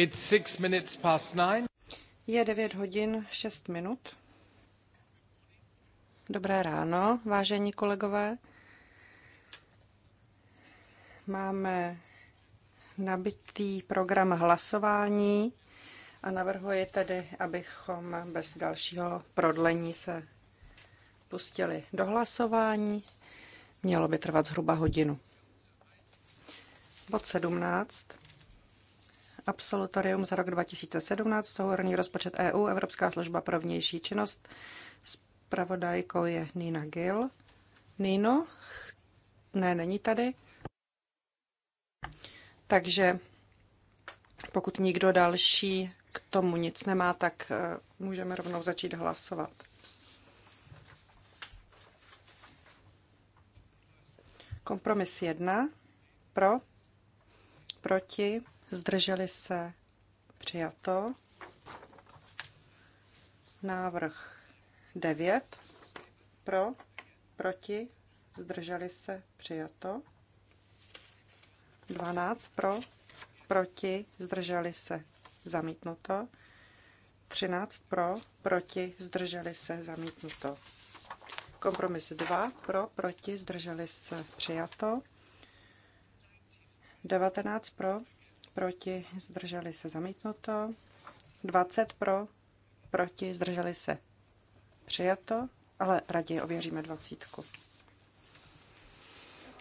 It's six minutes past nine. Je 9 hodin 6 minut. Dobré ráno, vážení kolegové. Máme nabitý program hlasování a navrhuji tedy, abychom bez dalšího prodlení se pustili do hlasování. Mělo by trvat zhruba hodinu. Bod 17 absolutorium za rok 2017, souhrný rozpočet EU, Evropská služba pro vnější činnost. Spravodajkou je Nina Gill. Nino? Ne, není tady. Takže pokud nikdo další k tomu nic nemá, tak eh, můžeme rovnou začít hlasovat. Kompromis 1. Pro. Proti zdrželi se, přijato. Návrh 9, pro, proti, zdrželi se, přijato. 12 pro, proti, zdrželi se, zamítnuto. 13 pro, proti, zdrželi se, zamítnuto. Kompromis 2 pro, proti, zdrželi se, přijato. 19 pro, proti, zdrželi se zamítnuto. 20 pro, proti, zdrželi se přijato, ale raději ověříme 20.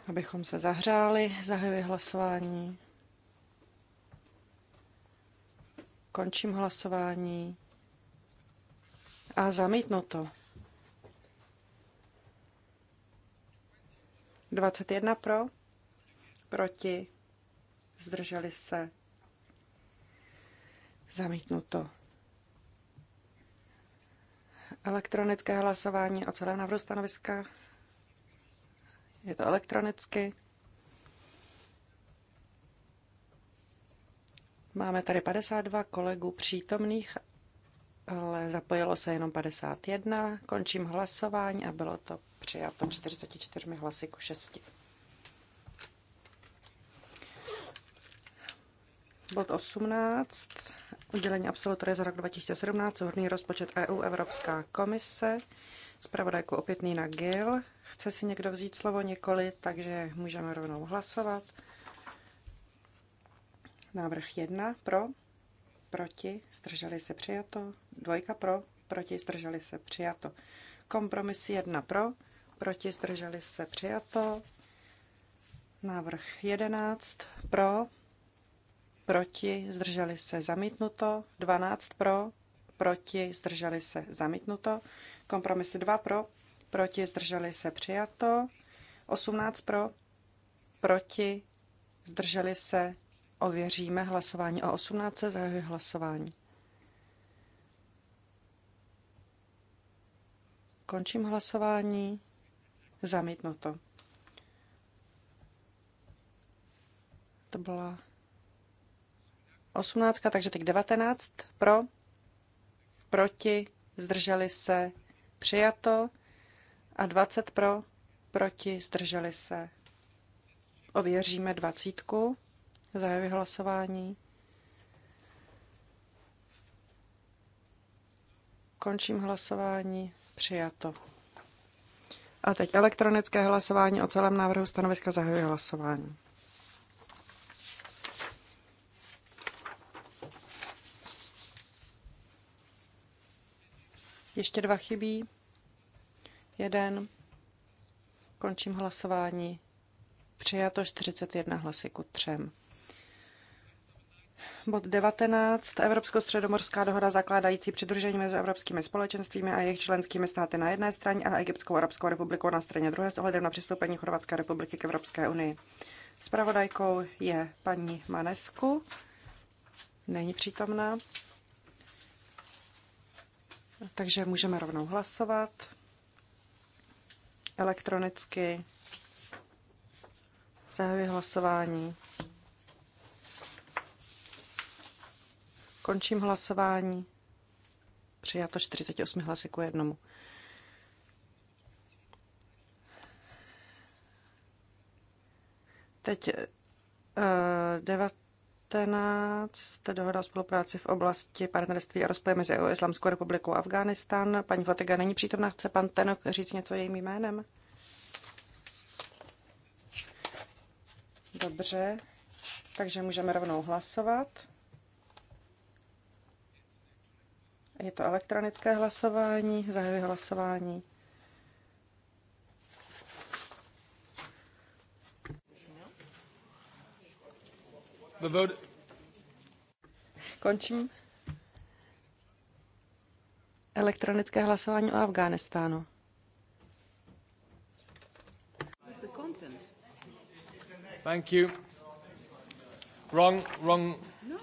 Abychom se zahřáli, zahajuji hlasování. Končím hlasování. A zamítnuto. 21 pro, proti, zdrželi se, zamítnuto. Elektronické hlasování o celém návrhu stanoviska. Je to elektronicky. Máme tady 52 kolegů přítomných, ale zapojilo se jenom 51. Končím hlasování a bylo to přijato 44 hlasy ku 6. Bod 18. Udělení absolutory za rok 2017, hodný rozpočet EU, Evropská komise. Spravodajku opět Nina Gill. Chce si někdo vzít slovo několik, takže můžeme rovnou hlasovat. Návrh 1 pro, proti, zdrželi se přijato. Dvojka pro, proti, zdrželi se přijato. Kompromis 1 pro, proti, zdrželi se přijato. Návrh 11 pro, proti, zdrželi se zamítnuto, 12 pro, proti, zdrželi se zamítnuto, kompromis 2 pro, proti, zdrželi se přijato, 18 pro, proti, zdrželi se, ověříme hlasování o 18, zahajuji hlasování. Končím hlasování. Zamítnuto. To byla 18, takže teď 19 pro, proti, zdrželi se, přijato a 20 pro, proti, zdrželi se. Ověříme 20. zahajuji hlasování. Končím hlasování, přijato. A teď elektronické hlasování o celém návrhu stanoviska zahajuje hlasování. Ještě dva chybí. Jeden. Končím hlasování. Přijato 41 hlasy ku třem. Bod 19. Evropsko-středomorská dohoda zakládající přidružení mezi evropskými společenstvími a jejich členskými státy na jedné straně a Egyptskou arabskou republikou na straně druhé s ohledem na přistoupení Chorvatské republiky k Evropské unii. Spravodajkou je paní Manesku. Není přítomná. Takže můžeme rovnou hlasovat elektronicky. Zahajuji hlasování. Končím hlasování. Přijato 48 hlasy ku jednomu. Teď 19. Eh, to dohoda o spolupráci v oblasti partnerství a rozpoje mezi EU, Islamskou republikou a Afghánistán. Paní Fotiga není přítomná, chce pan Tenok říct něco jejím jménem? Dobře, takže můžeme rovnou hlasovat. Je to elektronické hlasování, zahajuji hlasování. Končím elektronické hlasování o Afghánistánu. Thank you. Wrong, wrong. No.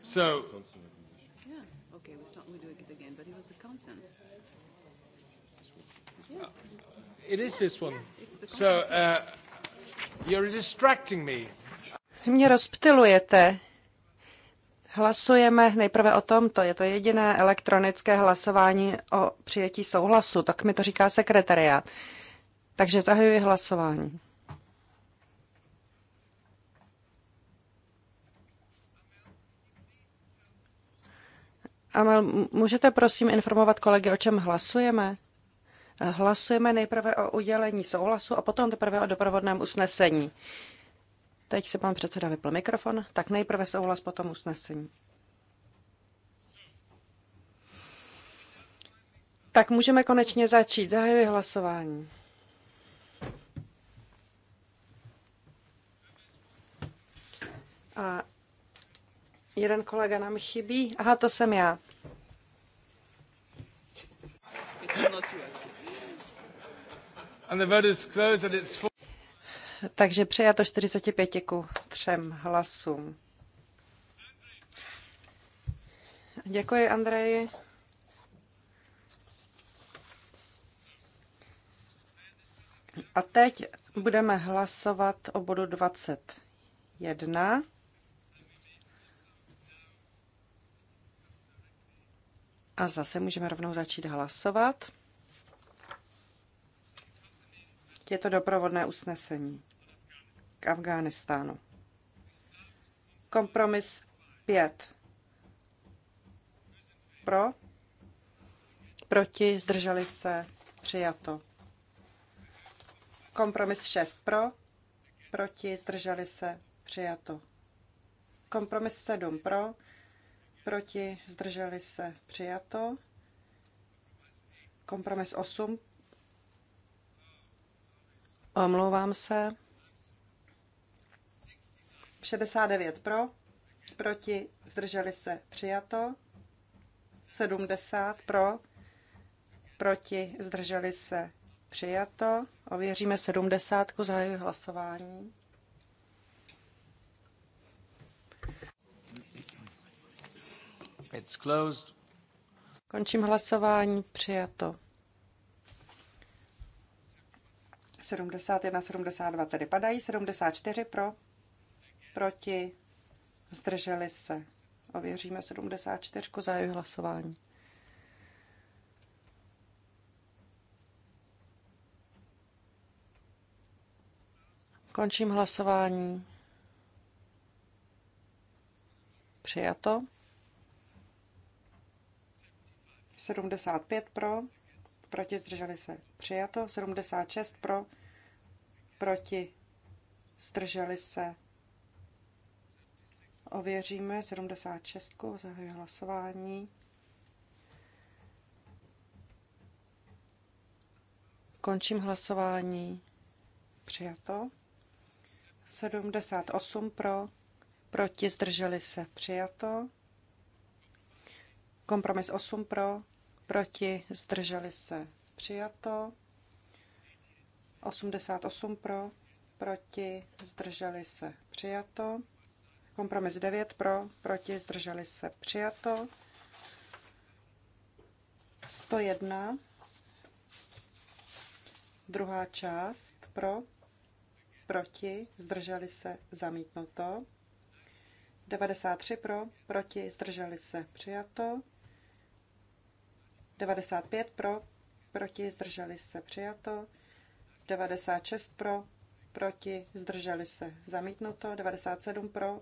So. Yeah. Okay. We start. We do it again. But it was the consent. Yeah. Uh, It is this one. So, uh, you're distracting me. Mě rozptilujete. Hlasujeme nejprve o tomto. Je to jediné elektronické hlasování o přijetí souhlasu. Tak mi to říká sekretariat. Takže zahajuji hlasování. Amel, můžete prosím informovat kolegy, o čem hlasujeme? Hlasujeme nejprve o udělení souhlasu a potom teprve o doprovodném usnesení. Teď se pan předseda vypl mikrofon, tak nejprve souhlas, potom usnesení. Tak můžeme konečně začít. Zahajuji hlasování. A jeden kolega nám chybí. Aha, to jsem já. Takže přijato 45 ku třem hlasům. Děkuji, Andreji. A teď budeme hlasovat o bodu 21. A zase můžeme rovnou začít hlasovat. Je to doprovodné usnesení k Afghánistánu. Kompromis 5. Pro? Proti? Zdrželi se? Přijato. Kompromis 6. Pro? Proti? Zdrželi se? Přijato. Kompromis 7. Pro? Proti? Zdrželi se? Přijato. Kompromis 8. Omlouvám se. 69 pro, proti, zdrželi se, přijato. 70 pro, proti, zdrželi se, přijato. Ověříme 70, zahajuji hlasování. It's closed. Končím hlasování, přijato. 71, 72 tedy padají, 74 pro, proti, zdrželi se. Ověříme 74 za jeho hlasování. Končím hlasování. Přijato. 75 pro, proti, zdrželi se. Přijato 76 pro, proti, zdrželi se. Ověříme 76, zahajuji hlasování. Končím hlasování. Přijato. 78 pro, proti, zdrželi se. Přijato. Kompromis 8 pro, proti, zdrželi se, přijato. 88 pro, proti, zdrželi se, přijato. Kompromis 9 pro, proti, zdrželi se, přijato. 101, druhá část pro, proti, zdrželi se, zamítnuto. 93 pro, proti, zdrželi se, přijato. 95 pro, proti, zdrželi se přijato, 96 pro, proti, zdrželi se zamítnuto, 97 pro,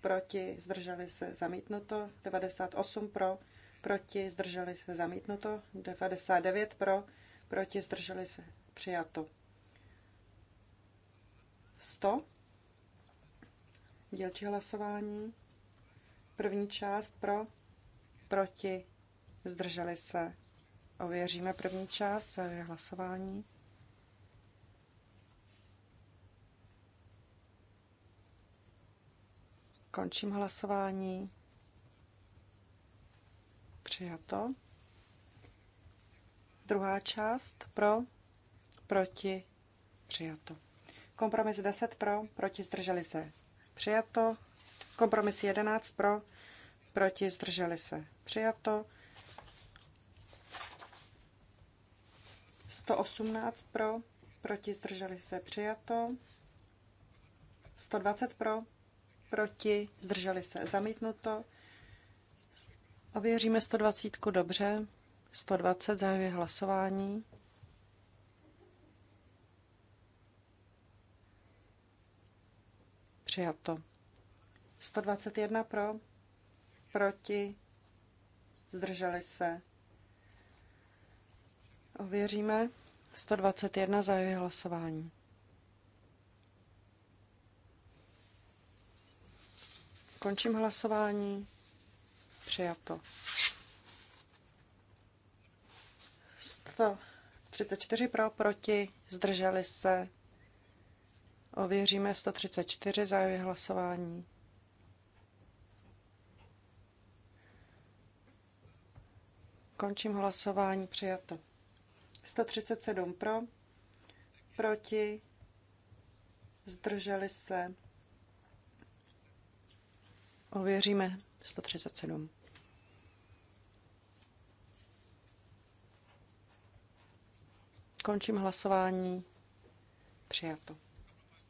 proti, zdrželi se zamítnuto, 98 pro, proti, zdrželi se zamítnuto, 99 pro, proti, zdrželi se přijato. 100. Dělčí hlasování. První část pro, proti, zdrželi se. Ověříme první část, co je hlasování. Končím hlasování. Přijato. Druhá část pro, proti, přijato. Kompromis 10 pro, proti, zdrželi se. Přijato. Kompromis 11 pro, proti, zdrželi se. Přijato. 118 pro, proti zdrželi se přijato. 120 pro, proti zdrželi se zamítnuto. Ověříme 120 dobře. 120 zahajuje hlasování. Přijato. 121 pro, proti, zdrželi se Ověříme 121 za jeho hlasování. Končím hlasování. Přijato. 134 pro, proti, zdrželi se. Ověříme 134 za jeho hlasování. Končím hlasování, přijato. 137 pro, proti, zdrželi se. Ověříme 137. Končím hlasování. Přijato.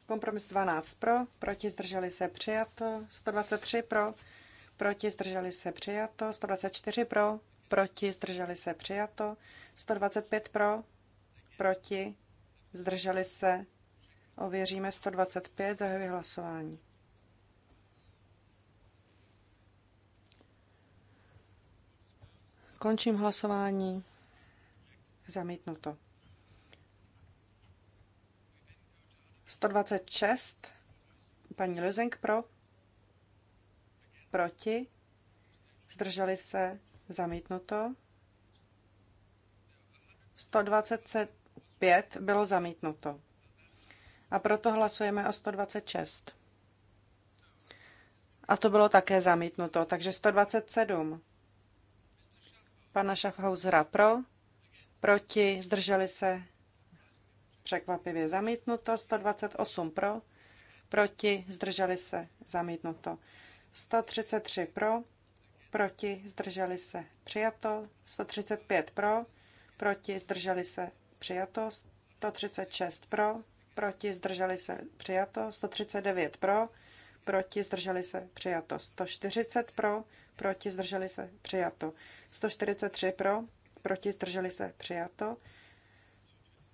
Kompromis 12 pro, proti zdrželi se přijato, 123 pro, proti zdrželi se přijato, 124 pro, proti, zdrželi se přijato, 125 pro, proti, zdrželi se, ověříme 125, zahajuji hlasování. Končím hlasování. Zamítnuto. 126. Paní Lezenk pro. Proti. Zdrželi se. Zamítnuto. 125 bylo zamítnuto. A proto hlasujeme o 126. A to bylo také zamítnuto, takže 127. Pana Schaffhausera pro, proti, zdrželi se, překvapivě zamítnuto, 128 pro, proti, zdrželi se, zamítnuto, 133 pro, proti, zdrželi se, přijato, 135 pro, proti, zdrželi se, přijato, 136 pro, proti, zdrželi se, přijato, 139 pro, proti, zdrželi se, přijato, 140 pro, proti, zdrželi se, přijato, 143 pro, proti, zdrželi se, přijato,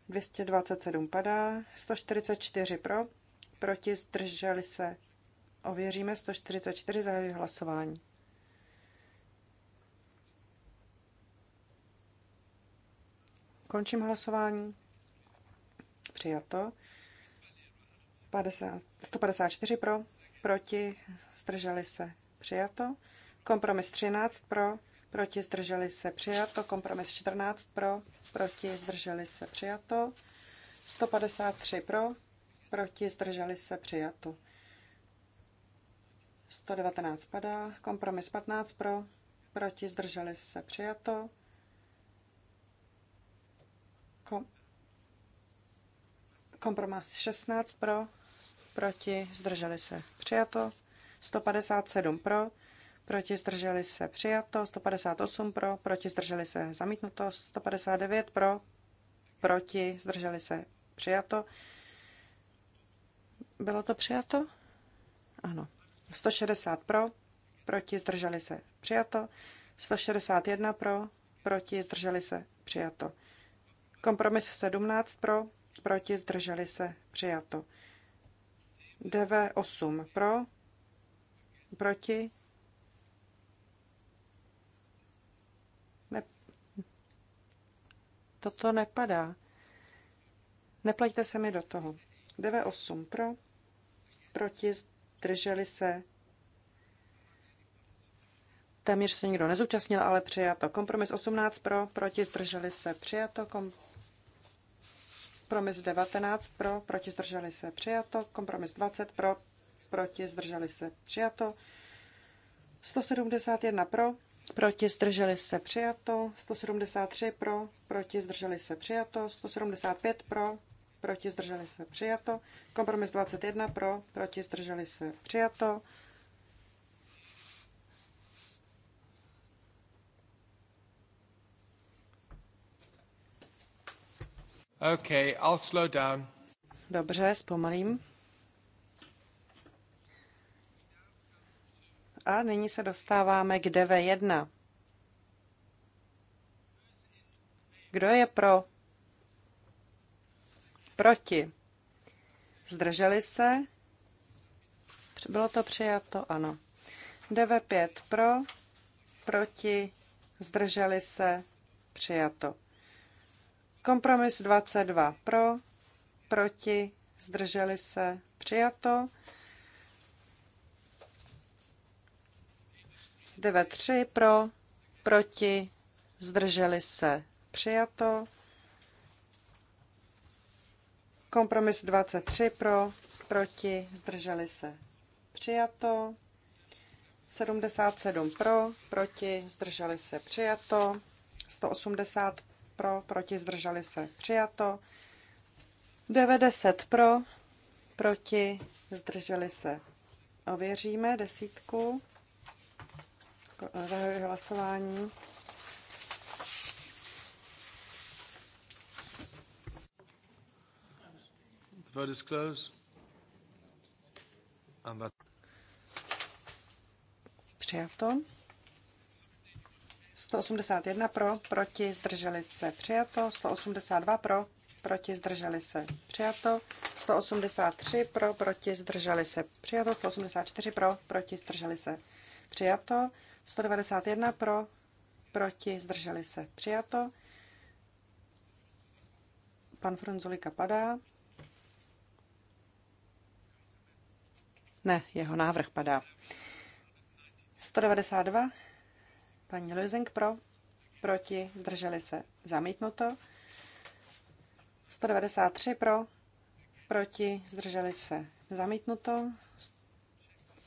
227 padá, 144 pro, proti, zdrželi se, ověříme, 144 zahajuje hlasování. Končím hlasování. Přijato. 50, 154 pro, proti, zdrželi se, přijato. Kompromis 13 pro, proti, zdrželi se, přijato. Kompromis 14 pro, proti, zdrželi se, přijato. 153 pro, proti, zdrželi se, přijato. 119 padá, kompromis 15 pro, proti, zdrželi se, přijato. Kompromis 16 pro, proti, zdrželi se, přijato. 157 pro, proti, zdrželi se, přijato. 158 pro, proti, zdrželi se, zamítnuto. 159 pro, proti, zdrželi se, přijato. Bylo to přijato? Ano. 160 pro, proti, zdrželi se, přijato. 161 pro, proti, zdrželi se, přijato. Kompromis 17 pro, proti, zdrželi se, přijato. DV8 pro, proti, ne, toto nepadá. Neplaťte se mi do toho. DV8 pro, proti, zdrželi se, téměř se nikdo nezúčastnil, ale přijato. Kompromis 18 pro, proti, zdrželi se, přijato. Kom- Kompromis 19 pro, proti zdrželi se přijato. Kompromis 20 pro, proti zdrželi se přijato. 171 pro, proti zdrželi se přijato. 173 pro, proti zdrželi se přijato. 175 pro, proti zdrželi se přijato. Kompromis 21 pro, proti zdrželi se přijato. Okay, I'll slow down. Dobře, zpomalím. A nyní se dostáváme k DV1. Kdo je pro? Proti? Zdrželi se? Bylo to přijato? Ano. DV5 pro, proti, zdrželi se, přijato. Kompromis 22 pro, proti, zdrželi se, přijato. 9.3 pro, proti, zdrželi se, přijato. Kompromis 23 pro, proti, zdrželi se, přijato. 77 pro, proti, zdrželi se, přijato. 180 pro, proti, zdrželi se, přijato. 90 pro, proti, zdrželi se. Ověříme desítku. Zahajuji hlasování. The vote is closed. And that... Přijato. 181 pro, proti, zdrželi se, přijato. 182 pro, proti, zdrželi se, přijato. 183 pro, proti, zdrželi se, přijato. 184 pro, proti, zdrželi se, přijato. 191 pro, proti, zdrželi se, přijato. Pan Fronzulika padá. Ne, jeho návrh padá. 192 Paní Lezeng pro, proti, zdrželi se, zamítnuto. 193 pro, proti, zdrželi se, zamítnuto.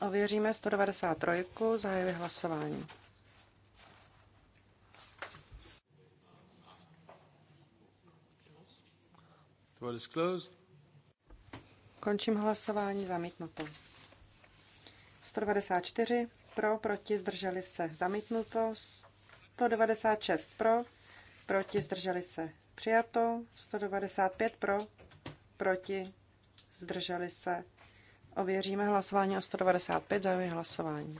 Ověříme 193, zahajuji hlasování. Končím hlasování, zamítnuto. 194 pro, proti, zdrželi se, zamítnuto. 196 pro, proti, zdrželi se, přijato. 195 pro, proti, zdrželi se. Ověříme hlasování o 195, zahajuji hlasování.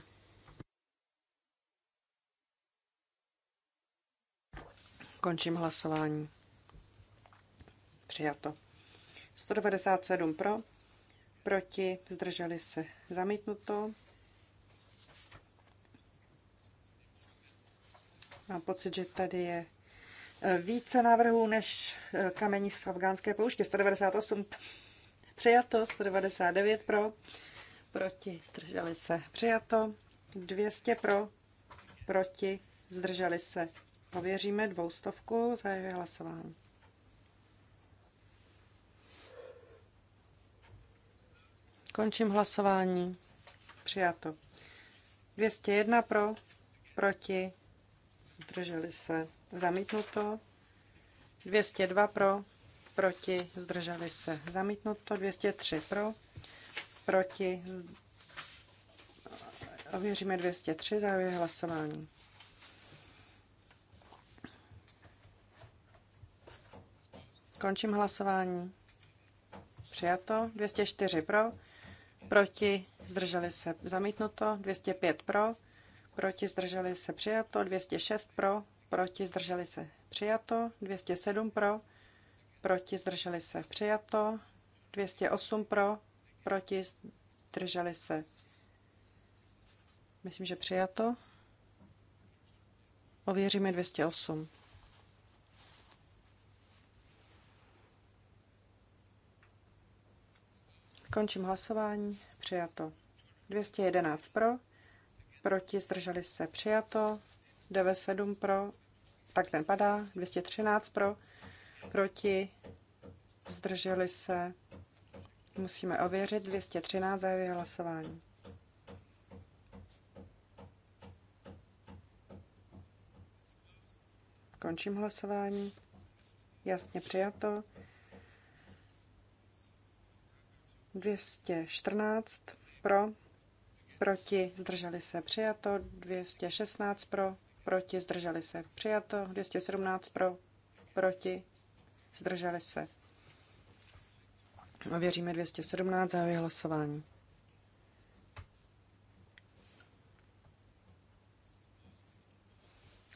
Končím hlasování. Přijato. 197 pro, proti, zdrželi se, zamítnuto. Mám pocit, že tady je e, více návrhů než e, kamení v afgánské poušti. 198 přijato, 199 pro, proti, zdrželi se, přijato, 200 pro, proti, zdrželi se. Pověříme dvoustovku, zahajuje hlasování. Končím hlasování. Přijato. 201 pro, proti, zdrželi se, zamítnuto. 202 pro, proti, zdrželi se, zamítnuto. 203 pro, proti, ověříme 203, zahajuje hlasování. Končím hlasování. Přijato. 204 pro, proti, zdrželi se, zamítnuto. 205 pro, proti, zdrželi se přijato, 206 pro, proti, zdrželi se přijato, 207 pro, proti, zdrželi se přijato, 208 pro, proti, zdrželi se. Myslím, že přijato. Ověříme 208. Končím hlasování. Přijato. 211 pro, proti, zdrželi se přijato, 97 pro, tak ten padá, 213 pro, proti, zdrželi se, musíme ověřit, 213 zahajuje hlasování. Končím hlasování. Jasně přijato. 214 pro, proti, zdrželi se přijato, 216 pro, proti, zdrželi se přijato, 217 pro, proti, zdrželi se. Ověříme 217 za vyhlasování.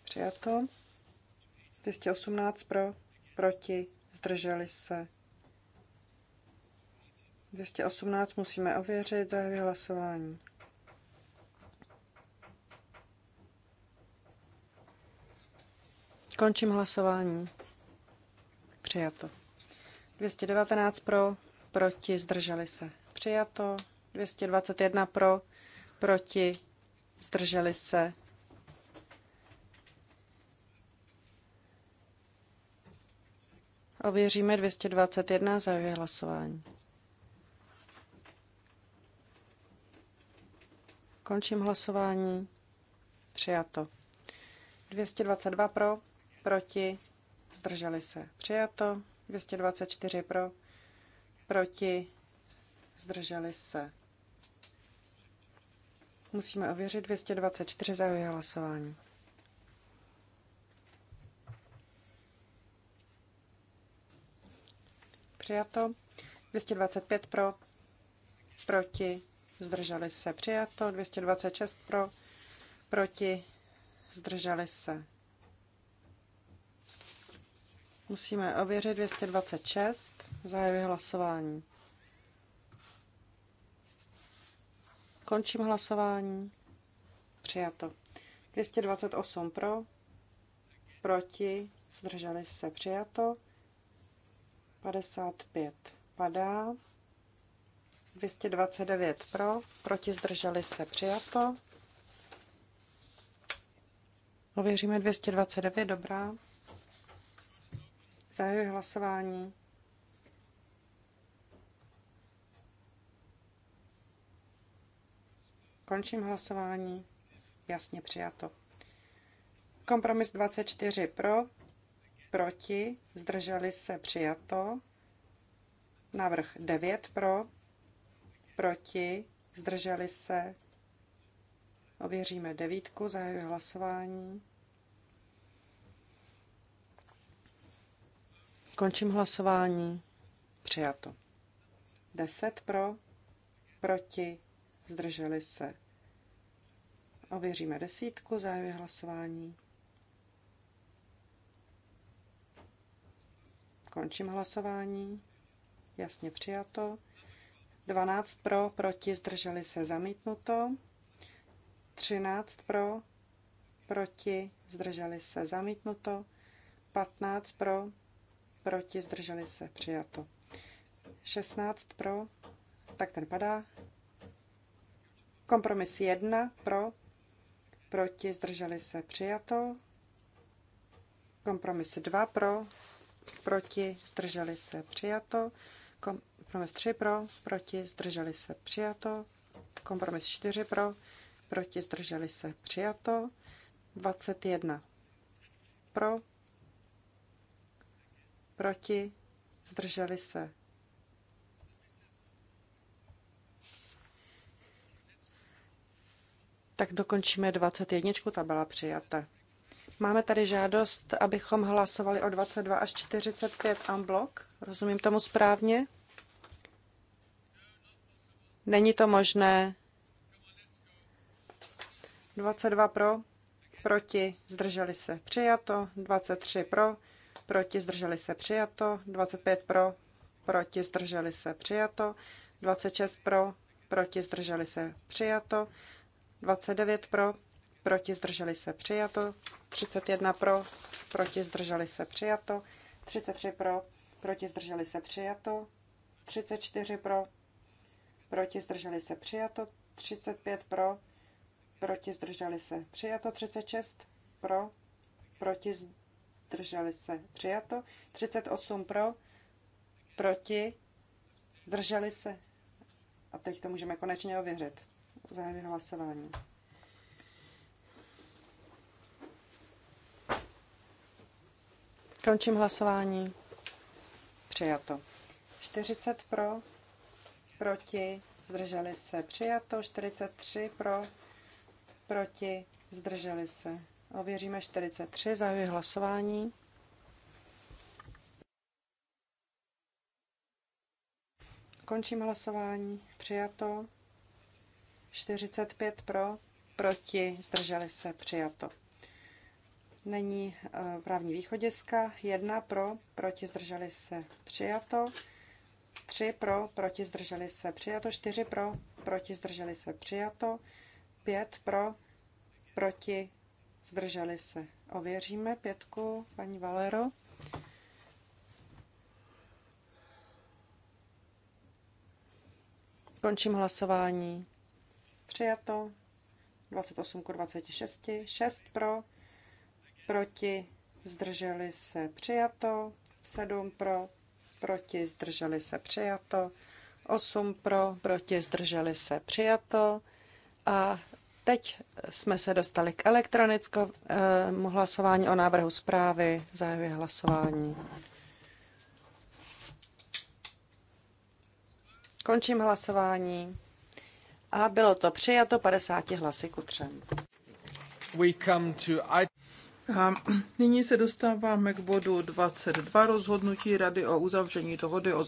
Přijato. 218 pro, proti, zdrželi se. 218 musíme ověřit, za vyhlasování. Končím hlasování. Přijato. 219 pro, proti, zdrželi se. Přijato. 221 pro, proti, zdrželi se. Ověříme 221 za hlasování. Končím hlasování. Přijato. 222 pro, proti, zdrželi se, přijato. 224 pro, proti, zdrželi se. Musíme ověřit 224 za hlasování. Přijato. 225 pro, proti, zdrželi se. Přijato. 226 pro, proti, zdrželi se. Musíme ověřit 226. Zahajuji hlasování. Končím hlasování. Přijato. 228 pro, proti, zdrželi se, přijato. 55 padá. 229 pro, proti, zdrželi se, přijato. Ověříme 229, dobrá. Zahajuji hlasování. Končím hlasování. Jasně přijato. Kompromis 24 pro, proti, zdrželi se přijato. Návrh 9 pro, proti, zdrželi se. Ověříme devítku, zahajuji hlasování. Končím hlasování. Přijato. 10 pro, proti, zdrželi se. Ověříme desítku, zájevě hlasování. Končím hlasování. Jasně přijato. 12 pro, proti, zdrželi se zamítnuto. 13 pro, proti, zdrželi se zamítnuto. 15 pro, proti, zdrželi se, přijato. 16 pro, tak ten padá. Kompromis 1 pro, proti, zdrželi se, přijato. Kompromis 2 pro, proti, zdrželi se, přijato. Kompromis 3 pro, proti, zdrželi se, přijato. Kompromis 4 pro, proti, zdrželi se, přijato. 21 pro, proti, zdrželi se. Tak dokončíme 21, ta byla přijata. Máme tady žádost, abychom hlasovali o 22 až 45 unblock. Rozumím tomu správně? Není to možné. 22 pro, proti, zdrželi se. Přijato. 23 pro, proti, zdrželi se přijato, 25 pro, proti, zdrželi se přijato, 26 pro, proti, zdrželi se přijato, 29 pro, proti, zdrželi se přijato, 31 pro, proti, zdrželi se přijato, 33 pro, proti, zdrželi se přijato, 34 pro, proti, zdrželi se přijato, 35 pro, proti, zdrželi se přijato, 36 pro, proti, zdrželi se, přijato. 38 pro, proti, zdrželi se. A teď to můžeme konečně ověřit. Zahajuji hlasování. Končím hlasování. Přijato. 40 pro, proti, zdrželi se. Přijato. 43 pro, proti, zdrželi se. Ověříme 43, zahajuji hlasování. Končím hlasování. Přijato. 45 pro, proti, zdrželi se, přijato. Není eh, právní východiska. 1 pro, proti, zdrželi se, přijato. 3 pro, proti, zdrželi se, přijato. 4 pro, proti, zdrželi se, přijato. 5 pro, proti, zdrželi se. Ověříme pětku, paní Valero. Končím hlasování. Přijato. 28 k 26. 6 pro. Proti. Zdrželi se. Přijato. 7 pro. Proti. Zdrželi se. Přijato. 8 pro. Proti. Zdrželi se. Přijato. A Teď jsme se dostali k elektronickému hlasování o návrhu zprávy. Zahajuji hlasování. Končím hlasování. A bylo to přijato 50 hlasy ku třem. We come to... A nyní se dostáváme k bodu 22 rozhodnutí Rady o uzavření dohody o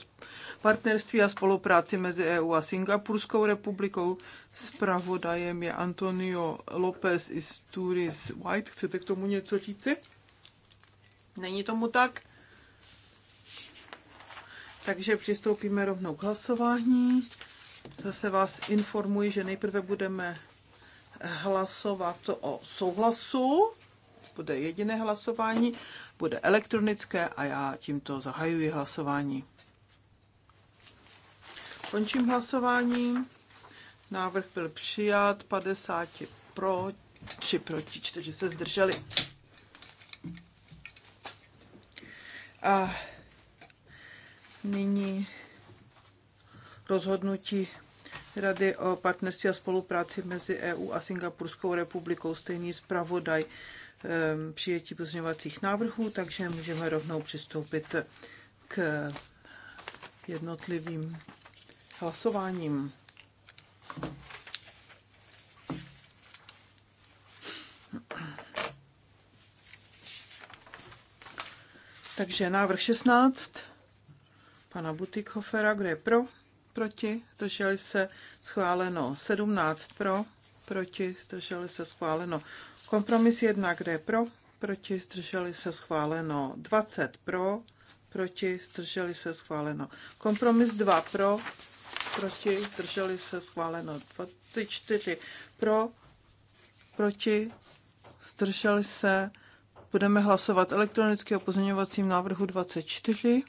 partnerství a spolupráci mezi EU a Singapurskou republikou. Spravodajem je Antonio López Isturiz White. Chcete k tomu něco říci? Není tomu tak? Takže přistoupíme rovnou k hlasování. Zase vás informuji, že nejprve budeme hlasovat o souhlasu bude jediné hlasování, bude elektronické a já tímto zahajuji hlasování. Končím hlasování. Návrh byl přijat 50 pro, 3 proti, 4 se zdrželi. A nyní rozhodnutí Rady o partnerství a spolupráci mezi EU a Singapurskou republikou, stejný zpravodaj. Ehm, přijetí pozměňovacích návrhů, takže můžeme rovnou přistoupit k jednotlivým hlasováním. Takže návrh 16 pana Butikhofera, kde je pro, proti, zdrželi se schváleno 17 pro, proti, zdrželi se schváleno Kompromis 1, kde je pro, proti, zdrželi se schváleno 20 pro, proti, zdrželi se schváleno. Kompromis 2 pro, proti, zdrželi se schváleno 24 pro, proti, zdrželi se. Budeme hlasovat elektronicky o pozměňovacím návrhu 24.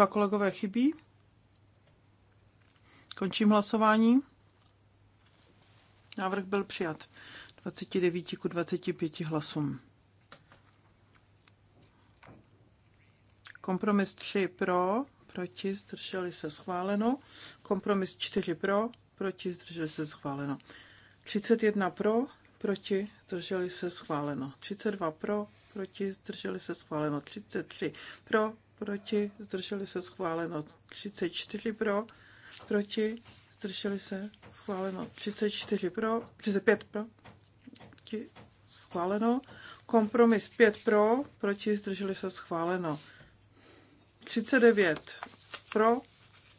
dva kolegové chybí. Končím hlasování. Návrh byl přijat 29 ku 25 hlasům. Kompromis 3 pro, proti, zdrželi se schváleno. Kompromis 4 pro, proti, zdrželi se schváleno. 31 pro, proti, zdrželi se schváleno. 32 pro, proti, zdrželi se schváleno. 33 pro, proti, zdrželi se schváleno 34 pro, proti, zdrželi se schváleno 34 pro, 35 pro, proti, schváleno, kompromis 5 pro, proti, zdrželi se schváleno 39 pro,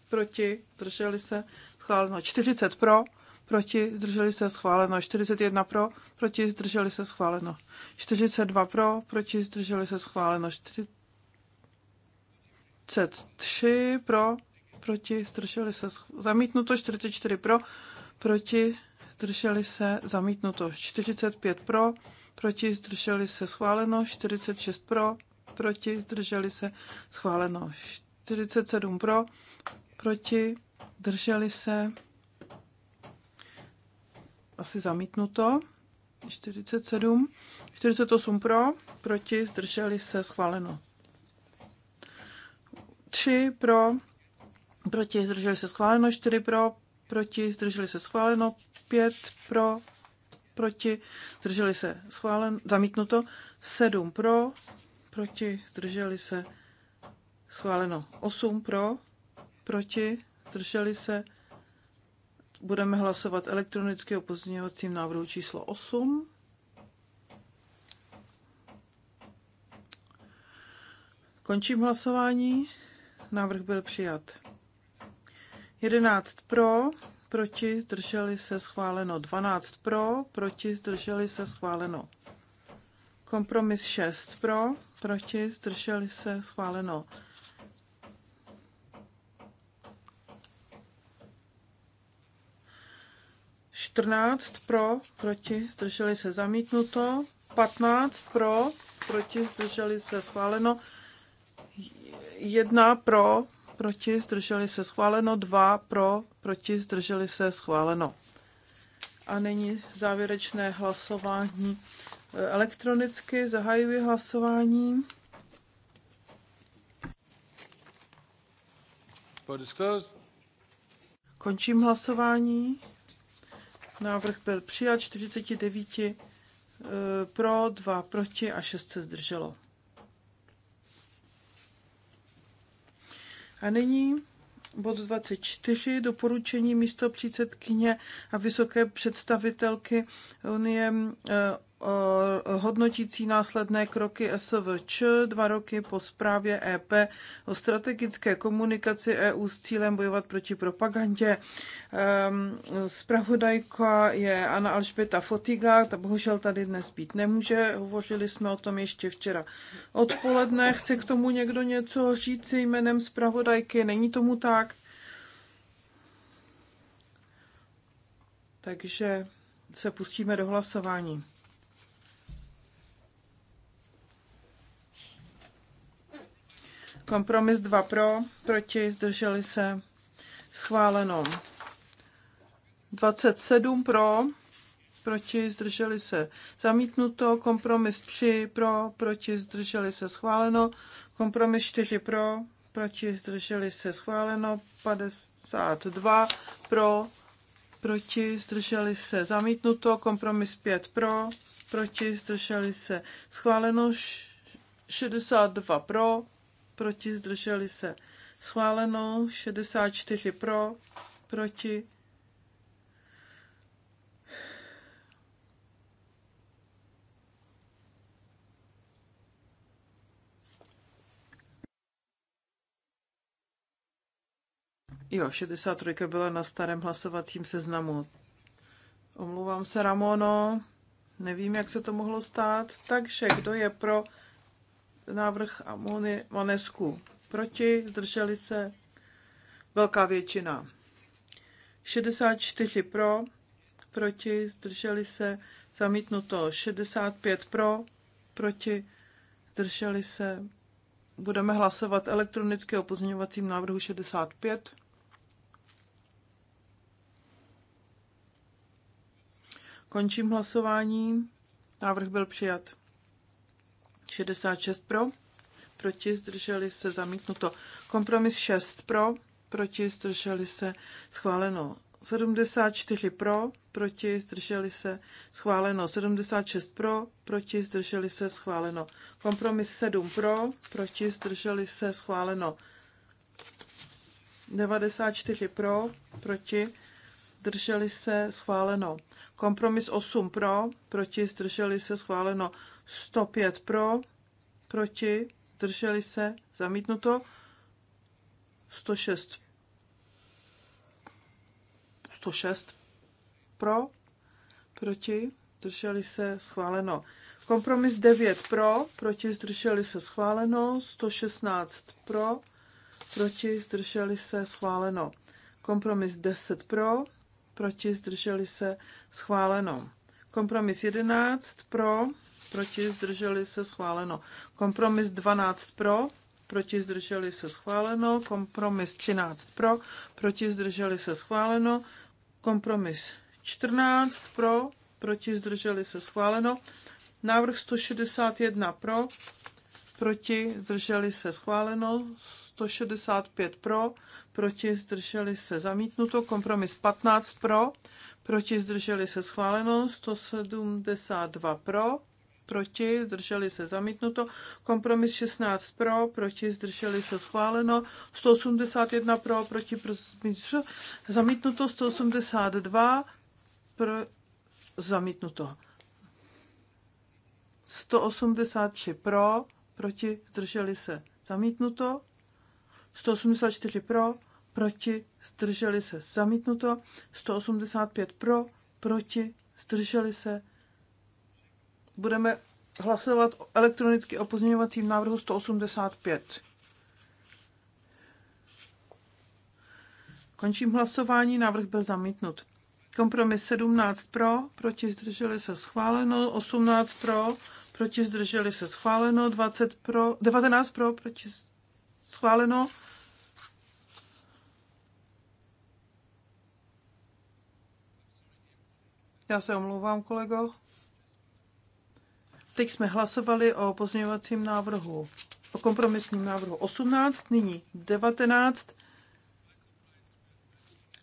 proti, zdrželi se schváleno 40 pro, proti, zdrželi se schváleno 41 pro, proti, zdrželi se schváleno 42 pro, proti, zdrželi se schváleno 40 43 pro, proti, zdrželi se, zamítnuto, 44 pro, proti, zdrželi se, zamítnuto, 45 pro, proti, zdrželi se, schváleno, 46 pro, proti, zdrželi se, schváleno, 47 pro, proti, drželi se, asi zamítnuto, 47, 48 pro, proti, zdrželi se, schváleno, 3 pro, proti, zdrželi se schváleno, 4 pro, proti, zdrželi se schváleno, 5 pro, proti, zdrželi se schváleno, zamítnuto, 7 pro, proti, zdrželi se schváleno, 8 pro, proti, zdrželi se, budeme hlasovat elektronicky o pozměňovacím návrhu číslo 8. Končím hlasování návrh byl přijat. 11 pro, proti, zdrželi se schváleno. 12 pro, proti, zdrželi se schváleno. Kompromis 6 pro, proti, zdrželi se schváleno. Čtrnáct pro, proti, zdrželi se zamítnuto. Patnáct pro, proti, zdrželi se schváleno. Jedna pro, proti, zdrželi se schváleno. Dva pro, proti, zdrželi se schváleno. A nyní závěrečné hlasování. Elektronicky zahajuji hlasování. Končím hlasování. Návrh byl přijat 49 eh, pro, 2 proti a 6 se zdrželo. A nyní bod 24, doporučení místo předsedkyně a vysoké představitelky Unie eh, Eh, hodnotící následné kroky SVČ dva roky po zprávě EP o strategické komunikaci EU s cílem bojovat proti propagandě. Spravodajka je Anna Alžběta Fotiga, ta bohužel tady dnes být nemůže, hovořili jsme o tom ještě včera odpoledne. Chce k tomu někdo něco říct jménem spravodajky? Není tomu tak? Takže se pustíme do hlasování. Kompromis 2 pro, proti, zdrželi se, schváleno. 27 pro, proti, zdrželi se, zamítnuto. Kompromis 3 pro, proti, zdrželi se, schváleno. Kompromis 4 pro, proti, zdrželi se, schváleno. 52 pro, proti, zdrželi se, zamítnuto. Kompromis 5 pro, proti, zdrželi se, schváleno. 62 pro, proti, zdrželi se. Schváleno 64 pro, proti. Jo, 63 byla na starém hlasovacím seznamu. Omlouvám se, Ramono. Nevím, jak se to mohlo stát. Takže kdo je pro návrh Amony Manesku proti, zdrželi se velká většina. 64 pro, proti, zdrželi se, zamítnuto 65 pro, proti, zdrželi se. Budeme hlasovat elektronicky o pozměňovacím návrhu 65. Končím hlasování. Návrh byl přijat. 66 pro, proti, zdrželi se, zamítnuto. Kompromis 6 pro, proti, zdrželi se, schváleno. 74 pro, proti, zdrželi se, schváleno. 76 pro, proti, zdrželi se, schváleno. Kompromis 7 pro, proti, zdrželi se, schváleno. 94 pro, proti, zdrželi se, schváleno. Kompromis 8 pro, proti, zdrželi se, schváleno. 105 pro, proti, drželi se, zamítnuto. 106 106 pro, proti, drželi se, schváleno. Kompromis 9 pro, proti, zdrželi se, schváleno. 116 pro, proti, zdrželi se, schváleno. Kompromis 10 pro, proti, zdrželi se, schváleno. Kompromis 11 pro, proti, zdrželi se, schváleno. Kompromis 12 pro, proti, zdrželi se, schváleno. Kompromis 13 pro, proti, zdrželi se, schváleno. Kompromis 14 pro, proti, zdrželi se, schváleno. Návrh 161 pro, proti, zdrželi se, schváleno. 165 pro, proti zdrželi se zamítnuto, kompromis 15 pro, proti zdrželi se schváleno, 172 pro, proti, zdrželi se zamítnuto. Kompromis 16 pro, proti, zdrželi se schváleno. 181 pro, proti, pro zamítnuto. 182 pro, zamítnuto. 183 pro, proti, zdrželi se zamítnuto. 184 pro, proti, zdrželi se zamítnuto. 185 pro, proti, zdrželi se budeme hlasovat elektronicky o pozměňovacím návrhu 185. Končím hlasování, návrh byl zamítnut. Kompromis 17 pro, proti zdrželi se schváleno, 18 pro, proti zdrželi se schváleno, 20 pro, 19 pro, proti schváleno. Já se omlouvám, kolego. Teď jsme hlasovali o pozměňovacím návrhu, o kompromisním návrhu 18, nyní 19.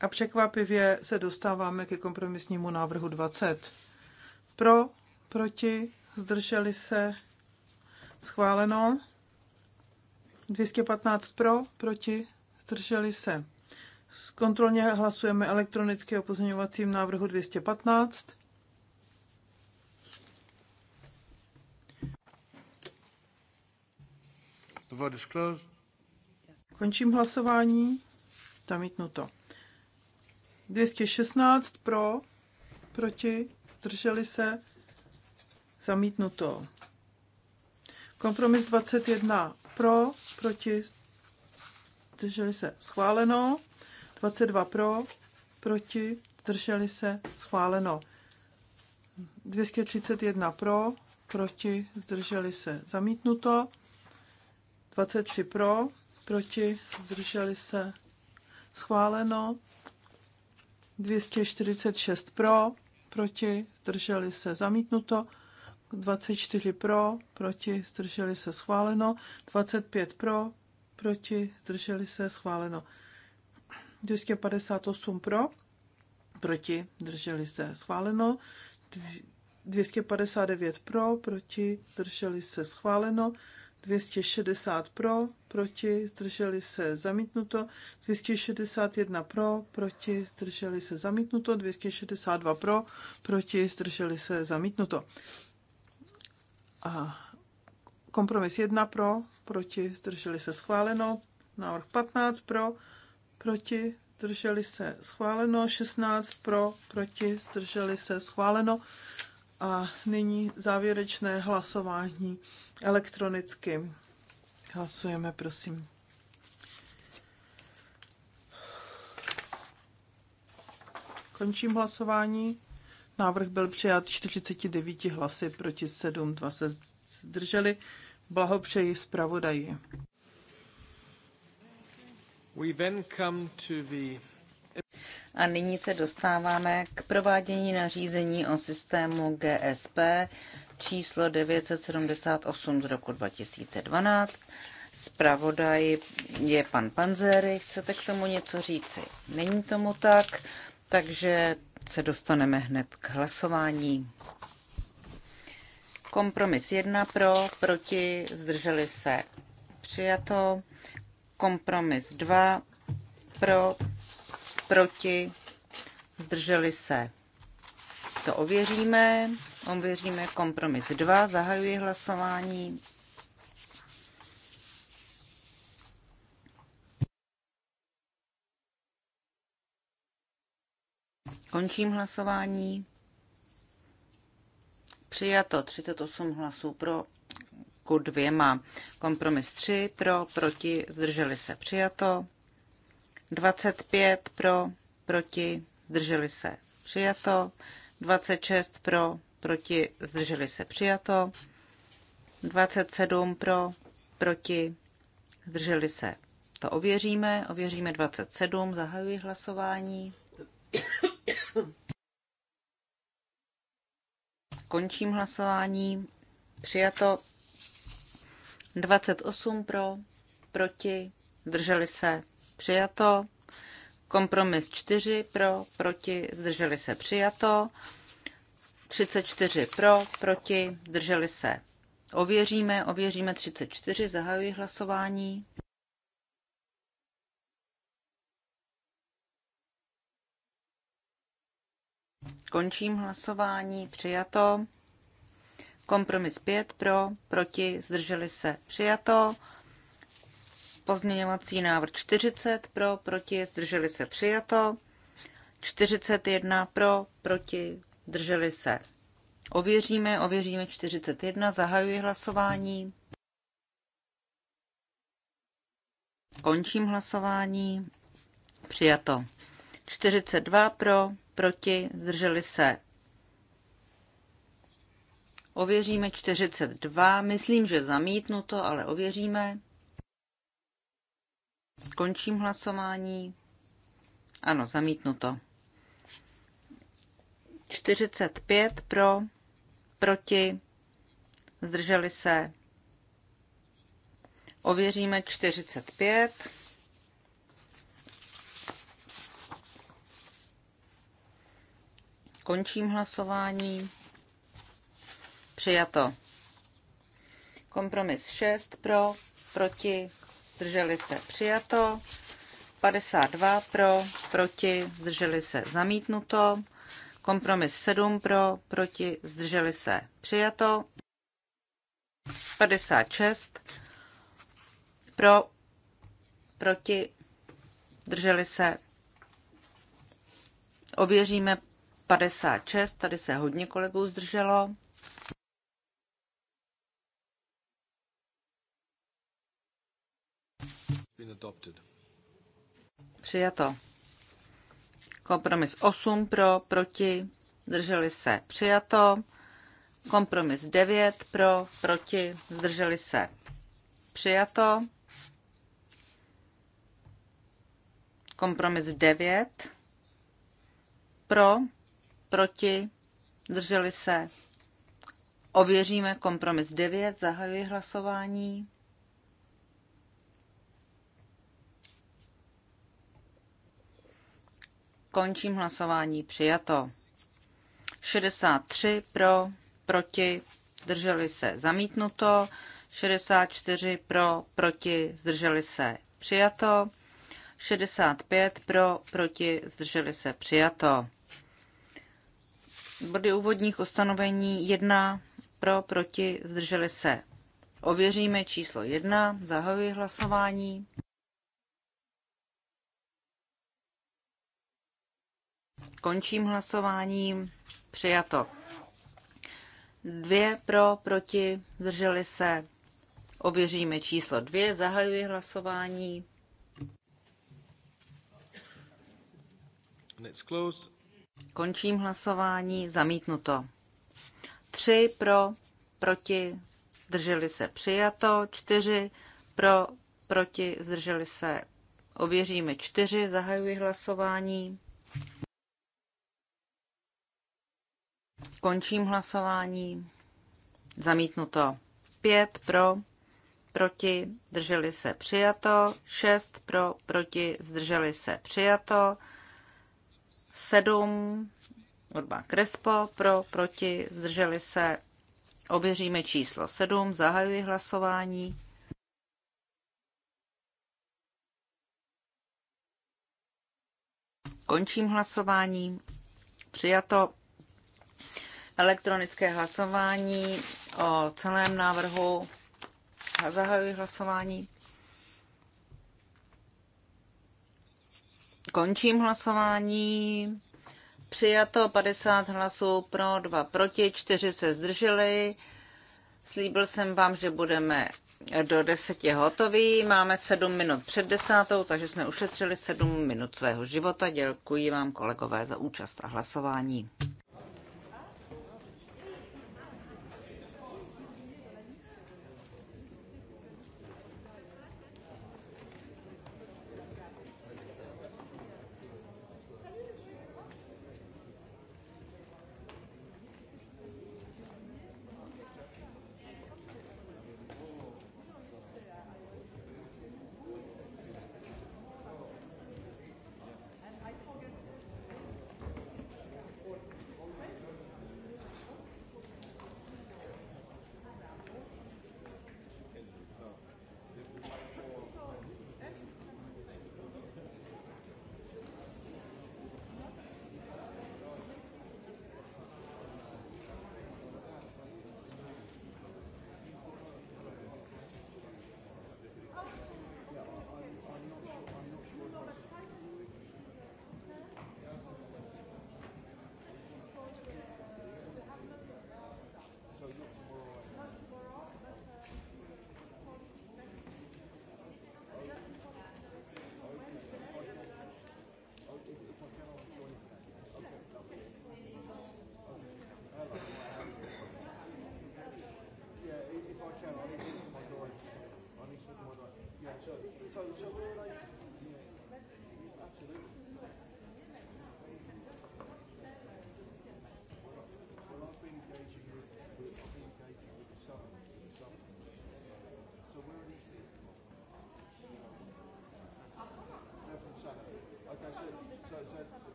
A překvapivě se dostáváme ke kompromisnímu návrhu 20. Pro, proti, zdrželi se, schváleno. 215 pro, proti, zdrželi se. Kontrolně hlasujeme elektronicky o pozměňovacím návrhu 215. Končím hlasování. Zamítnuto. 216 pro, proti, zdrželi se, zamítnuto. Kompromis 21 pro, proti, zdrželi se, schváleno. 22 pro, proti, zdrželi se, schváleno. 231 pro, proti, zdrželi se, zamítnuto. 23 pro, proti, zdrželi se schváleno. 246 pro, proti, zdrželi se zamítnuto. 24 pro, proti, zdrželi se schváleno. 25 pro, proti, zdrželi se schváleno. 258 pro, proti, zdrželi se schváleno. 259 pro, proti, zdrželi se schváleno. 260 pro, proti, zdrželi se zamítnuto, 261 pro, proti, zdrželi se zamítnuto, 262 pro, proti, zdrželi se zamítnuto. A kompromis 1 pro, proti, zdrželi se schváleno, návrh 15 pro, proti, zdrželi se schváleno, 16 pro, proti, zdrželi se schváleno, a nyní závěrečné hlasování elektronicky. Hlasujeme, prosím. Končím hlasování. Návrh byl přijat 49 hlasy proti 7, 2 se zdrželi. Blahopřeji zpravodaji. We then come to the a nyní se dostáváme k provádění nařízení o systému GSP číslo 978 z roku 2012. Spravodaj je pan Panzery. Chcete k tomu něco říci? Není tomu tak, takže se dostaneme hned k hlasování. Kompromis 1 pro, proti, zdrželi se přijato. Kompromis 2 pro, proti, zdrželi se. To ověříme. Ověříme kompromis 2. Zahajuji hlasování. Končím hlasování. Přijato 38 hlasů pro ku dvěma. Kompromis 3 pro, proti, zdrželi se přijato. 25 pro, proti, zdrželi se přijato. 26 pro, proti, zdrželi se přijato. 27 pro, proti, zdrželi se. To ověříme, ověříme 27, zahajuji hlasování. Končím hlasování. Přijato 28 pro, proti, zdrželi se, přijato. Kompromis 4 pro, proti, zdrželi se přijato. 34 pro, proti, zdrželi se. Ověříme, ověříme 34, zahajuji hlasování. Končím hlasování, přijato. Kompromis 5 pro, proti, zdrželi se, přijato. Pozměňovací návrh 40 pro, proti, zdrželi se přijato. 41 pro, proti, zdrželi se. Ověříme, ověříme 41, zahajuji hlasování. Končím hlasování. Přijato. 42 pro, proti, zdrželi se. Ověříme 42, myslím, že zamítnuto, ale ověříme. Končím hlasování. Ano, zamítnuto. 45 pro, proti, zdrželi se. Ověříme 45. Končím hlasování. Přijato. Kompromis 6 pro, proti, zdrželi se přijato, 52 pro, proti, zdrželi se zamítnuto, kompromis 7 pro, proti, zdrželi se přijato, 56 pro, proti, zdrželi se, ověříme 56, tady se hodně kolegů zdrželo. Přijato. Kompromis 8 pro, proti, zdrželi se. Přijato. Kompromis 9 pro, proti, zdrželi se. Přijato. Kompromis 9 pro, proti, zdrželi se. Ověříme kompromis 9, zahajuji hlasování. Končím hlasování. Přijato. 63 pro, proti, zdrželi se. Zamítnuto. 64 pro, proti, zdrželi se. Přijato. 65 pro, proti, zdrželi se. Přijato. Body úvodních ustanovení 1 pro, proti, zdrželi se. Ověříme číslo 1, zahajuji hlasování. Končím hlasování. Přijato. Dvě pro, proti, zdrželi se. Ověříme číslo dvě, zahajuji hlasování. Končím hlasování, zamítnuto. Tři pro, proti, zdrželi se přijato, čtyři pro, proti, zdrželi se. Ověříme čtyři, zahajuji hlasování. Končím hlasování. Zamítnuto. 5 pro, proti, zdrželi se přijato. 6 pro, proti, zdrželi se přijato. 7 Urban Crespo pro, proti, zdrželi se. Ověříme číslo 7, zahajuji hlasování. Končím hlasování. Přijato Elektronické hlasování o celém návrhu. Zahajuji hlasování. Končím hlasování. Přijato 50 hlasů pro, 2 proti, 4 se zdrželi. Slíbil jsem vám, že budeme do 10 hotoví. Máme 7 minut před desátou, takže jsme ušetřili 7 minut svého života. Děkuji vám, kolegové, za účast a hlasování.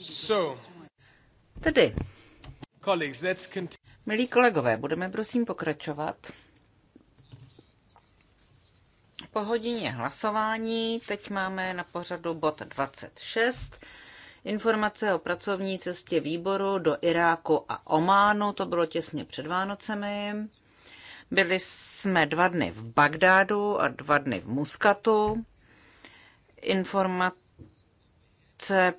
So. Tedy. Colleagues, let's continue. Milí kolegové, budeme prosím pokračovat. Po hodině hlasování teď máme na pořadu bod 26. Informace o pracovní cestě výboru do Iráku a Ománu, to bylo těsně před Vánocemi. Byli jsme dva dny v Bagdádu a dva dny v Muskatu. Informace akce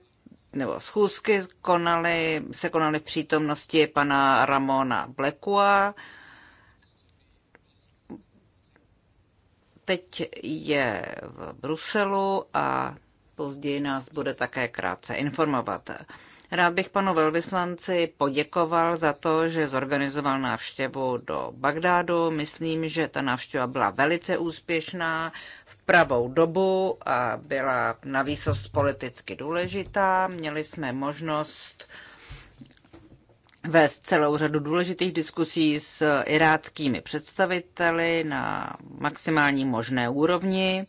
nebo schůzky konaly, se konaly v přítomnosti pana Ramona Blekua. Teď je v Bruselu a později nás bude také krátce informovat. Rád bych panu velvyslanci poděkoval za to, že zorganizoval návštěvu do Bagdádu. Myslím, že ta návštěva byla velice úspěšná v pravou dobu a byla na výsost politicky důležitá. Měli jsme možnost vést celou řadu důležitých diskusí s iráckými představiteli na maximální možné úrovni.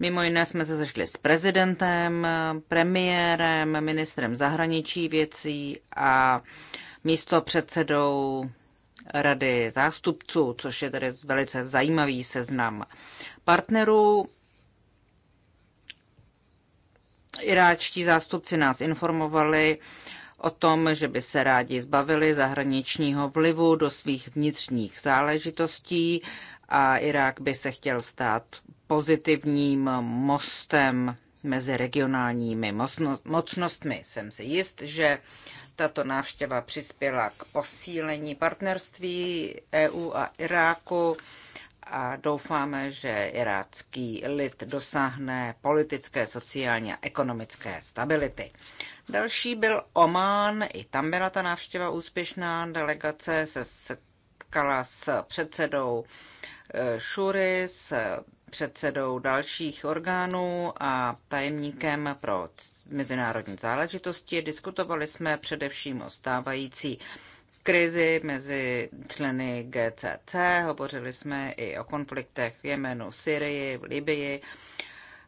Mimo jiné jsme se sešli s prezidentem, premiérem, ministrem zahraničí věcí a místo předsedou rady zástupců, což je tedy velice zajímavý seznam partnerů. Iráčtí zástupci nás informovali o tom, že by se rádi zbavili zahraničního vlivu do svých vnitřních záležitostí a Irák by se chtěl stát pozitivním mostem mezi regionálními mocnostmi. Jsem si jist, že tato návštěva přispěla k posílení partnerství EU a Iráku a doufáme, že irácký lid dosáhne politické, sociální a ekonomické stability. Další byl Oman. i tam byla ta návštěva úspěšná. Delegace se setkala s předsedou eh, Šury, s předsedou dalších orgánů a tajemníkem pro mezinárodní záležitosti. Diskutovali jsme především o stávající krizi mezi členy GCC, hovořili jsme i o konfliktech v Jemenu, Syrii, v Libii,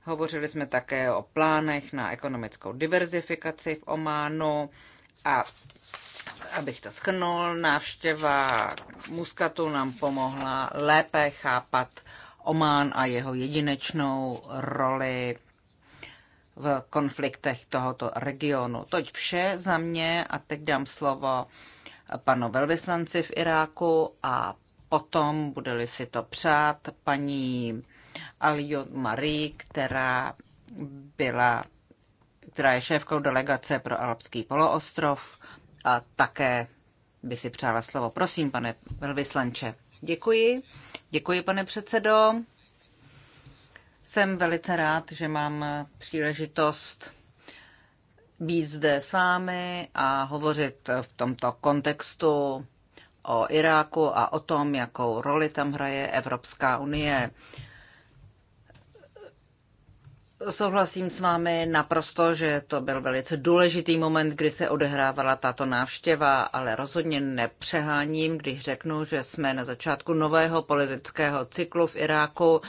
hovořili jsme také o plánech na ekonomickou diverzifikaci v Ománu a abych to schrnul, návštěva Muskatu nám pomohla lépe chápat Omán a jeho jedinečnou roli v konfliktech tohoto regionu. Toť vše za mě a teď dám slovo panu velvyslanci v Iráku a potom, bude-li si to přát, paní Aliot Marie, která byla, která je šéfkou delegace pro Alpský poloostrov a také by si přála slovo. Prosím, pane velvyslanče. Děkuji. Děkuji, pane předsedo. Jsem velice rád, že mám příležitost být zde s vámi a hovořit v tomto kontextu o Iráku a o tom, jakou roli tam hraje Evropská unie. Souhlasím s vámi naprosto, že to byl velice důležitý moment, kdy se odehrávala tato návštěva, ale rozhodně nepřeháním, když řeknu, že jsme na začátku nového politického cyklu v Iráku.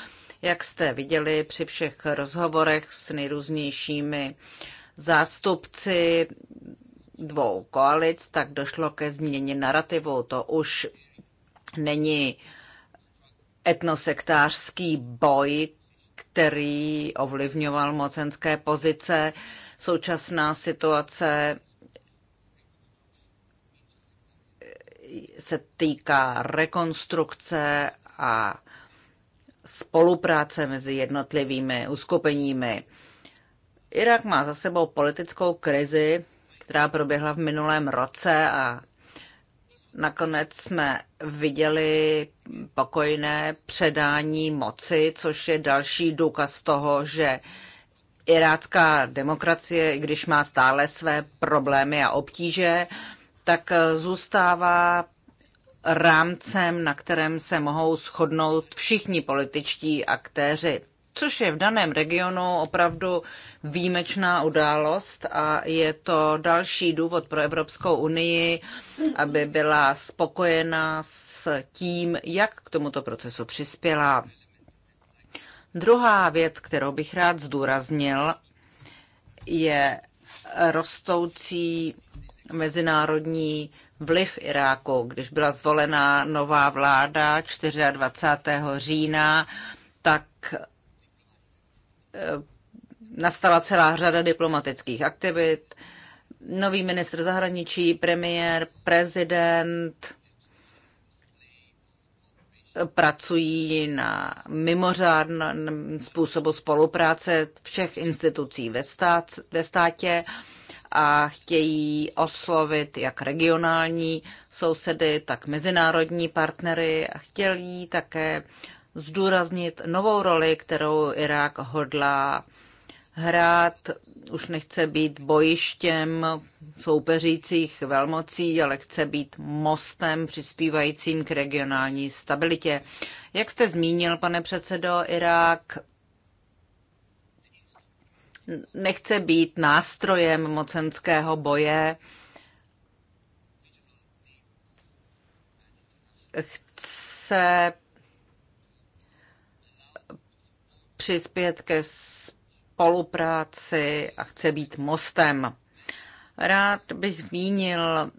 Jak jste viděli při všech rozhovorech s nejrůznějšími zástupci dvou koalic, tak došlo ke změně narrativu. To už není etnosektářský boj, který ovlivňoval mocenské pozice. Současná situace se týká rekonstrukce a spolupráce mezi jednotlivými uskupeními. Irak má za sebou politickou krizi, která proběhla v minulém roce a Nakonec jsme viděli pokojné předání moci, což je další důkaz toho, že irácká demokracie, i když má stále své problémy a obtíže, tak zůstává rámcem, na kterém se mohou shodnout všichni političtí aktéři což je v daném regionu opravdu výjimečná událost a je to další důvod pro Evropskou unii, aby byla spokojena s tím, jak k tomuto procesu přispěla. Druhá věc, kterou bych rád zdůraznil, je rostoucí mezinárodní vliv Iráku. Když byla zvolena nová vláda 24. října, tak Eh, nastala celá řada diplomatických aktivit. Nový ministr zahraničí, premiér, prezident eh, pracují na mimořádném způsobu spolupráce všech institucí ve, stát, ve státě a chtějí oslovit jak regionální sousedy, tak mezinárodní partnery a chtějí také zdůraznit novou roli, kterou Irák hodlá hrát. Už nechce být bojištěm soupeřících velmocí, ale chce být mostem přispívajícím k regionální stabilitě. Jak jste zmínil, pane předsedo, Irák nechce být nástrojem mocenského boje. Chce přispět ke spolupráci a chce být mostem. Rád bych zmínil,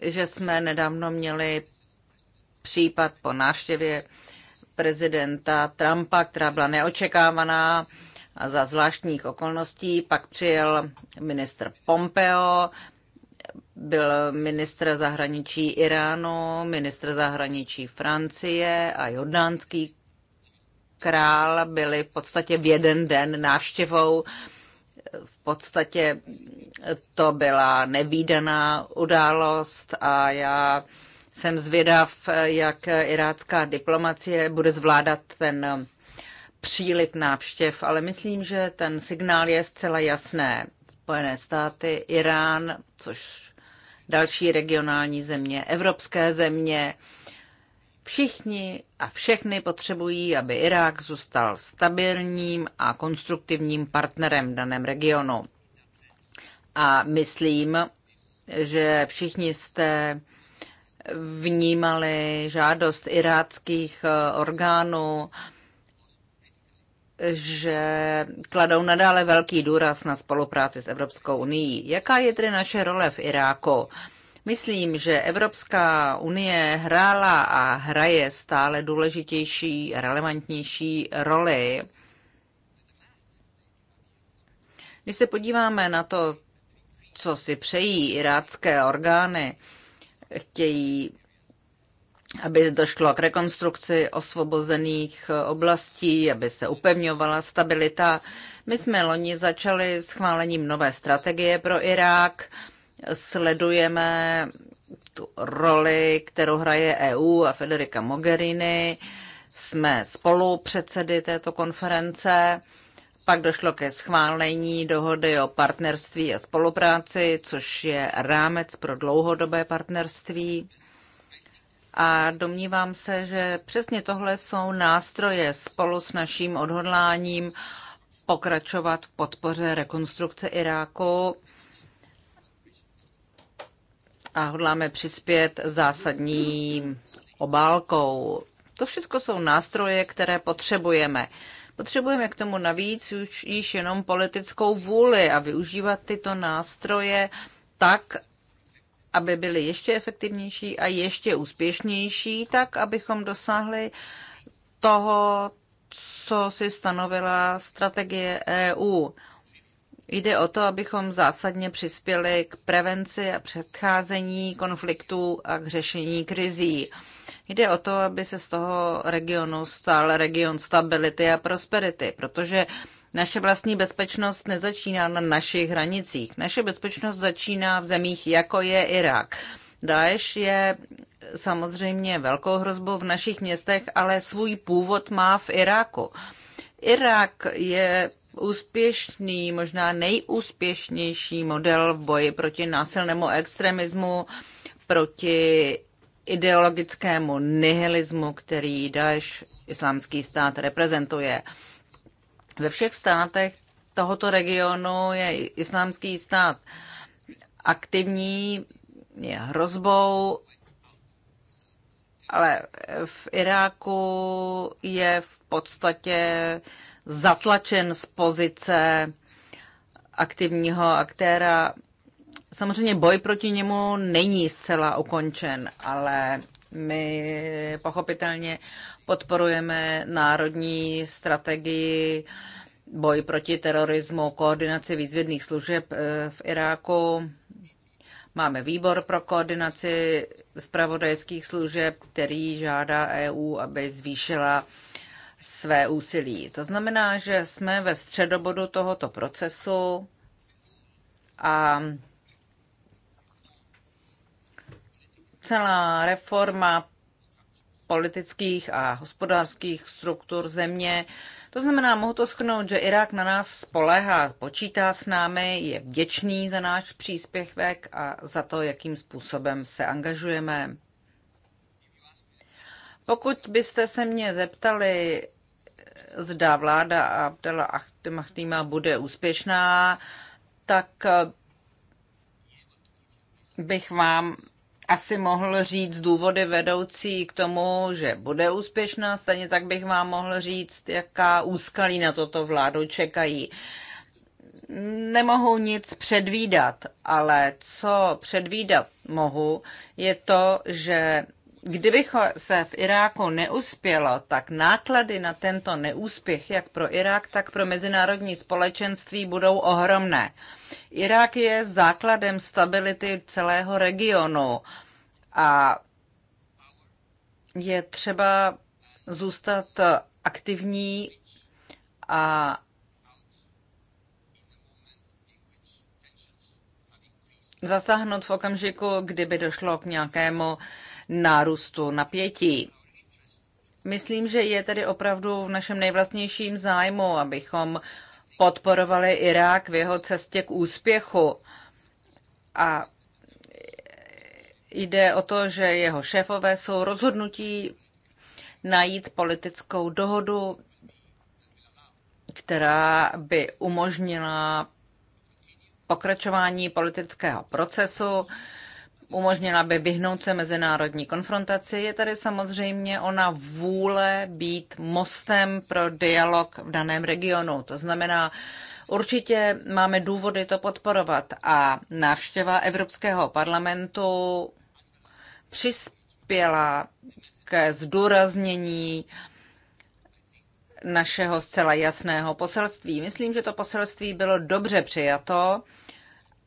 že jsme nedávno měli případ po návštěvě prezidenta Trumpa, která byla neočekávaná a za zvláštních okolností. Pak přijel ministr Pompeo, byl ministr zahraničí Iránu, ministr zahraničí Francie a jordánský král byli v podstatě v jeden den návštěvou. V podstatě to byla nevýdaná událost a já jsem zvědav, jak irácká diplomacie bude zvládat ten příliv návštěv, ale myslím, že ten signál je zcela jasné. Spojené státy, Irán, což další regionální země, evropské země, Všichni a všechny potřebují, aby Irák zůstal stabilním a konstruktivním partnerem v daném regionu. A myslím, že všichni jste vnímali žádost iráckých eh, orgánů, že kladou nadále velký důraz na spolupráci s Evropskou unii. Jaká je tedy naše role v Iráku? Myslím, že Evropská unie hrála a hraje stále důležitější, relevantnější roli. Když se podíváme na to, co si přejí irácké orgány, chtějí, aby došlo k rekonstrukci osvobozených oblastí, aby se upevňovala stabilita. My jsme loni začali schválením nové strategie pro Irák Sledujeme tu roli, kterou hraje EU a Federica Mogherini. Jsme spolu předsedy této konference. Pak došlo ke schválení dohody o partnerství a spolupráci, což je rámec pro dlouhodobé partnerství. A domnívám se, že přesně tohle jsou nástroje spolu s naším odhodláním pokračovat v podpoře rekonstrukce Iráku a hodláme přispět zásadní obálkou. To všechno jsou nástroje, které potřebujeme. Potřebujeme k tomu navíc už již jenom politickou vůli a využívat tyto nástroje tak, aby byly ještě efektivnější a ještě úspěšnější, tak abychom dosáhli toho, co si stanovila strategie EU. Jde o to, abychom zásadně přispěli k prevenci a předcházení konfliktů a k řešení krizí. Jde o to, aby se z toho regionu stal region stability a prosperity, protože naše vlastní bezpečnost nezačíná na našich hranicích. Naše bezpečnost začíná v zemích, jako je Irák. Daesh je samozřejmě velkou hrozbou v našich městech, ale svůj původ má v Iráku. Irák je úspěšný, možná nejúspěšnější model v boji proti násilnému extremismu, proti ideologickému nihilismu, který Daesh, islámský stát, reprezentuje. Ve všech státech tohoto regionu je islámský stát aktivní, je hrozbou, ale v Iráku je v podstatě zatlačen z pozice aktivního aktéra. Samozřejmě boj proti němu není zcela ukončen, ale my pochopitelně podporujeme národní strategii boj proti terorismu, koordinaci výzvědných služeb eh, v Iráku. Máme výbor pro koordinaci zpravodajských služeb, který žádá EU, aby zvýšila své úsilí. To znamená, že jsme ve středobodu tohoto procesu a celá reforma politických a hospodářských struktur země. To znamená, mohu to schrnout, že Irák na nás spolehá, počítá s námi, je vděčný za náš příspěvek a za to, jakým způsobem se angažujeme. Pokud byste se mě zeptali, zda vláda Abdala Ahtimachtýma bude úspěšná, tak eh, bych vám asi mohl říct důvody vedoucí k tomu, že bude úspěšná, stejně tak bych vám mohl říct, jaká úskalí na toto vládu čekají. Nemohu nic předvídat, ale co předvídat mohu, je to, že Kdybych se v Iráku neuspělo, tak náklady na tento neúspěch, jak pro Irák, tak pro mezinárodní společenství, budou ohromné. Irák je základem stability celého regionu a je třeba zůstat aktivní a zasáhnout v okamžiku, kdyby došlo k nějakému nárůstu napětí. Myslím, že je tedy opravdu v našem nejvlastnějším zájmu, abychom podporovali Irák v jeho cestě k úspěchu. A jde o to, že jeho šéfové jsou rozhodnutí najít politickou dohodu, která by umožnila pokračování politického procesu, umožnila by vyhnout se mezinárodní konfrontaci, je tady samozřejmě ona vůle být mostem pro dialog v daném regionu. To znamená, určitě máme důvody to podporovat a návštěva Evropského parlamentu přispěla ke zdůraznění našeho zcela jasného poselství. Myslím, že to poselství bylo dobře přijato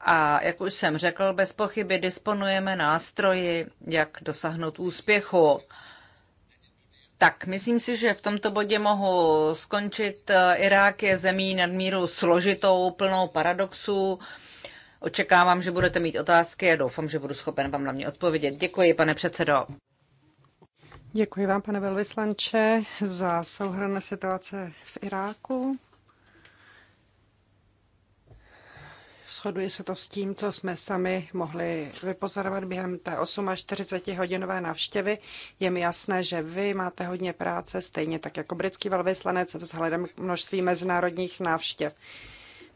a jak už jsem řekl, bez pochyby disponujeme nástroji, jak dosáhnout úspěchu. Tak, myslím si, že v tomto bodě mohu skončit. Irák je zemí nadmíru složitou, plnou paradoxů. Očekávám, že budete mít otázky a doufám, že budu schopen vám na mě odpovědět. Děkuji, pane předsedo. Děkuji vám, pane velvyslanče, za souhrnné situace v Iráku. Shoduje se to s tím, co jsme sami mohli vypozorovat během té 48 hodinové návštěvy. Je mi jasné, že vy máte hodně práce, stejně tak jako britský velvyslanec vzhledem k množství mezinárodních návštěv.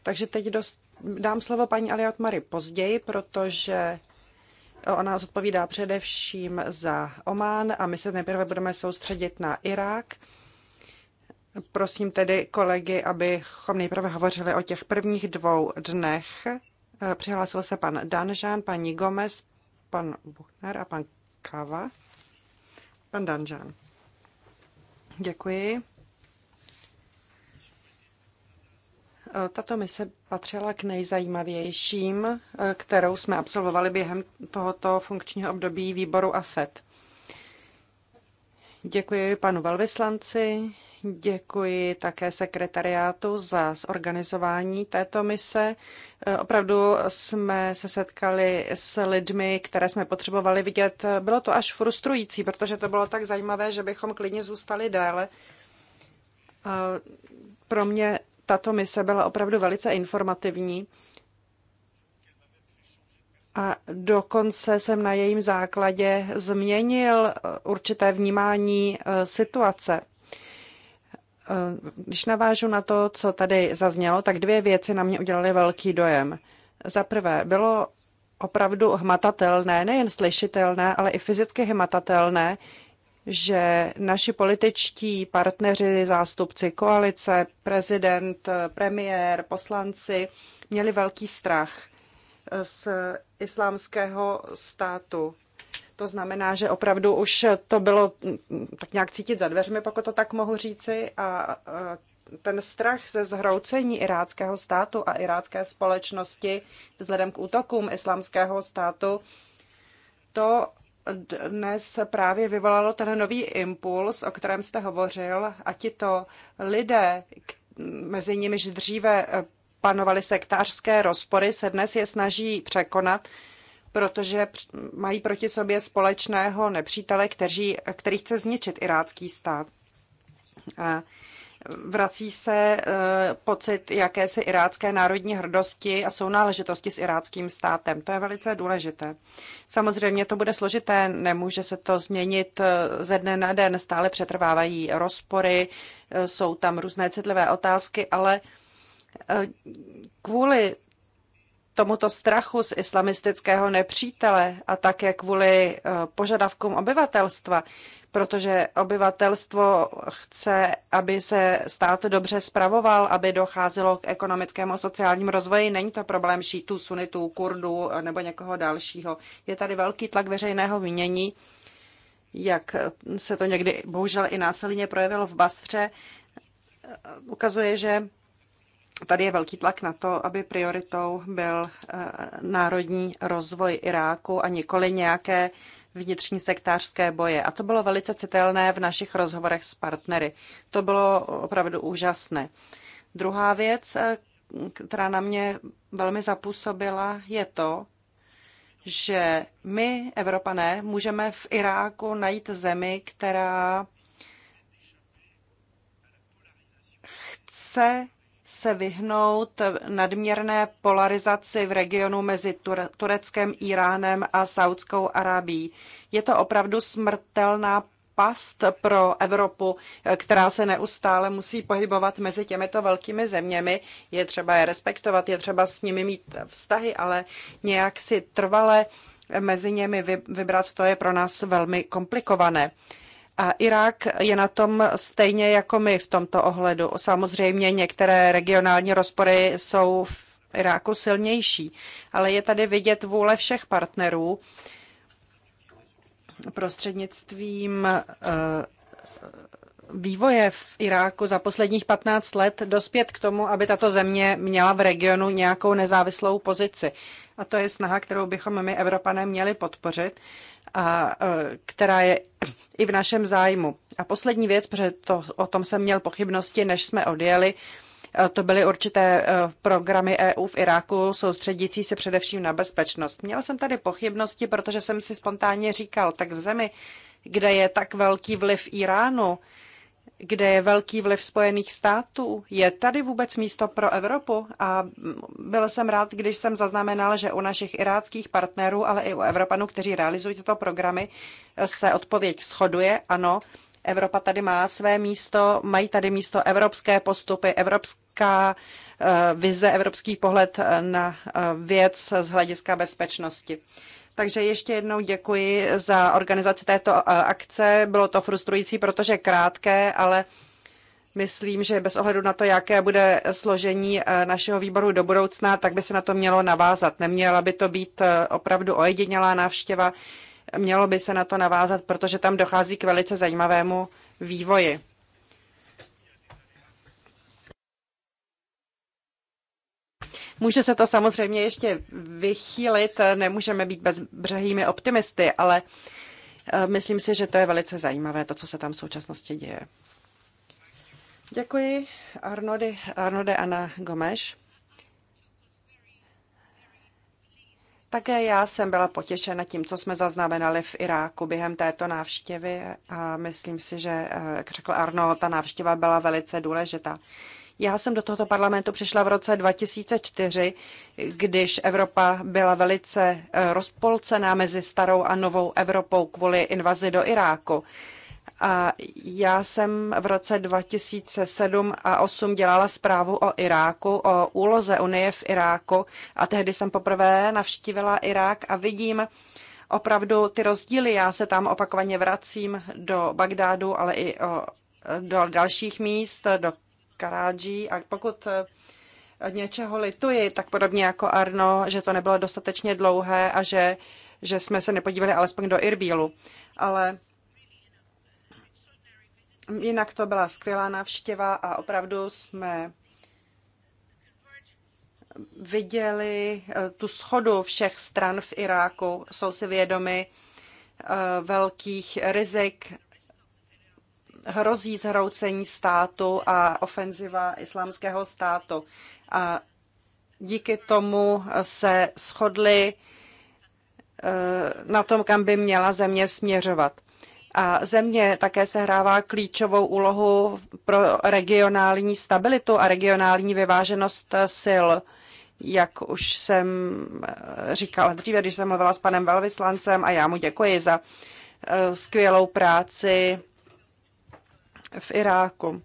Takže teď dost, dám slovo paní Aliot Mary později, protože ona zodpovídá především za Omán a my se nejprve budeme soustředit na Irák. Prosím tedy kolegy, abychom nejprve hovořili o těch prvních dvou dnech. Eh, přihlásil se pan Danžán, paní Gomez, pan Buchner a pan Kava. Pan Danžán. Děkuji. Eh, tato mise patřila k nejzajímavějším, eh, kterou jsme absolvovali během tohoto funkčního období výboru AFET. Děkuji panu velvyslanci, Děkuji také sekretariátu za zorganizování této mise. Eh, opravdu jsme se setkali s lidmi, které jsme potřebovali vidět. Bylo to až frustrující, protože to bylo tak zajímavé, že bychom klidně zůstali déle. Eh, pro mě tato mise byla opravdu velice informativní. A dokonce jsem na jejím základě změnil eh, určité vnímání situace. Eh, když navážu na to, co tady zaznělo, tak dvě věci na mě udělaly velký dojem. Za prvé, bylo opravdu hmatatelné, nejen slyšitelné, ale i fyzicky hmatatelné, že naši političtí partneři, zástupci koalice, prezident, premiér, poslanci měli velký strach z islámského státu. To znamená, že opravdu už to bylo mm, tak nějak cítit za dveřmi, pokud to tak mohu říci, a ten strach ze zhroucení iráckého státu a irácké společnosti vzhledem k útokům islámského státu, to dnes právě vyvolalo ten nový impuls, o kterém jste hovořil, a tito lidé, mezi nimiž dříve panovaly sektářské rozpory, se dnes je snaží překonat protože mají proti sobě společného nepřítele, kteří, který chce zničit irácký stát. A vrací se e, pocit jakési irácké národní hrdosti a sounáležitosti s iráckým státem. To je velice důležité. Samozřejmě to bude složité, nemůže se to změnit e, ze dne na den, stále přetrvávají rozpory, e, jsou tam různé citlivé otázky, ale kvůli tomuto strachu z islamistického nepřítele a také kvůli eh, požadavkům obyvatelstva, protože obyvatelstvo chce, aby se stát dobře spravoval, aby docházelo k ekonomickému a sociálnímu rozvoji. Není to problém šítů, sunitů, kurdů eh, nebo někoho dalšího. Je tady velký tlak veřejného mínění, jak se to někdy bohužel i násilně projevilo v Basře, eh, ukazuje, že tady je velký tlak na to, aby prioritou byl eh, národní rozvoj Iráku a nikoli nějaké vnitřní sektářské boje. A to bylo velice citelné v našich rozhovorech s partnery. To bylo opravdu úžasné. Druhá věc, eh, která na mě velmi zapůsobila, je to, že my, Evropané, můžeme v Iráku najít zemi, která chce se vyhnout nadměrné polarizaci v regionu mezi Tureckem, Iránem a Saudskou Arábí. Je to opravdu smrtelná past pro Evropu, která se neustále musí pohybovat mezi těmito velkými zeměmi. Je třeba je respektovat, je třeba s nimi mít vztahy, ale nějak si trvale mezi nimi vybrat, to je pro nás velmi komplikované. A Irák je na tom stejně jako my v tomto ohledu. Samozřejmě některé regionální rozpory jsou v Iráku silnější, ale je tady vidět vůle všech partnerů prostřednictvím eh, vývoje v Iráku za posledních 15 let dospět k tomu, aby tato země měla v regionu nějakou nezávislou pozici. A to je snaha, kterou bychom my, Evropané, měli podpořit a e, která je i v našem zájmu. A poslední věc, protože to, o tom jsem měl pochybnosti, než jsme odjeli, e, to byly určité e, programy EU v Iráku, soustředící se především na bezpečnost. Měla jsem tady pochybnosti, protože jsem si spontánně říkal, tak v zemi, kde je tak velký vliv Iránu, kde je velký vliv Spojených států. Je tady vůbec místo pro Evropu? A byl jsem rád, když jsem zaznamenal, že u našich iráckých partnerů, ale i u Evropanů, kteří realizují tyto programy, se odpověď shoduje. Ano, Evropa tady má své místo, mají tady místo evropské postupy, evropská eh, vize, evropský pohled eh, na eh, věc z hlediska bezpečnosti. Takže ještě jednou děkuji za organizaci této eh, akce. Bylo to frustrující, protože krátké, ale myslím, že bez ohledu na to, jaké bude složení eh, našeho výboru do budoucna, tak by se na to mělo navázat. Neměla by to být eh, opravdu ojedinělá návštěva, mělo by se na to navázat, protože tam dochází k velice zajímavému vývoji. Může se to samozřejmě ještě vychýlit, nemůžeme být bezbřehými optimisty, ale eh, myslím si, že to je velice zajímavé, to, co se tam v současnosti děje. Děkuji Arnody, Arnode Ana Gomeš. Také já jsem byla potěšena tím, co jsme zaznamenali v Iráku během této návštěvy a myslím si, že, eh, jak řekl Arno, ta návštěva byla velice důležitá. Já jsem do tohoto parlamentu přišla v roce 2004, když Evropa byla velice eh, rozpolcená mezi starou a novou Evropou kvůli invazi do Iráku. A já jsem v roce 2007 a 2008 dělala zprávu o Iráku, o úloze Unie v Iráku a tehdy jsem poprvé navštívila Irák a vidím opravdu ty rozdíly. Já se tam opakovaně vracím do Bagdádu, ale i o, do dalších míst, do Karádží a pokud eh, něčeho lituji, tak podobně jako Arno, že to nebylo dostatečně dlouhé a že, že jsme se nepodívali alespoň do Irbílu. Ale jinak to byla skvělá návštěva a opravdu jsme viděli eh, tu schodu všech stran v Iráku, jsou si vědomi eh, velkých rizik hrozí zhroucení státu a ofenziva islámského státu. A díky tomu se shodli eh, na tom, kam by měla země směřovat. A země také sehrává klíčovou úlohu pro regionální stabilitu a regionální vyváženost sil. Jak už jsem eh, říkala dříve, když jsem mluvila s panem velvyslancem, a já mu děkuji za eh, skvělou práci v Iráku.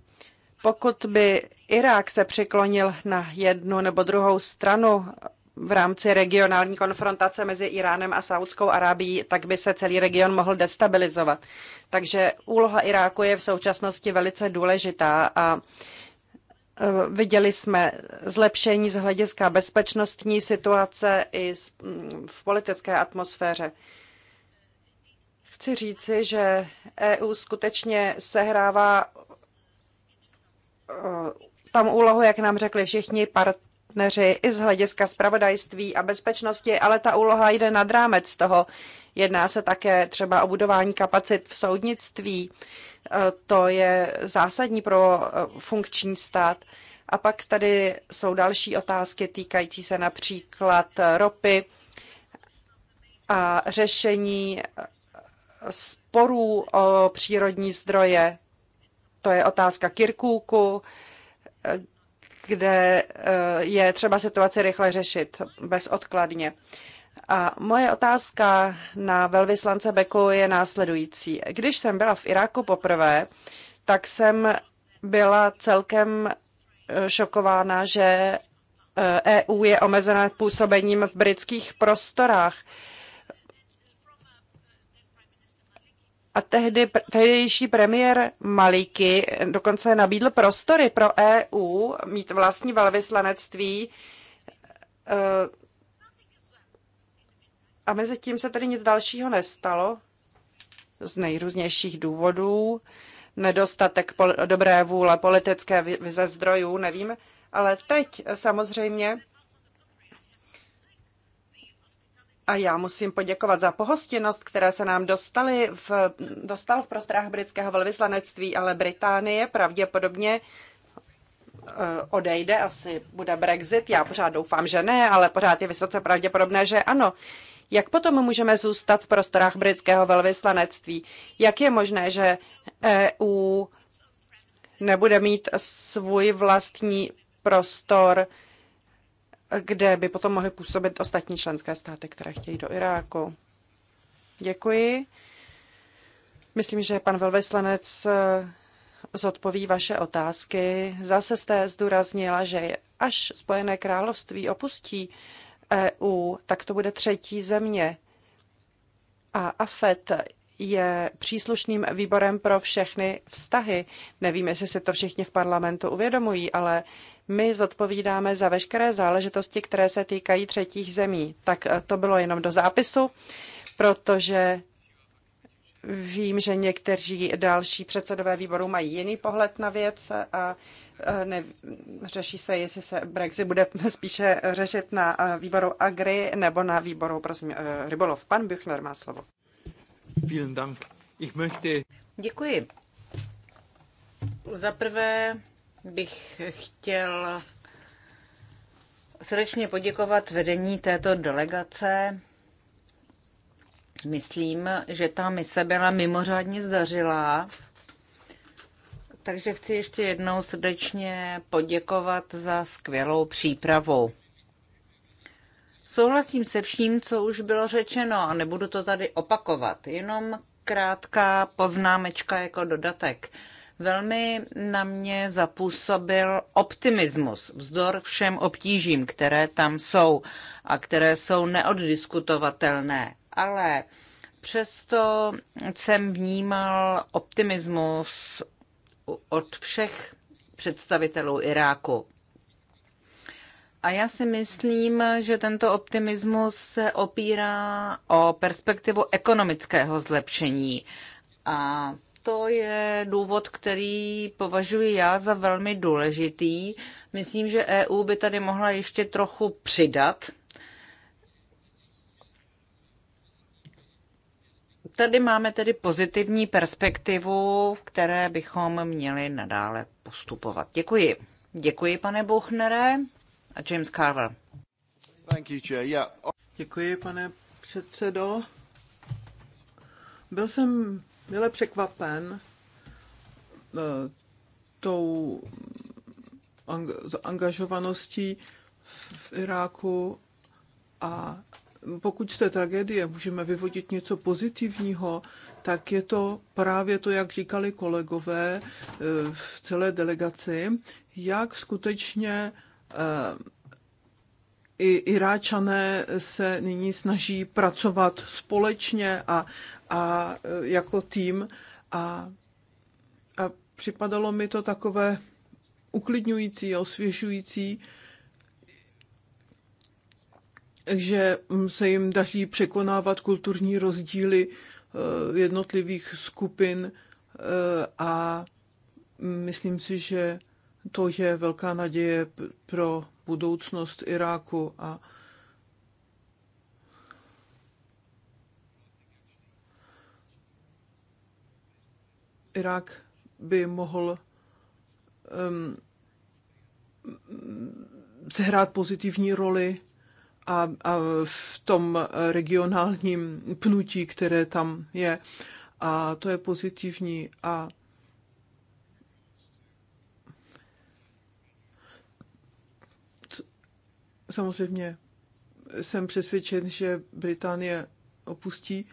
Pokud by Irák se přiklonil na jednu nebo druhou stranu v rámci regionální konfrontace mezi Iránem a Saudskou Arábií, tak by se celý region mohl destabilizovat. Takže úloha Iráku je v současnosti velice důležitá a e, Viděli jsme zlepšení z hlediska bezpečnostní situace i v politické atmosféře chci říci, že EU skutečně sehrává eh, tam úlohu, jak nám řekli všichni partneři, i z hlediska spravodajství a bezpečnosti, ale ta úloha jde nad rámec toho. Jedná se také třeba o budování kapacit v soudnictví. Eh, to je zásadní pro eh, funkční stát. A pak tady jsou další otázky týkající se například ropy a řešení sporů o přírodní zdroje. To je otázka Kirkůku, kde eh, je třeba situaci rychle řešit bezodkladně. A moje otázka na velvyslance Beku je následující. Když jsem byla v Iráku poprvé, tak jsem byla celkem eh, šokována, že EU eh, e je omezena působením v britských prostorách. A tehdy, tehdejší premiér Maliky dokonce nabídl prostory pro EU mít vlastní velvyslanectví. Eh, a mezi tím se tedy nic dalšího nestalo z nejrůznějších důvodů. Nedostatek pol- dobré vůle, politické vize zdrojů, nevím. Ale teď samozřejmě A já musím poděkovat za pohostinnost, které se nám dostali v, dostal v prostorách britského velvyslanectví, ale Británie pravděpodobně eh, odejde, asi bude Brexit. Já pořád doufám, že ne, ale pořád je vysoce pravděpodobné, že ano. Jak potom můžeme zůstat v prostorách britského velvyslanectví? Jak je možné, že EU nebude mít svůj vlastní prostor? kde by potom mohly působit ostatní členské státy, které chtějí do Iráku. Děkuji. Myslím, že pan velvyslanec eh, zodpoví vaše otázky. Zase jste zdůraznila, že až Spojené království opustí EU, tak to bude třetí země. A AFET je příslušným výborem pro všechny vztahy. Nevím, jestli se to všichni v parlamentu uvědomují, ale my zodpovídáme za veškeré záležitosti, které se týkají třetích zemí. Tak eh, to bylo jenom do zápisu, protože vím, že někteří další předsedové výboru mají jiný pohled na věc a ne, řeší se, jestli se Brexit bude spíše řešit na eh, výboru Agri nebo na výboru prosím, eh, rybolov. Pan Büchner má slovo. Vielen Dank. Ich möchte... Děkuji. Za prvé bych chtěl srdečně poděkovat vedení této delegace. Myslím, že ta mise byla mimořádně zdařilá. Takže chci ještě jednou srdečně poděkovat za skvělou přípravu. Souhlasím se vším, co už bylo řečeno a nebudu to tady opakovat, jenom krátká poznámečka jako dodatek. Velmi na mě zapůsobil optimismus vzdor všem obtížím, které tam jsou a které jsou neoddiskutovatelné. Ale přesto jsem vnímal optimismus od všech představitelů Iráku. A já si myslím, že tento optimismus se opírá o perspektivu ekonomického zlepšení. A to je důvod, který považuji já za velmi důležitý. Myslím, že EU by tady mohla ještě trochu přidat. Tady máme tedy pozitivní perspektivu, v které bychom měli nadále postupovat. Děkuji. Děkuji, pane Buchnere a James Carver. Děkuji, pane předsedo. Byl jsem mile překvapen eh, tou angažovaností v Iráku a pokud z té tragédie můžeme vyvodit něco pozitivního, tak je to právě to, jak říkali kolegové eh, v celé delegaci, jak skutečně eh, i Iráčané se nyní snaží pracovat společně a, a e, jako tým a, a připadalo mi to takové uklidňující a osvěžující, že se jim daří překonávat kulturní rozdíly e, jednotlivých skupin e, a myslím si, že to je velká naděje pro budoucnost Iráku a Irák by mohl um, sehrát pozitivní roli a, a v tom regionálním pnutí, které tam je. A to je pozitivní. A Samozřejmě jsem přesvědčen, že Británie opustí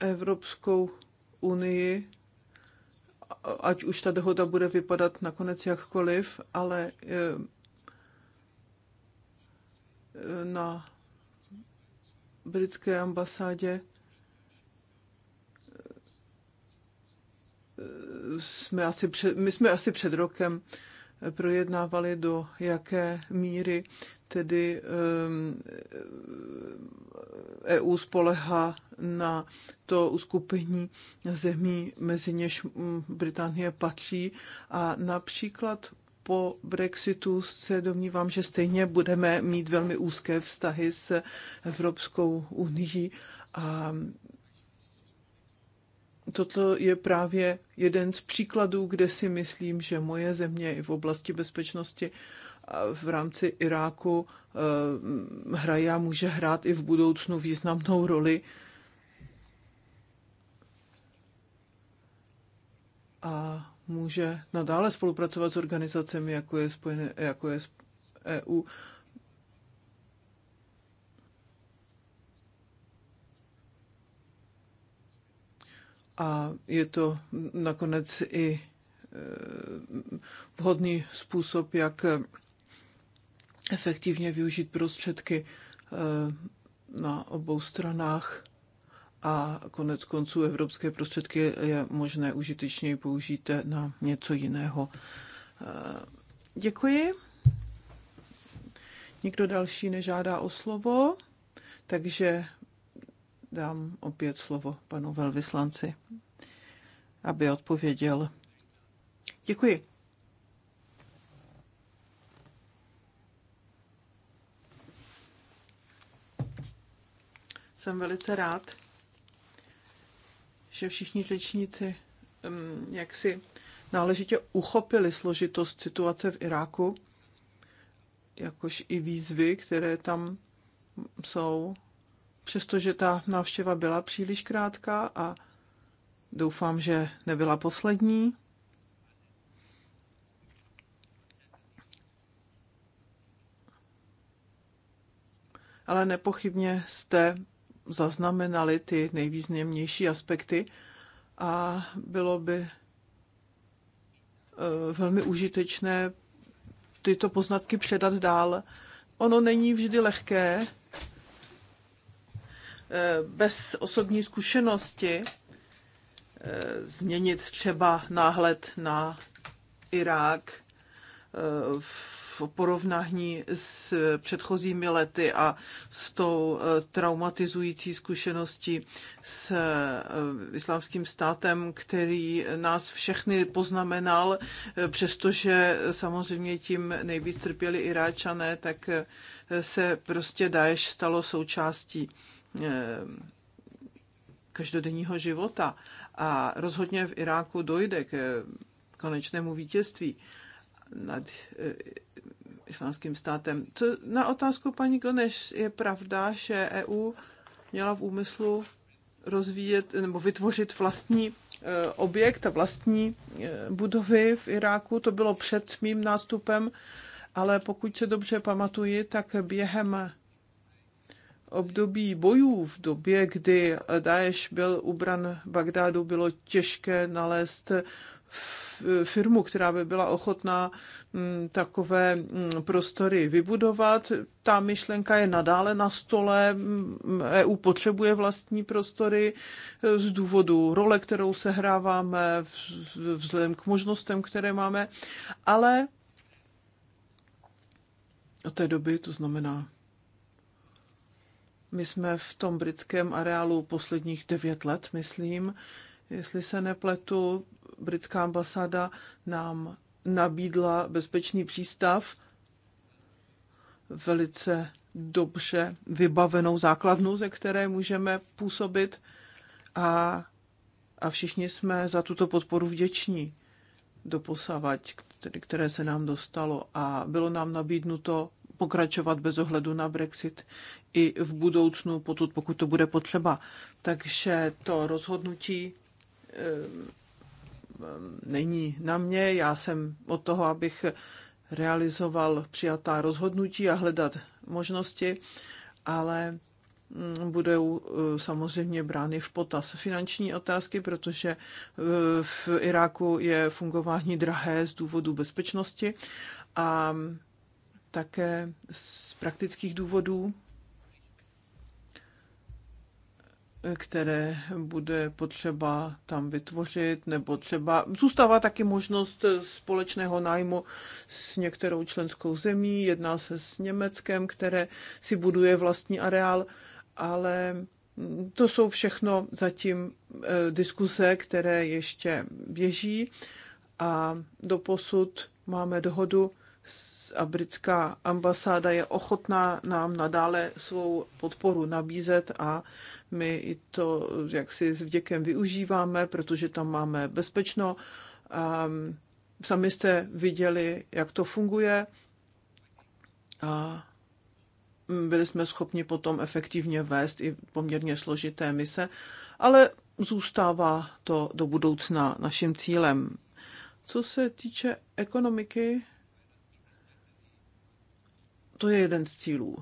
Evropskou unii, ať už ta dohoda bude vypadat nakonec jakkoliv, ale eh, na britské ambasádě eh, jsme asi před, my jsme asi před rokem projednávali, do jaké míry tedy EU e spolehá na to uskupení zemí, mezi něž mm, Británie patří. A například po Brexitu se domnívám, že stejně budeme mít velmi úzké vztahy s Evropskou unii a toto je právě jeden z příkladů, kde si myslím, že moje země i v oblasti bezpečnosti v rámci Iráku eh, hraje a může hrát i v budoucnu významnou roli. A může nadále spolupracovat s organizacemi, jako je, spojené, jako je EU a je to nakonec i e, vhodný způsob, jak e, efektivně využít prostředky e, na obou stranách a konec konců evropské prostředky je možné užitečněji použít na něco jiného. Děkuji. Nikdo další nežádá o slovo, takže dám opět slovo panu velvyslanci, aby odpověděl. Děkuji. Jsem velice rád, že všichni řečníci mm, jak si náležitě uchopili složitost situace v Iráku, jakož i výzvy, které tam jsou přestože ta návštěva byla příliš krátká a doufám, že nebyla poslední. Ale nepochybně jste zaznamenali ty nejvýznamnější aspekty a bylo by eh, velmi užitečné tyto poznatky předat dál. Ono není vždy lehké Eh, bez osobní zkušenosti eh, změnit třeba náhled na Irák eh, v porovnání s předchozími lety a s tou traumatizující zkušeností s islámským státem, který nás všechny poznamenal, přestože samozřejmě tím nejvíc trpěli Iráčané, tak se prostě Daesh stalo součástí Eh, každodenního života. A rozhodně v Iráku dojde k eh, konečnému vítězství nad eh, islámským státem. Co, na otázku paní Goneš je pravda, že EU měla v úmyslu rozvíjet nebo vytvořit vlastní objekt a vlastní budovy v Iráku. To bylo před mým nástupem, ale pokud se dobře pamatuji, tak během období bojů, v době, kdy Daesh byl ubran Bagdádu, bylo těžké nalézt firmu, která by byla ochotná mm, takové mm, prostory vybudovat. Ta myšlenka je nadále na stole. Mm, EU potřebuje vlastní prostory e, z důvodu role, kterou sehráváme, vzhledem k možnostem, které máme, ale od té doby, to znamená my jsme v tom britském areálu posledních devět let, myslím, jestli se nepletu, britská ambasáda nám nabídla bezpečný přístav, velice dobře vybavenou základnu, ze které můžeme působit a, a všichni jsme za tuto podporu vděční do posavať, které se nám dostalo a bylo nám nabídnuto pokračovat bez ohledu na Brexit i v budoucnu, potud, pokud to bude potřeba. Takže to rozhodnutí eh, není na mě. Já jsem od toho, abych realizoval přijatá rozhodnutí a hledat možnosti, ale mm, budou eh, samozřejmě brány v potaz finanční otázky, protože eh, v Iráku je fungování drahé z důvodu bezpečnosti a také z praktických důvodů, které bude potřeba tam vytvořit, nebo třeba zůstává taky možnost společného nájmu s některou členskou zemí, jedná se s Německem, které si buduje vlastní areál, ale to jsou všechno zatím eh, diskuse, které ještě běží a doposud máme dohodu a britská ambasáda je ochotná nám nadále svou podporu nabízet a my i to jaksi s vděkem využíváme, protože tam máme bezpečno. Um, sami jste viděli, jak to funguje a mm, byli jsme schopni potom efektivně vést i poměrně složité mise, ale zůstává to do budoucna naším cílem. Co se týče ekonomiky, to je jeden z cílů.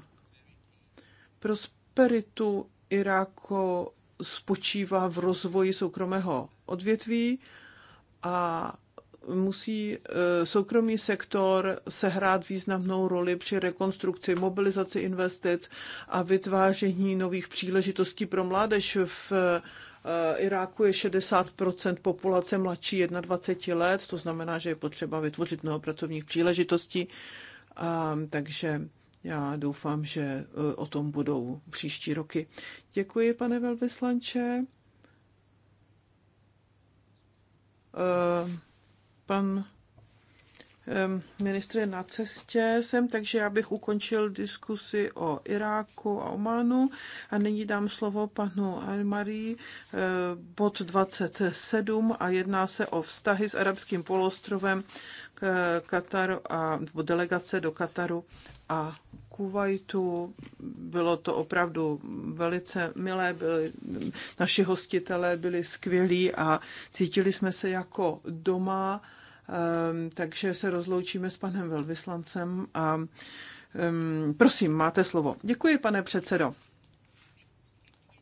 Prosperitu Iráku spočívá v rozvoji soukromého odvětví a musí eh, soukromý sektor sehrát významnou roli při rekonstrukci, mobilizaci investic a vytváření nových příležitostí pro mládež v eh, Iráku je 60 populace mladší 21 let, to znamená, že je potřeba vytvořit mnoho pracovních příležitostí. A, takže já doufám, že e, o tom budou příští roky. Děkuji, pane velvyslanče. E, pan e, ministr je na cestě sem, takže já bych ukončil diskusi o Iráku a Ománu a nyní dám slovo panu Almarí, bod 27 a jedná se o vztahy s arabským polostrovem Katar a delegace do Kataru a Kuwaitu. Bylo to opravdu velice milé, byli, naši hostitelé byli skvělí a cítili jsme se jako doma, ehm, takže se rozloučíme s panem velvyslancem a ehm, prosím, máte slovo. Děkuji, pane předsedo.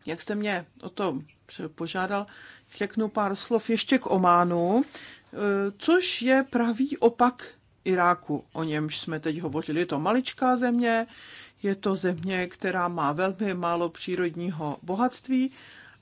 Jak jste mě o to požádal, řeknu pár slov ještě k Ománu. Eh, což je pravý opak Iráku, o němž jsme teď hovořili. Je to maličká země, je to země, která má velmi málo přírodního bohatství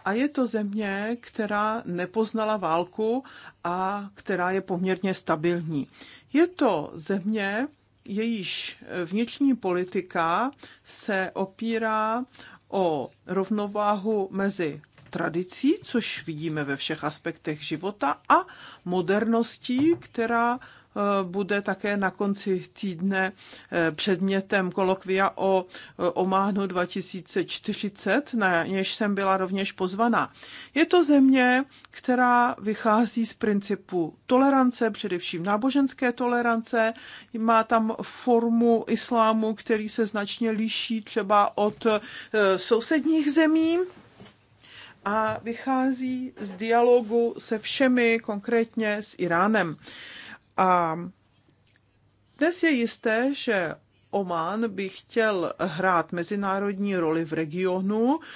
a je to země, která nepoznala válku a která je poměrně stabilní. Je to země, jejíž vnitřní politika se opírá o rovnováhu mezi tradicí, což vidíme ve všech aspektech života, a moderností, která eh, bude také na konci týdne eh, předmětem kolokvia o eh, Ománu 2040, na něž jsem byla rovněž pozvaná. Je to země, která vychází z principu tolerance, především náboženské tolerance, má tam formu islámu, který se značně liší třeba od sousedních zemí, a vychází z dialogu se všemi, konkrétně s Iránem. A dnes je jisté, že Oman by chtěl hrát mezinárodní roli v regionu eh,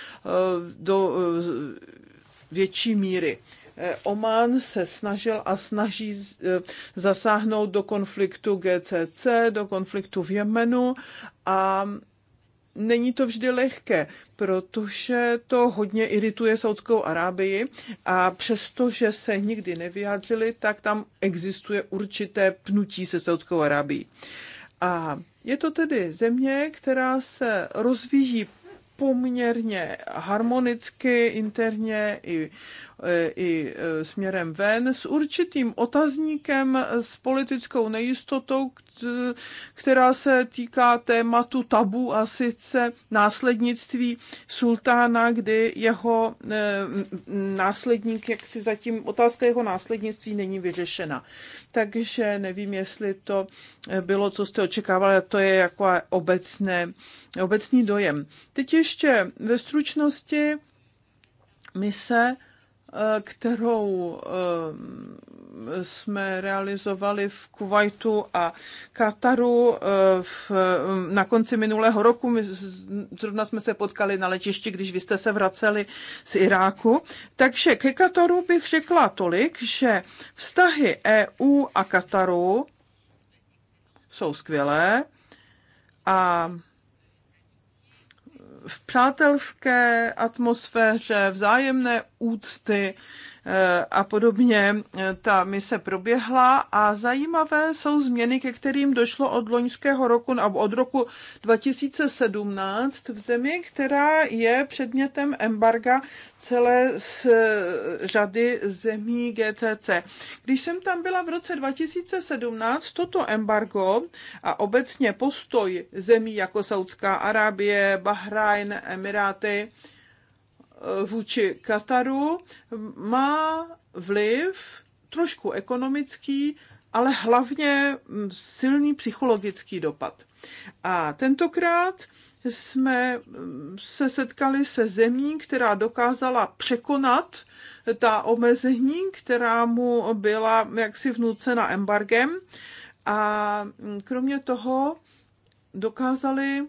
do eh, větší míry. Eh, Oman se snažil a snaží zasáhnout do konfliktu GCC, do konfliktu v Jemenu a není to vždy lehké, protože to hodně irituje Saudskou Arábii a že se nikdy nevyjádřili, tak tam existuje určité pnutí se Saudskou Arábií. A je to tedy země, která se rozvíjí poměrně harmonicky interně i E, i e, směrem ven s určitým otazníkem, s politickou nejistotou, která se týká tématu tabu a sice následnictví sultána, kdy jeho e, následník, jak si zatím otázka jeho následnictví není vyřešena. Takže nevím, jestli to bylo, co jste očekávali, to je jako obecné, obecný dojem. Teď ještě ve stručnosti se Eh, kterou eh, jsme realizovali v Kuwaitu a Kataru eh, v, na konci minulého roku. My zrovna jsme se potkali na letišti, když vy jste se vraceli z Iráku. Takže ke Kataru bych řekla tolik, že vztahy EU a Kataru jsou skvělé a v přátelské atmosféře, vzájemné úcty Eh, a podobně. Eh, ta mise proběhla a zajímavé jsou změny, ke kterým došlo od loňského roku nebo od roku 2017 v zemi, která je předmětem embarga celé z eh, řady zemí GCC. Když jsem tam byla v roce 2017, toto embargo a obecně postoj zemí jako Saudská Arábie, Bahrajn, Emiráty, vůči Kataru má vliv trošku ekonomický, ale hlavně mm, silný psychologický dopad. A tentokrát jsme mm, se setkali se zemí, která dokázala překonat ta omezení, která mu byla jaksi vnucena embargem. A mm, kromě toho dokázali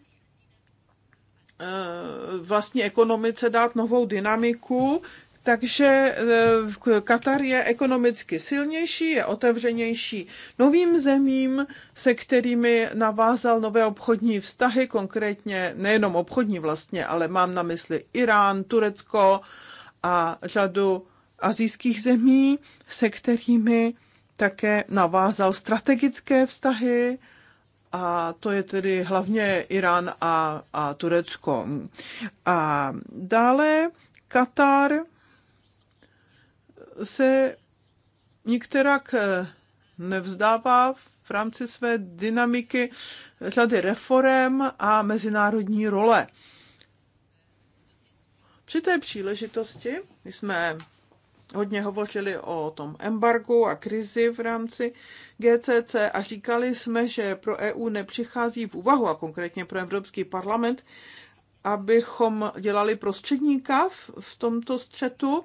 Eh, vlastní ekonomice dát novou dynamiku, takže eh, Katar je ekonomicky silnější, je otevřenější novým zemím, se kterými navázal nové obchodní vztahy, konkrétně nejenom obchodní vlastně, ale mám na mysli Irán, Turecko a řadu azijských zemí, se kterými také navázal strategické vztahy a to je tedy hlavně Irán a, a Turecko. A dále Katar se některak eh, nevzdává v rámci své dynamiky řady reform a mezinárodní role. Při té příležitosti jsme hodně hovořili o tom embargu a krizi v rámci GCC a říkali jsme, že pro EU nepřichází v úvahu, a konkrétně pro Evropský parlament, abychom dělali prostředníka v, v tomto střetu,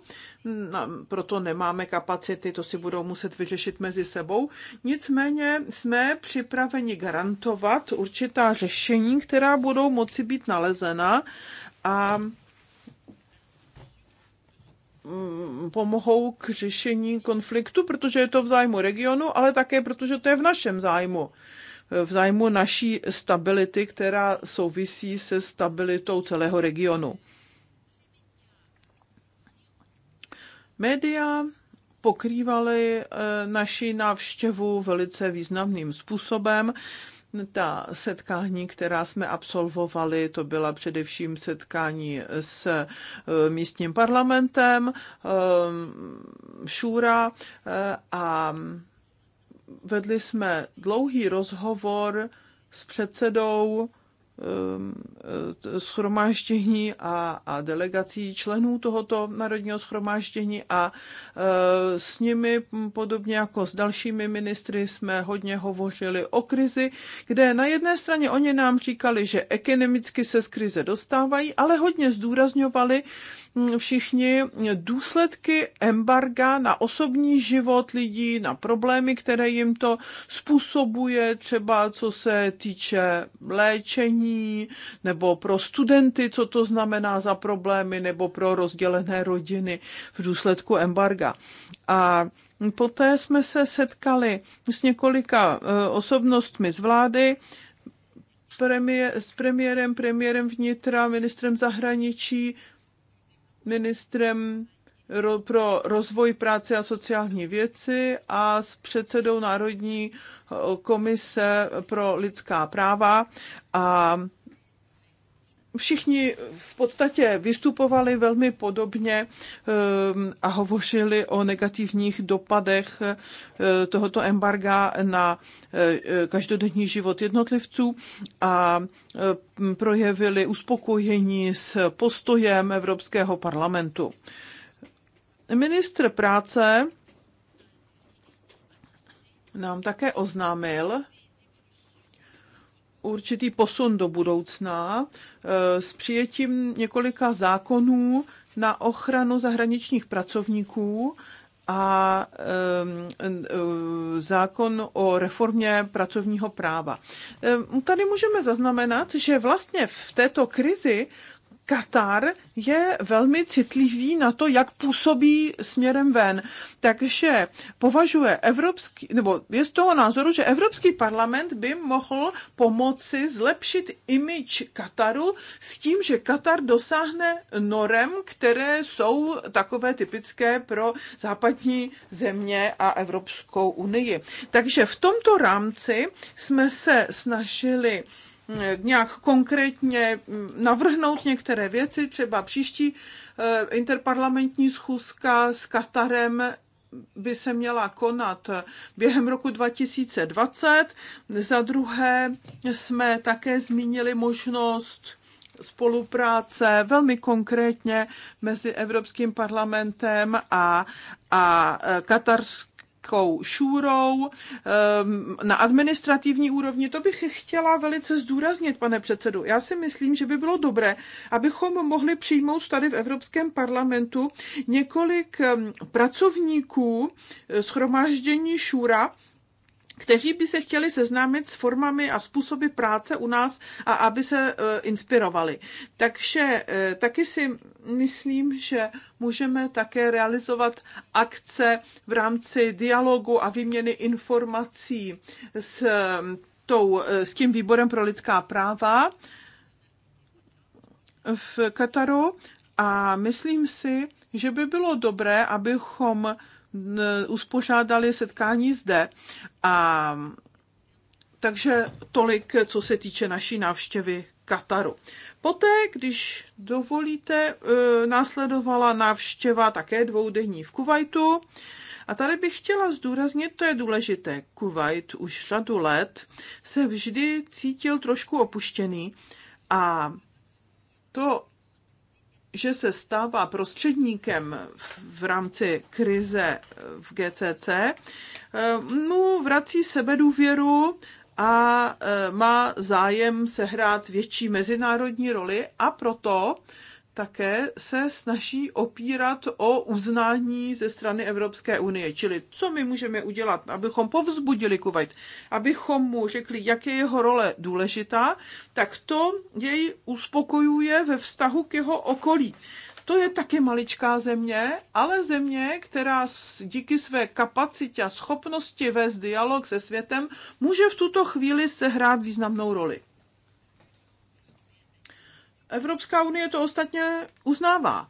proto nemáme kapacity, to si budou muset vyřešit mezi sebou. Nicméně jsme připraveni garantovat určitá řešení, která budou moci být nalezena a Mm, pomohou k řešení konfliktu, protože je to v zájmu regionu, ale také protože to je v našem zájmu. V zájmu naší stability, která souvisí se stabilitou celého regionu. Média pokrývaly eh, naši návštěvu velice významným způsobem. Ta setkání, která jsme absolvovali, to byla především setkání s eh, místním parlamentem, eh, Šura eh, a vedli jsme dlouhý rozhovor s předsedou Eh, schromáždění a, a delegací členů tohoto národního schromáždění a eh, s nimi, podobně jako s dalšími ministry, jsme hodně hovořili o krizi, kde na jedné straně oni nám říkali, že ekonomicky se z krize dostávají, ale hodně zdůrazňovali všichni důsledky embarga na osobní život lidí, na problémy, které jim to způsobuje, třeba co se týče léčení, vzdělání, nebo pro studenty, co to znamená za problémy, nebo pro rozdělené rodiny v důsledku embarga. A poté jsme se setkali s několika eh, osobnostmi z vlády, premiér, s premiérem, premiérem vnitra, ministrem zahraničí, ministrem pro rozvoj práce a sociální věci a s předsedou Národní eh, komise pro lidská práva a všichni v podstatě vystupovali velmi podobně ehm, a hovořili o negativních dopadech eh, tohoto embarga na eh, každodenní život jednotlivců a projevili uspokojení s postojem Evropského parlamentu. Ministr práce nám také oznámil určitý posun do budoucna eh, s přijetím několika zákonů na ochranu zahraničních pracovníků a ehm, eh, zákon o reformě pracovního práva. Ehm, tady můžeme zaznamenat, že vlastně v této krizi Katar je velmi citlivý na to, jak působí směrem ven. Takže považuje Evropský, nebo je z toho názoru, že Evropský parlament by mohl pomoci zlepšit imič Kataru s tím, že Katar dosáhne norem, které jsou takové typické pro západní země a Evropskou unii. Takže v tomto rámci jsme se snažili nějak konkrétně navrhnout některé věci, třeba příští eh, interparlamentní schůzka s Katarem by se měla konat během roku 2020. Za druhé jsme také zmínili možnost spolupráce velmi konkrétně mezi Evropským parlamentem a, a eh, katarským Evropskou šúrou ehm, na administrativní úrovni. To bych chtěla velice zdůraznit, pane předsedu. Já si myslím, že by bylo dobré, abychom mohli přijmout tady v Evropském parlamentu několik ehm, pracovníků eh, schromáždění šůra, kteří by se chtěli seznámit s formami a způsoby práce u nás a aby se e, inspirovali. Takže e, taky si myslím, že můžeme také realizovat akce v rámci dialogu a výměny informací s, e, tou, s tím výborem pro lidská práva v Kataru a myslím si, že by bylo dobré, abychom uspořádali setkání zde. A takže tolik, co se týče naší návštěvy Kataru. Poté, když dovolíte, e, následovala návštěva také dvoudenní v Kuwaitu. A tady bych chtěla zdůraznit, to je důležité. Kuwait už řadu let se vždy cítil trošku opuštěný a to že se stává prostředníkem v rámci krize v GCC, mu vrací sebe důvěru a e, má zájem sehrát větší mezinárodní roli a proto také se snaží opírat o uznání ze strany Evropské unie. Čili co my můžeme udělat, abychom povzbudili Kuwait, abychom mu řekli, jak je jeho role důležitá, tak to jej uspokojuje ve vztahu k jeho okolí. To je taky maličká země, ale země, která díky své kapacitě a schopnosti vést dialog se světem, může v tuto chvíli sehrát významnou roli. Evropská unie to ostatně uznává,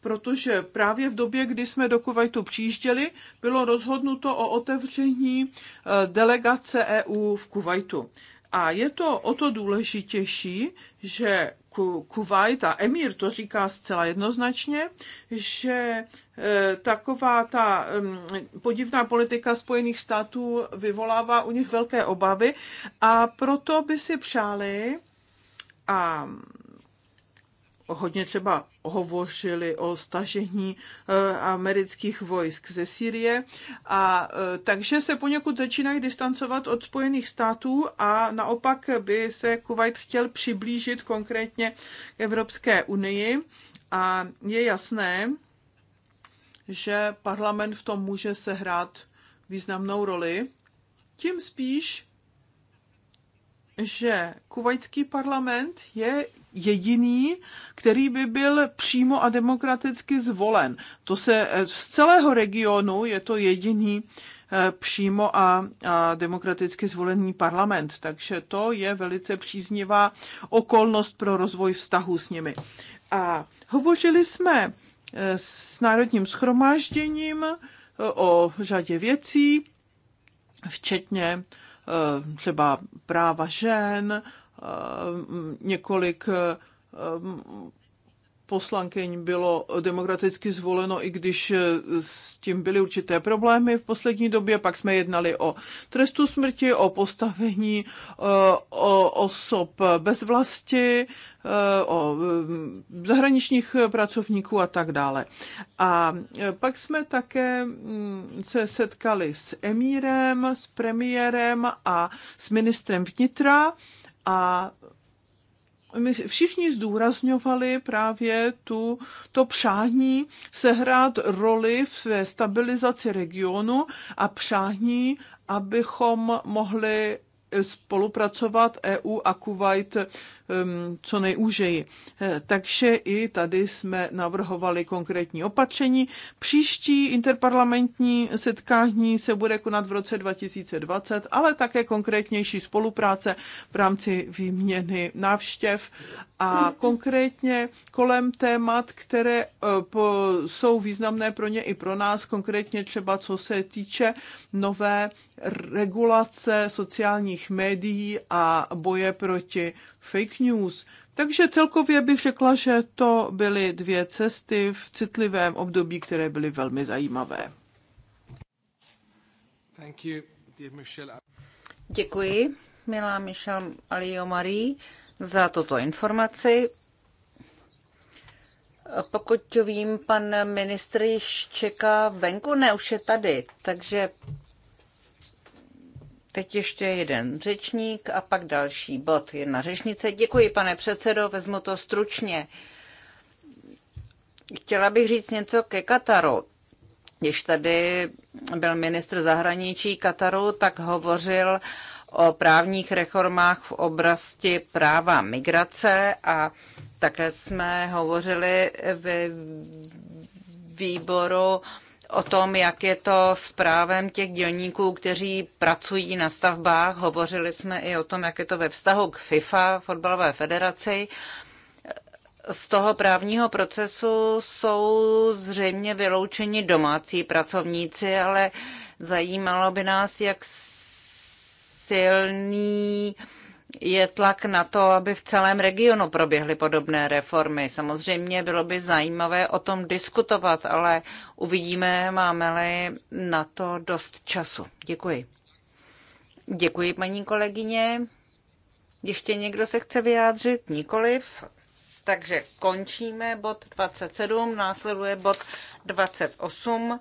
protože právě v době, kdy jsme do Kuwaitu přijížděli, bylo rozhodnuto o otevření eh, delegace EU v Kuwaitu. A je to o to důležitější, že Kuwait a Emir to říká zcela jednoznačně, že eh, taková ta mm, podivná politika Spojených států vyvolává u nich velké obavy a proto by si přáli a hodně třeba hovořili o stažení eh, amerických vojsk ze Sýrie. A eh, takže se poněkud začínají distancovat od Spojených států a naopak by se Kuwait chtěl přiblížit konkrétně k Evropské unii. A je jasné, že parlament v tom může sehrát významnou roli. Tím spíš, že kuvajský parlament je jediný, který by byl přímo a demokraticky zvolen. To se eh, z celého regionu je to jediný eh, přímo a, a demokraticky zvolený parlament. Takže to je velice příznivá okolnost pro rozvoj vztahu s nimi. A hovořili jsme eh, s Národním schromážděním o řadě věcí, včetně třeba práva žen, Eh, několik eh, eh, poslankyň bylo demokraticky zvoleno, i když s tím byly určité problémy v poslední době. Pak jsme jednali o trestu smrti, o postavení o osob bez vlasti, o mm, zahraničních pracovníků a tak dále. A pak jsme také mm, se setkali s emírem, s premiérem a s ministrem vnitra a my všichni zdůrazňovali právě tu, to přání sehrát roli v své stabilizaci regionu a přání, abychom mohli spolupracovat EU a Kuwait co nejúžeji. Eh, takže i tady jsme navrhovali konkrétní opatření. Příští interparlamentní setkání se bude konat v roce 2020, ale také konkrétnější spolupráce v rámci výměny návštěv a konkrétně kolem témat, které eh, jsou významné pro ně i pro nás, konkrétně třeba co se týče nové regulace sociálních sociálních médií a boje proti fake news. Takže celkově bych řekla, že to byly dvě cesty v citlivém období, které byly velmi zajímavé. Thank you, dear Michelle. Děkuji, milá Michelle Alio Marie, za tuto informaci. Pokud vím, pan ministr již čeká venku, ne, už je tady, takže Teď ještě jeden řečník a pak další bod. Jedna řečnice. Děkuji, pane předsedo, vezmu to stručně. Chtěla bych říct něco ke Kataru. Když tady byl ministr zahraničí Kataru, tak hovořil o právních reformách v oblasti práva migrace a také jsme hovořili ve výboru O tom, jak je to s právem těch dělníků, kteří pracují na stavbách, hovořili jsme i o tom, jak je to ve vztahu k FIFA, fotbalové federaci. Z toho právního procesu jsou zřejmě vyloučeni domácí pracovníci, ale zajímalo by nás, jak silný je tlak na to, aby v celém regionu proběhly podobné reformy. Samozřejmě bylo by zajímavé o tom diskutovat, ale uvidíme, máme-li na to dost času. Děkuji. Děkuji, paní kolegyně. Ještě někdo se chce vyjádřit? Nikoliv. Takže končíme bod 27, následuje bod 28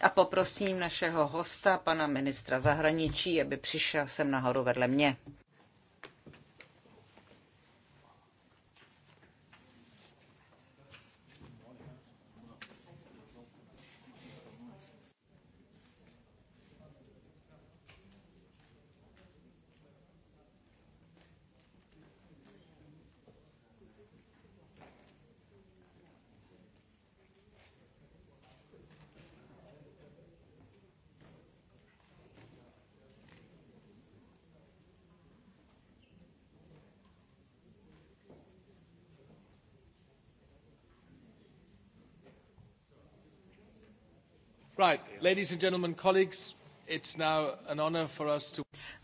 a poprosím našeho hosta, pana ministra zahraničí, aby přišel sem nahoru vedle mě.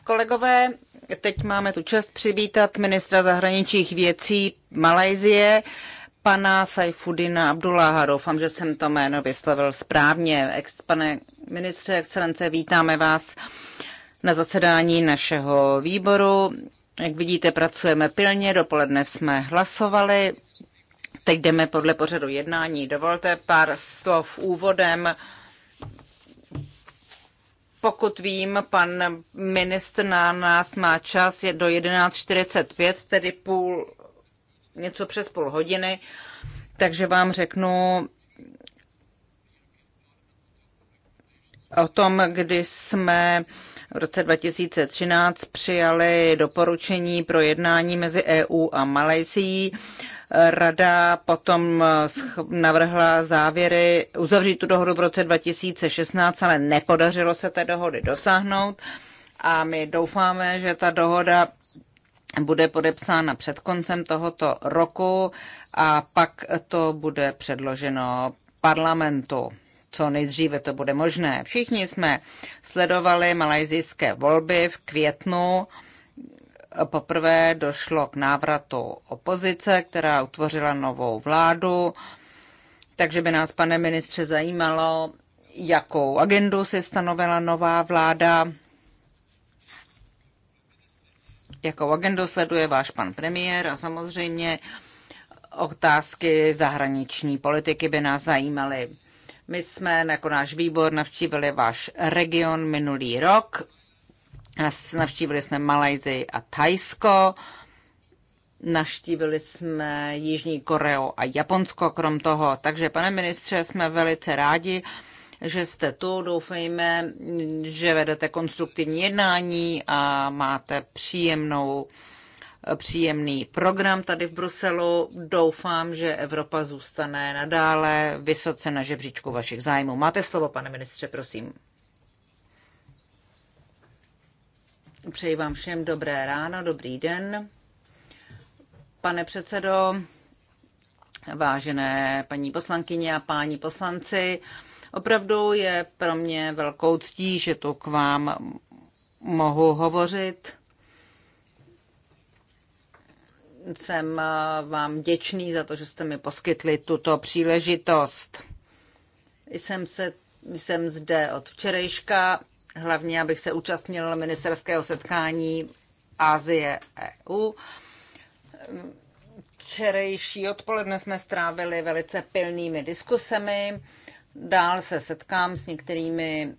Kolegové, teď máme tu čest přivítat ministra zahraničních věcí Malajzie, pana Saifudina Abdulláha. Doufám, že jsem to jméno vyslovil správně. Ex, pane ministře, excelence, vítáme vás na zasedání našeho výboru. Jak vidíte, pracujeme pilně, dopoledne jsme hlasovali. Teď jdeme podle pořadu jednání. Dovolte pár slov úvodem. Pokud vím, pan ministr na nás má čas je do 11.45, tedy půl, něco přes půl hodiny, takže vám řeknu o tom, kdy jsme v roce 2013 přijali doporučení pro jednání mezi EU a Malajsií. Rada potom eh, navrhla závěry uzavřít tu dohodu v roce 2016, ale nepodařilo se té dohody dosáhnout a my doufáme, že ta dohoda bude podepsána před koncem tohoto roku a pak to bude předloženo parlamentu. Co nejdříve to bude možné. Všichni jsme sledovali malajzijské volby v květnu. Poprvé došlo k návratu opozice, která utvořila novou vládu, takže by nás, pane ministře, zajímalo, jakou agendu si stanovila nová vláda, jakou agendu sleduje váš pan premiér a samozřejmě otázky zahraniční politiky by nás zajímaly. My jsme jako náš výbor navštívili váš region minulý rok Navštívili jsme Malajzii a Thajsko, navštívili jsme Jižní Koreu a Japonsko krom toho. Takže, pane ministře, jsme velice rádi, že jste tu. Doufejme, že vedete konstruktivní jednání a máte příjemnou příjemný program tady v Bruselu. Doufám, že Evropa zůstane nadále vysoce na žebříčku vašich zájmů. Máte slovo, pane ministře, prosím. Přeji vám všem dobré ráno, dobrý den. Pane předsedo, vážené paní poslankyně a páni poslanci, opravdu je pro mě velkou ctí, že tu k vám mohu hovořit. Jsem vám děčný za to, že jste mi poskytli tuto příležitost. Jsem, se, jsem zde od včerejška hlavně abych se účastnil ministerského setkání Asie EU. Včerejší odpoledne jsme strávili velice pilnými diskusemi. Dál se setkám s některými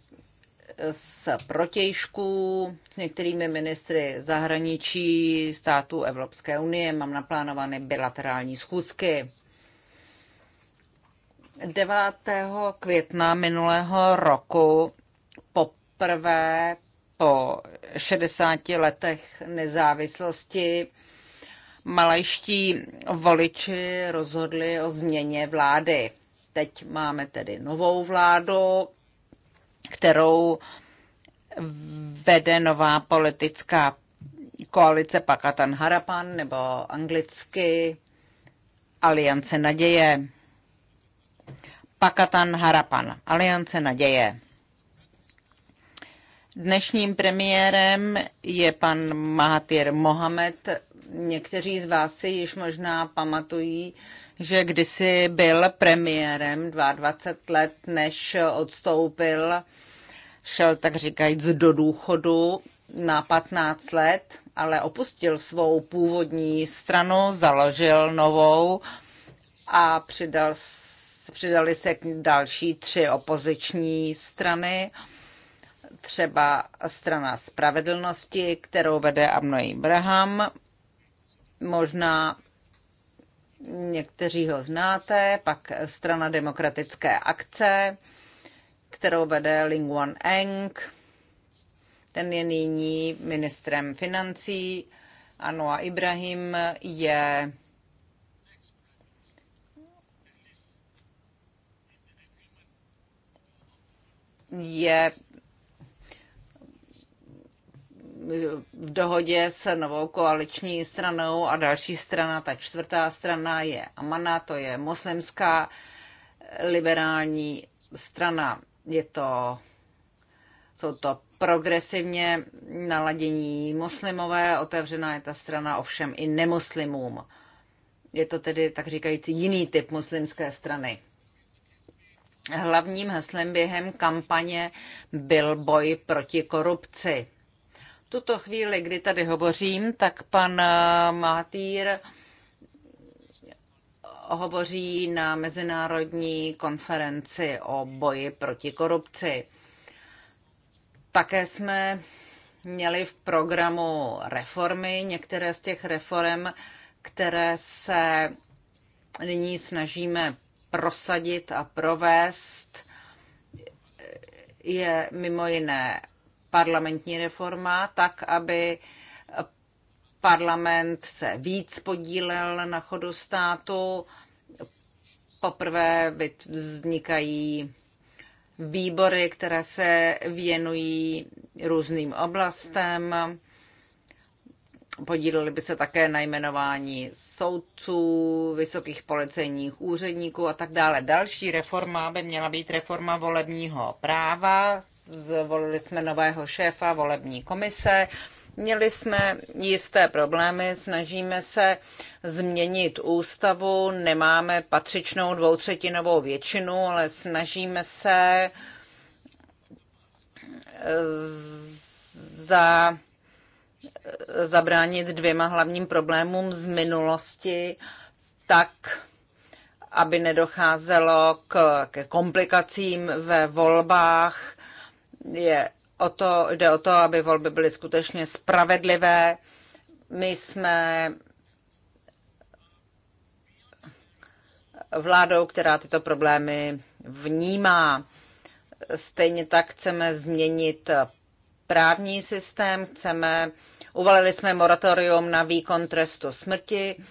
z protějšků, s některými ministry zahraničí států Evropské unie. Mám naplánovány bilaterální schůzky. 9. května minulého roku poprvé po 60 letech nezávislosti malejští voliči rozhodli o změně vlády. Teď máme tedy novou vládu, kterou vede nová politická koalice Pakatan Harapan nebo anglicky Aliance naděje. Pakatan Harapan, Aliance naděje. Dnešním premiérem je pan Mahatir Mohamed. Někteří z vás si již možná pamatují, že kdysi byl premiérem 22 let, než odstoupil, šel tak říkajíc do důchodu na 15 let, ale opustil svou původní stranu, založil novou a přidal, přidali se k další tři opoziční strany třeba strana spravedlnosti, kterou vede Abnoj Ibrahim, Možná někteří ho znáte, pak strana demokratické akce, kterou vede Lingwan Eng. Ten je nyní ministrem financí. Anoa Ibrahim je je v dohodě s novou koaliční stranou a další strana, ta čtvrtá strana je Amana, to je moslemská liberální strana. Je to, jsou to progresivně naladění muslimové, otevřená je ta strana ovšem i nemuslimům. Je to tedy tak říkající jiný typ muslimské strany. Hlavním heslem během kampaně byl boj proti korupci tuto chvíli, kdy tady hovořím, tak pan eh, Mátýr hovoří na mezinárodní konferenci o boji proti korupci. Také jsme měli v programu reformy, některé z těch reform, které se nyní snažíme prosadit a provést, je mimo jiné parlamentní reforma, tak aby parlament se víc podílel na chodu státu. Poprvé vznikají výbory, které se věnují různým oblastem. Podíleli by se také na jmenování soudců, vysokých policejních úředníků a tak dále. Další reforma by měla být reforma volebního práva zvolili jsme nového šéfa volební komise, měli jsme jisté problémy, snažíme se změnit ústavu, nemáme patřičnou dvoutřetinovou většinu, ale snažíme se eh, za, eh, zabránit dvěma hlavním problémům z minulosti, tak aby nedocházelo k, ke komplikacím ve volbách, je o to, jde o to, aby volby byly skutečně spravedlivé. My jsme vládou, která tyto problémy vnímá. Stejně tak chceme změnit právní systém, chceme, uvalili jsme moratorium na výkon trestu smrti,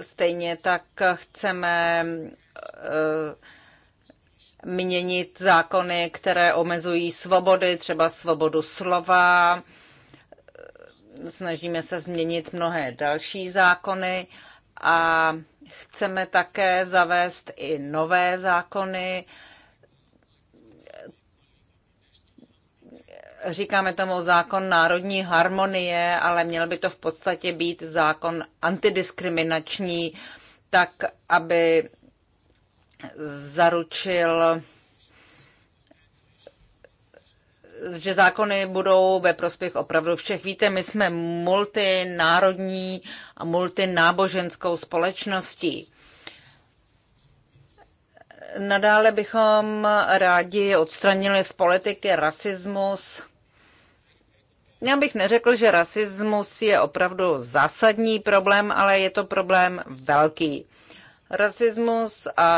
stejně tak chceme eh, měnit zákony, které omezují svobody, třeba svobodu slova. Snažíme se změnit mnohé další zákony a chceme také zavést i nové zákony. Říkáme tomu zákon národní harmonie, ale měl by to v podstatě být zákon antidiskriminační, tak aby zaručil, že zákony budou ve prospěch opravdu všech. Víte, my jsme multinárodní a multináboženskou společností. Nadále bychom rádi odstranili z politiky rasismus. Já bych neřekl, že rasismus je opravdu zásadní problém, ale je to problém velký. Rasismus a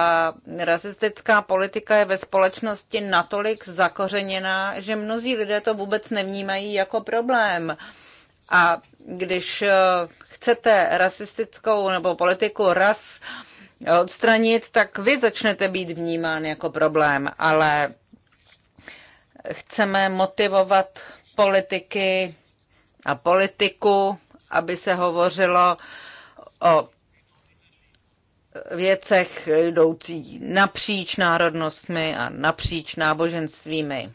rasistická politika je ve společnosti natolik zakořeněná, že mnozí lidé to vůbec nevnímají jako problém. A když eh, chcete rasistickou nebo politiku ras eh, odstranit, tak vy začnete být vnímán jako problém, ale chceme motivovat politiky a politiku, aby se hovořilo o věcech jdoucí napříč národnostmi a napříč náboženstvími.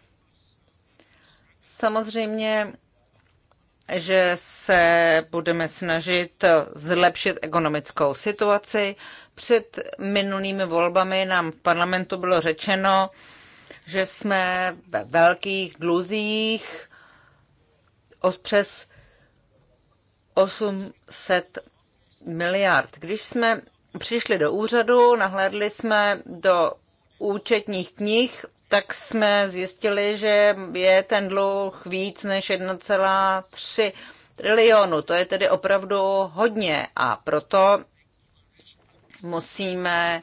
Samozřejmě, že se budeme snažit zlepšit ekonomickou situaci. Před minulými volbami nám v parlamentu bylo řečeno, že jsme ve velkých dluzích o přes 800 miliard. Když jsme přišli do úřadu, nahlédli jsme do účetních knih, tak jsme zjistili, že je ten dluh víc než 1,3 trilionu. To je tedy opravdu hodně a proto musíme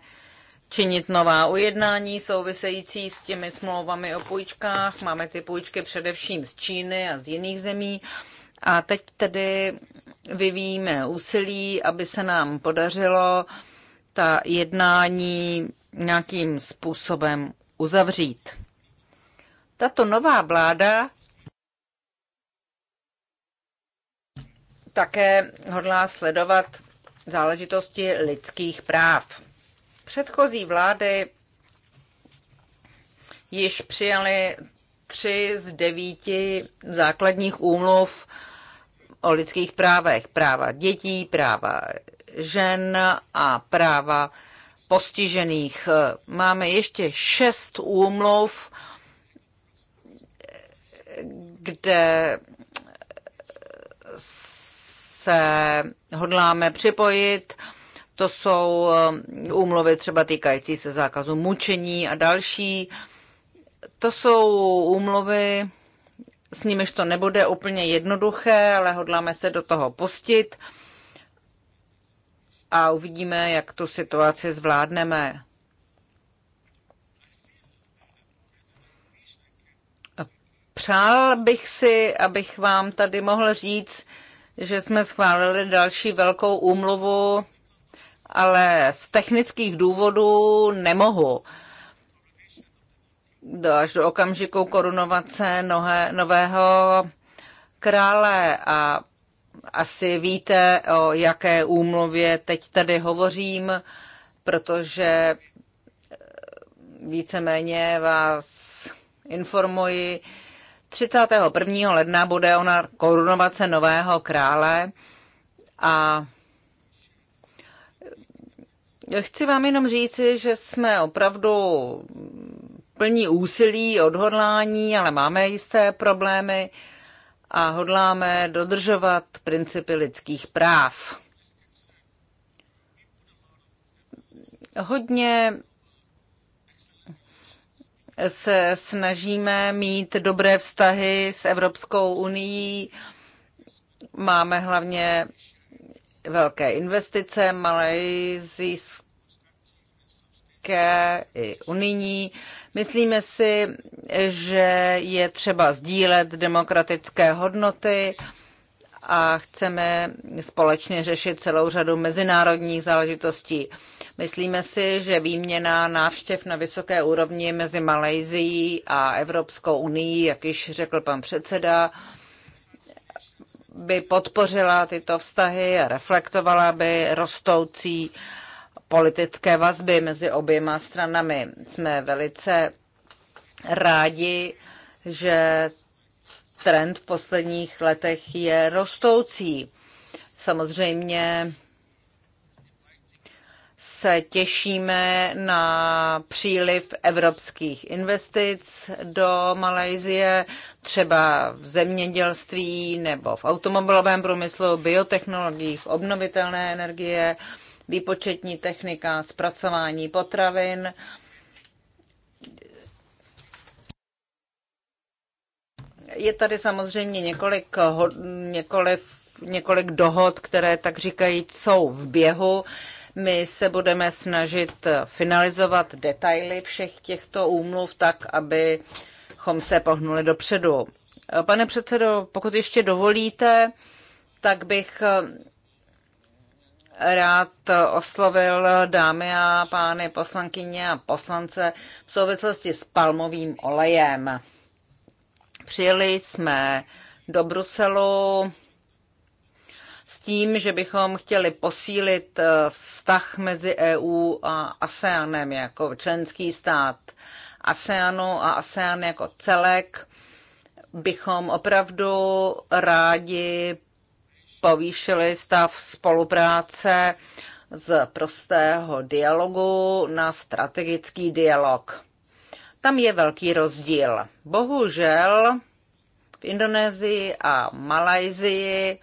činit nová ujednání související s těmi smlouvami o půjčkách. Máme ty půjčky především z Číny a z jiných zemí. A teď tedy vyvíjíme úsilí, aby se nám podařilo ta jednání nějakým způsobem uzavřít. Tato nová vláda také hodlá sledovat záležitosti lidských práv. Předchozí vlády již přijaly tři z devíti základních úmluv o lidských právech. Práva dětí, práva žen a práva postižených. Máme ještě šest úmluv, kde se hodláme připojit. To jsou eh, úmluvy třeba týkající se zákazu mučení a další. To jsou úmluvy, s nimiž to nebude úplně jednoduché, ale hodláme se do toho pustit a uvidíme, jak tu situaci zvládneme. Přál bych si, abych vám tady mohl říct, že jsme schválili další velkou úmluvu, ale z technických důvodů nemohu. Uh, do, až do okamžiku korunovace nohe, nového krále a asi víte, o jaké úmluvě teď tady hovořím, protože eh, víceméně vás informuji. 31. ledna bude ona korunovace nového krále a eh, chci vám jenom říci, že jsme opravdu plní úsilí, odhodlání, ale máme jisté problémy a hodláme dodržovat principy lidských práv. Hodně se snažíme mít dobré vztahy s Evropskou unii. Máme hlavně velké investice zisky i unijní. Myslíme si, že je třeba sdílet demokratické hodnoty a chceme společně řešit celou řadu mezinárodních záležitostí. Myslíme si, že výměna návštěv na vysoké úrovni mezi Malajzií a Evropskou unii, jak již řekl pan předseda, by podpořila tyto vztahy a reflektovala by rostoucí uh, politické vazby mezi oběma stranami. Jsme velice rádi, že trend v posledních letech je rostoucí. Samozřejmě se těšíme na příliv evropských investic do Malajzie, třeba v zemědělství nebo v automobilovém průmyslu, biotechnologiích, obnovitelné energie. Uh, výpočetní technika, zpracování potravin, je tady samozřejmě několik, několik, několik dohod, které tak říkají jsou v běhu. My se budeme snažit finalizovat detaily všech těchto úmluv tak, abychom se pohnuli dopředu. Pane předsedo, pokud ještě dovolíte, tak bych rád oslovil dámy a pány poslankyně a poslance v souvislosti s palmovým olejem. Přijeli jsme do Bruselu s tím, že bychom chtěli posílit eh, vztah mezi EU a ASEANem jako členský stát ASEANu a ASEAN jako celek bychom opravdu rádi povýšili stav spolupráce z prostého dialogu na strategický dialog. Tam je velký rozdíl. Bohužel v Indonésii a Malajzii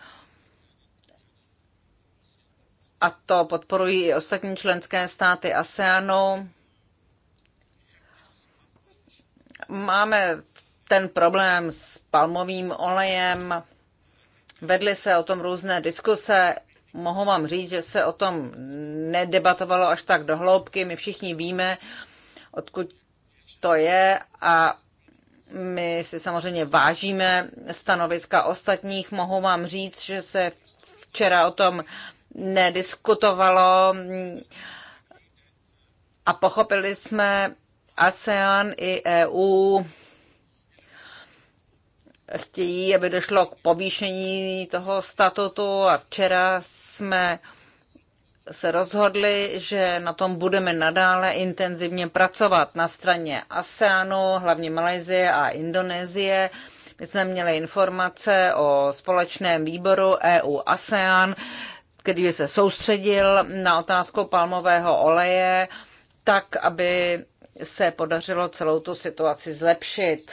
a to podporují i ostatní členské státy ASEANu. Máme ten problém s palmovým olejem, Vedly se o tom různé diskuse. Mohu vám říct, že se o tom nedebatovalo až tak do hloubky. My všichni víme, odkud to je a my si samozřejmě vážíme stanoviska ostatních. Mohu vám říct, že se včera o tom nediskutovalo a pochopili jsme ASEAN i EU chtějí, aby došlo k povýšení toho statutu a včera jsme se rozhodli, že na tom budeme nadále intenzivně pracovat na straně ASEANu, hlavně Malajzie a Indonésie. My jsme měli informace o společném výboru EU-ASEAN, který by se soustředil na otázku palmového oleje, tak, aby se podařilo celou tu situaci zlepšit.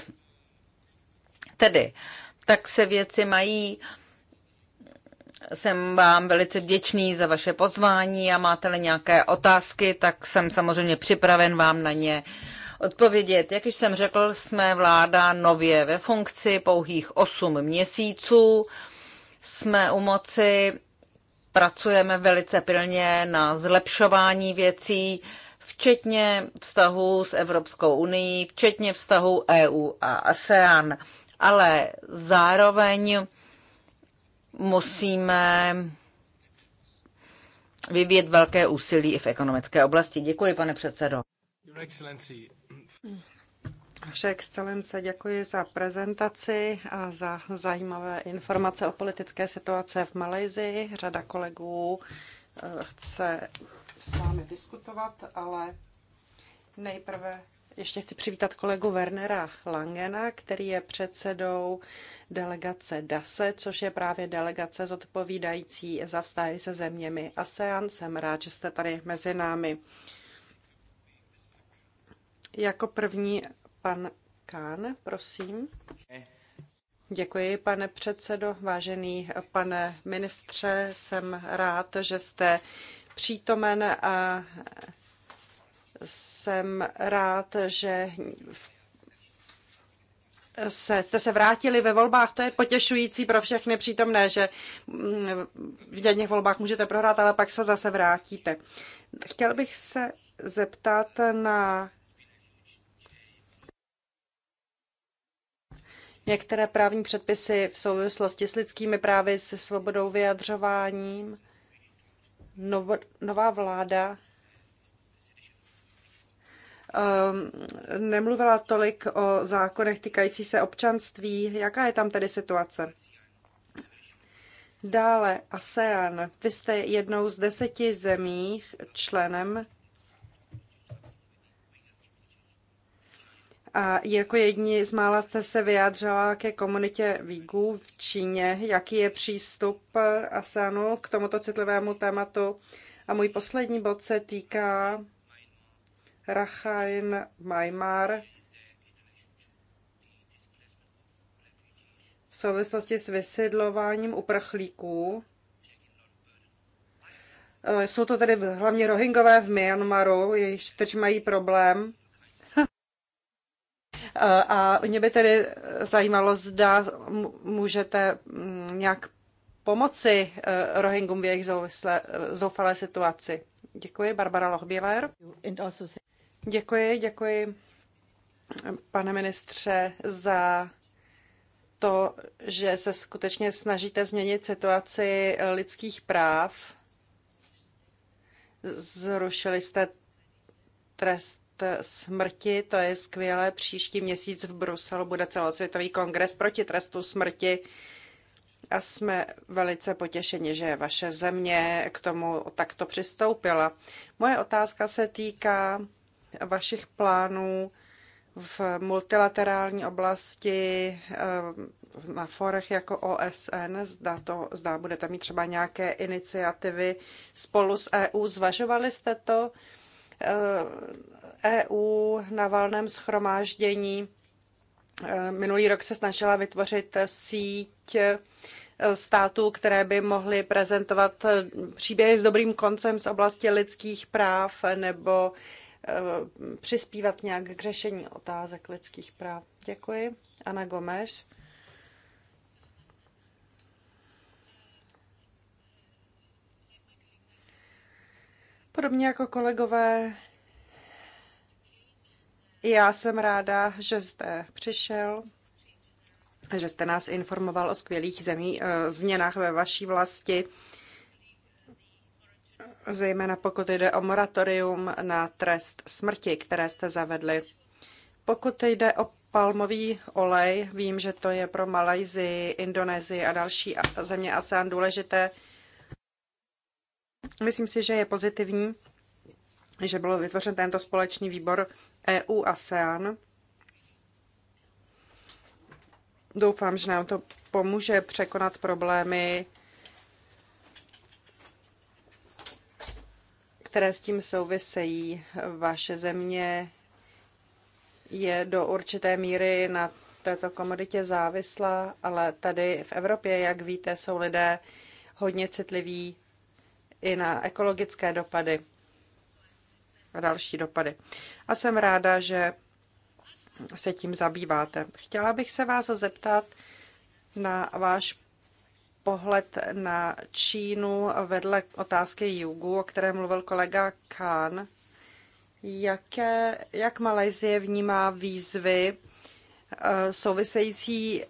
Tedy, tak se věci mají. Jsem vám velice vděčný za vaše pozvání a máte-li nějaké otázky, tak jsem samozřejmě připraven vám na ně odpovědět. Jak již jsem řekl, jsme vláda nově ve funkci pouhých 8 měsíců. Jsme u moci, pracujeme velice pilně na zlepšování věcí, včetně vztahu s Evropskou unii, včetně vztahu EU a ASEAN ale zároveň musíme vyvíjet velké úsilí i v ekonomické oblasti. Děkuji, pane předsedo. Vaše excelence, děkuji za prezentaci a za zajímavé informace o politické situace v Malajzii. Řada kolegů eh, chce s vámi diskutovat, ale nejprve ještě chci přivítat kolegu Wernera Langena, který je předsedou delegace DASE, což je právě delegace zodpovídající za vztahy se zeměmi ASEAN. Jsem rád, že jste tady mezi námi. Jako první pan Kán, prosím. Děkuji, pane předsedo. Vážený pane ministře, jsem rád, že jste přítomen a jsem rád, že se, jste se vrátili ve volbách, to je potěšující pro všechny přítomné, že mm, v jedných volbách můžete prohrát, ale pak se zase vrátíte. Chtěl bych se zeptat na některé právní předpisy v souvislosti s lidskými právy, se svobodou vyjadřováním. Novo, nová vláda Ehm, nemluvila tolik o zákonech týkající se občanství. Jaká je tam tedy situace? Dále ASEAN. Vy jste jednou z deseti zemí členem A jako jedni z mála jste se vyjádřila ke komunitě Vígů v Číně. Jaký je přístup ASEANu k tomuto citlivému tématu? A můj poslední bod se týká Rachain, Myanmar v souvislosti s vysedlováním uprchlíků. Eh, jsou to tedy hlavně rohingové v Myanmaru, jejichž teď mají problém. Eh, a mě by tedy zajímalo, zda můžete mm, nějak pomoci eh, Rohingům v jejich zoufalé situaci. Děkuji, Barbara Lochbieler. Děkuji, děkuji, pane ministře, za to, že se skutečně snažíte změnit situaci lidských práv. Zrušili jste trest smrti, to je skvělé. Příští měsíc v Bruselu bude celosvětový kongres proti trestu smrti a jsme velice potěšeni, že vaše země k tomu takto přistoupila. Moje otázka se týká vašich plánů v multilaterální oblasti eh, na forech jako OSN, zda, to, zda budete mít třeba nějaké iniciativy spolu s EU. Zvažovali jste to EU eh, e na valném schromáždění? Eh, minulý rok se snažila vytvořit síť států, které by mohly prezentovat příběhy s dobrým koncem z oblasti lidských práv nebo Eh, přispívat nějak k řešení otázek lidských práv. Děkuji. Ana Gomeš. Podobně jako kolegové, já jsem ráda, že jste přišel, že jste nás informoval o skvělých zemí, eh, změnách ve vaší vlasti zejména pokud jde o moratorium na trest smrti, které jste zavedli. Pokud jde o palmový olej, vím, že to je pro Malajzi, Indonésii a další země ASEAN důležité. Myslím si, že je pozitivní, že byl vytvořen tento společný výbor EU-ASEAN. Doufám, že nám to pomůže překonat problémy které s tím souvisejí. Vaše země je do určité míry na této komoditě závislá, ale tady v Evropě, jak víte, jsou lidé hodně citliví i na ekologické dopady a další dopady. A jsem ráda, že se tím zabýváte. Chtěla bych se vás zeptat na váš pohled na Čínu vedle otázky Jugu, o které mluvil kolega Khan. Jaké, jak Malajzie vnímá výzvy eh, související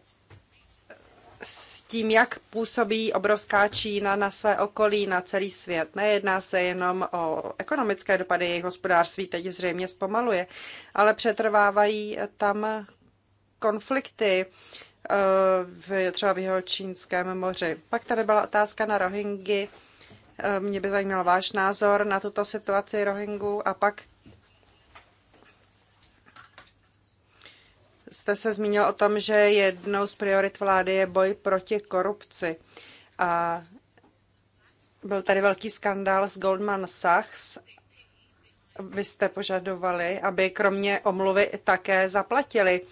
s tím, jak působí obrovská Čína na své okolí, na celý svět. Nejedná se jenom o ekonomické dopady, jejich hospodářství teď zřejmě zpomaluje, ale přetrvávají tam konflikty, v, třeba v jeho čínském moři. Pak tady byla otázka na Rohingy. Eh, mě by zajímal váš názor na tuto situaci Rohingu a pak jste se zmínil o tom, že jednou z priorit vlády je boj proti korupci. A byl tady velký skandál s Goldman Sachs. Vy jste požadovali, aby kromě omluvy také zaplatili. Uh,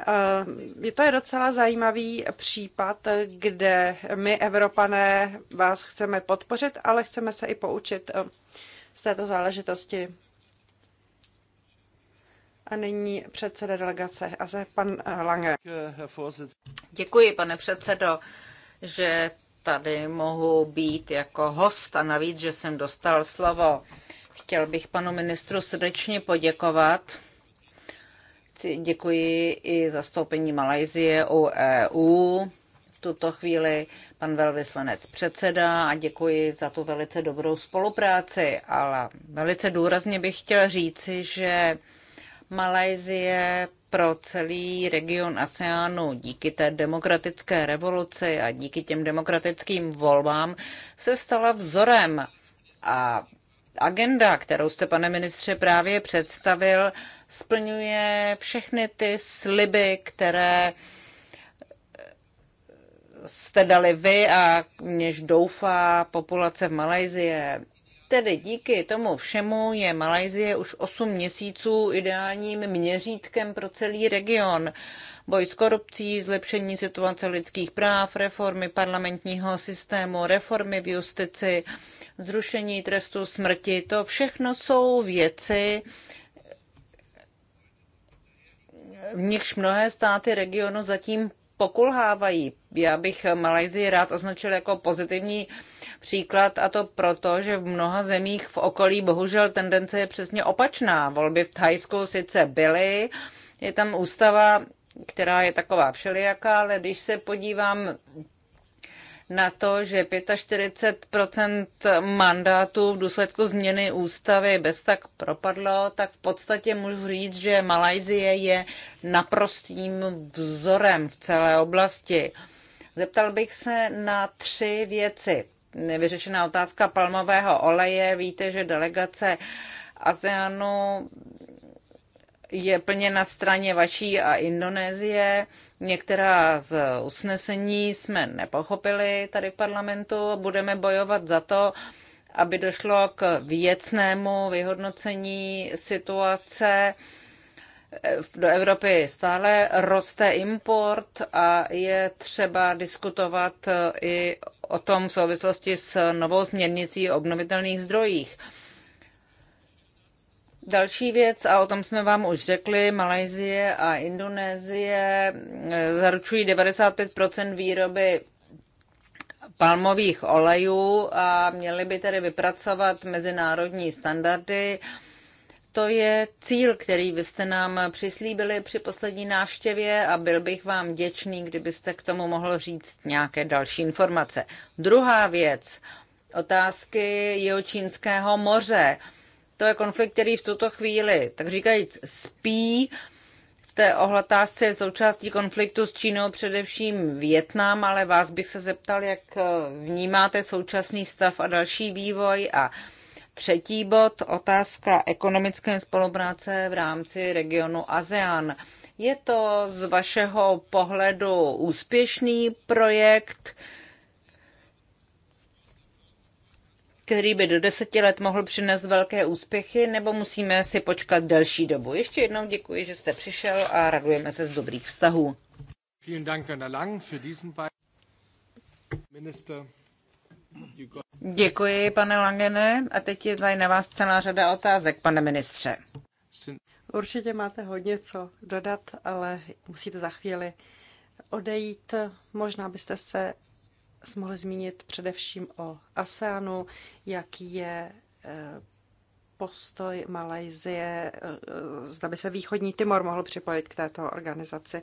Eh, to je docela zajímavý případ, kde my, Evropané, vás chceme podpořit, ale chceme se i poučit eh, z této záležitosti. A nyní předseda delegace a se pan eh, Lange. Děkuji, pane předsedo, že tady mohu být jako host a navíc, že jsem dostal slovo. Chtěl bych panu ministru srdečně poděkovat Děkuji i zastoupení Malajzie u EU. V tuto chvíli pan velvyslanec předseda a děkuji za tu velice dobrou spolupráci, ale velice důrazně bych chtěl říci, že Malajzie pro celý region ASEANu díky té demokratické revoluci a díky těm demokratickým volbám se stala vzorem a agenda, kterou jste, pane ministře, právě představil, splňuje všechny ty sliby, které jste dali vy a měž doufá populace v Malajzie. Tedy díky tomu všemu je Malajzie už 8 měsíců ideálním měřítkem pro celý region. Boj s korupcí, zlepšení situace lidských práv, reformy parlamentního systému, reformy v justici, zrušení trestu smrti. To všechno jsou věci, v nichž mnohé státy regionu zatím pokulhávají. Já bych Malajzii rád označil jako pozitivní příklad a to proto, že v mnoha zemích v okolí bohužel tendence je přesně opačná. Volby v Thajsku sice byly, je tam ústava, která je taková všelijaká, ale když se podívám na to, že 45 mandátů v důsledku změny ústavy bez tak propadlo, tak v podstatě můžu říct, že Malajzie je naprostým vzorem v celé oblasti. Zeptal bych se na tři věci. Nevyřešená otázka palmového oleje. Víte, že delegace ASEANu je plně na straně vaší a Indonésie. Některá z usnesení jsme nepochopili tady v parlamentu. a Budeme bojovat za to, aby došlo k věcnému vyhodnocení situace. Eh, do Evropy stále roste import a je třeba diskutovat eh, i o tom v souvislosti s novou směrnicí o obnovitelných zdrojích Další věc, a o tom jsme vám už řekli, Malajzie a Indonésie e, zaručují 95 výroby palmových olejů a měly by tedy vypracovat mezinárodní standardy. To je cíl, který vy jste nám přislíbili při poslední návštěvě a byl bych vám děčný, kdybyste k tomu mohl říct nějaké další informace. Druhá věc, otázky jeho čínského moře. To je konflikt, který v tuto chvíli, tak říkajíc, spí. V té ohlatázce je součástí konfliktu s Čínou především Větnam, ale vás bych se zeptal, jak eh, vnímáte současný stav a další vývoj a Třetí bod, otázka ekonomické spolupráce v rámci regionu ASEAN. Je to z vašeho pohledu úspěšný projekt? který by do deseti let mohl přinést velké úspěchy, nebo musíme si počkat delší dobu. Ještě jednou děkuji, že jste přišel a radujeme se z dobrých vztahů. Děkuji, pane Langene. A teď je tady na vás celá řada otázek, pane ministře. Určitě máte hodně co dodat, ale musíte za chvíli odejít. Možná byste se se mohli zmínit především o ASEANu, jaký je eh, postoj Malajzie, eh, zda by se východní Timor mohl připojit k této organizaci.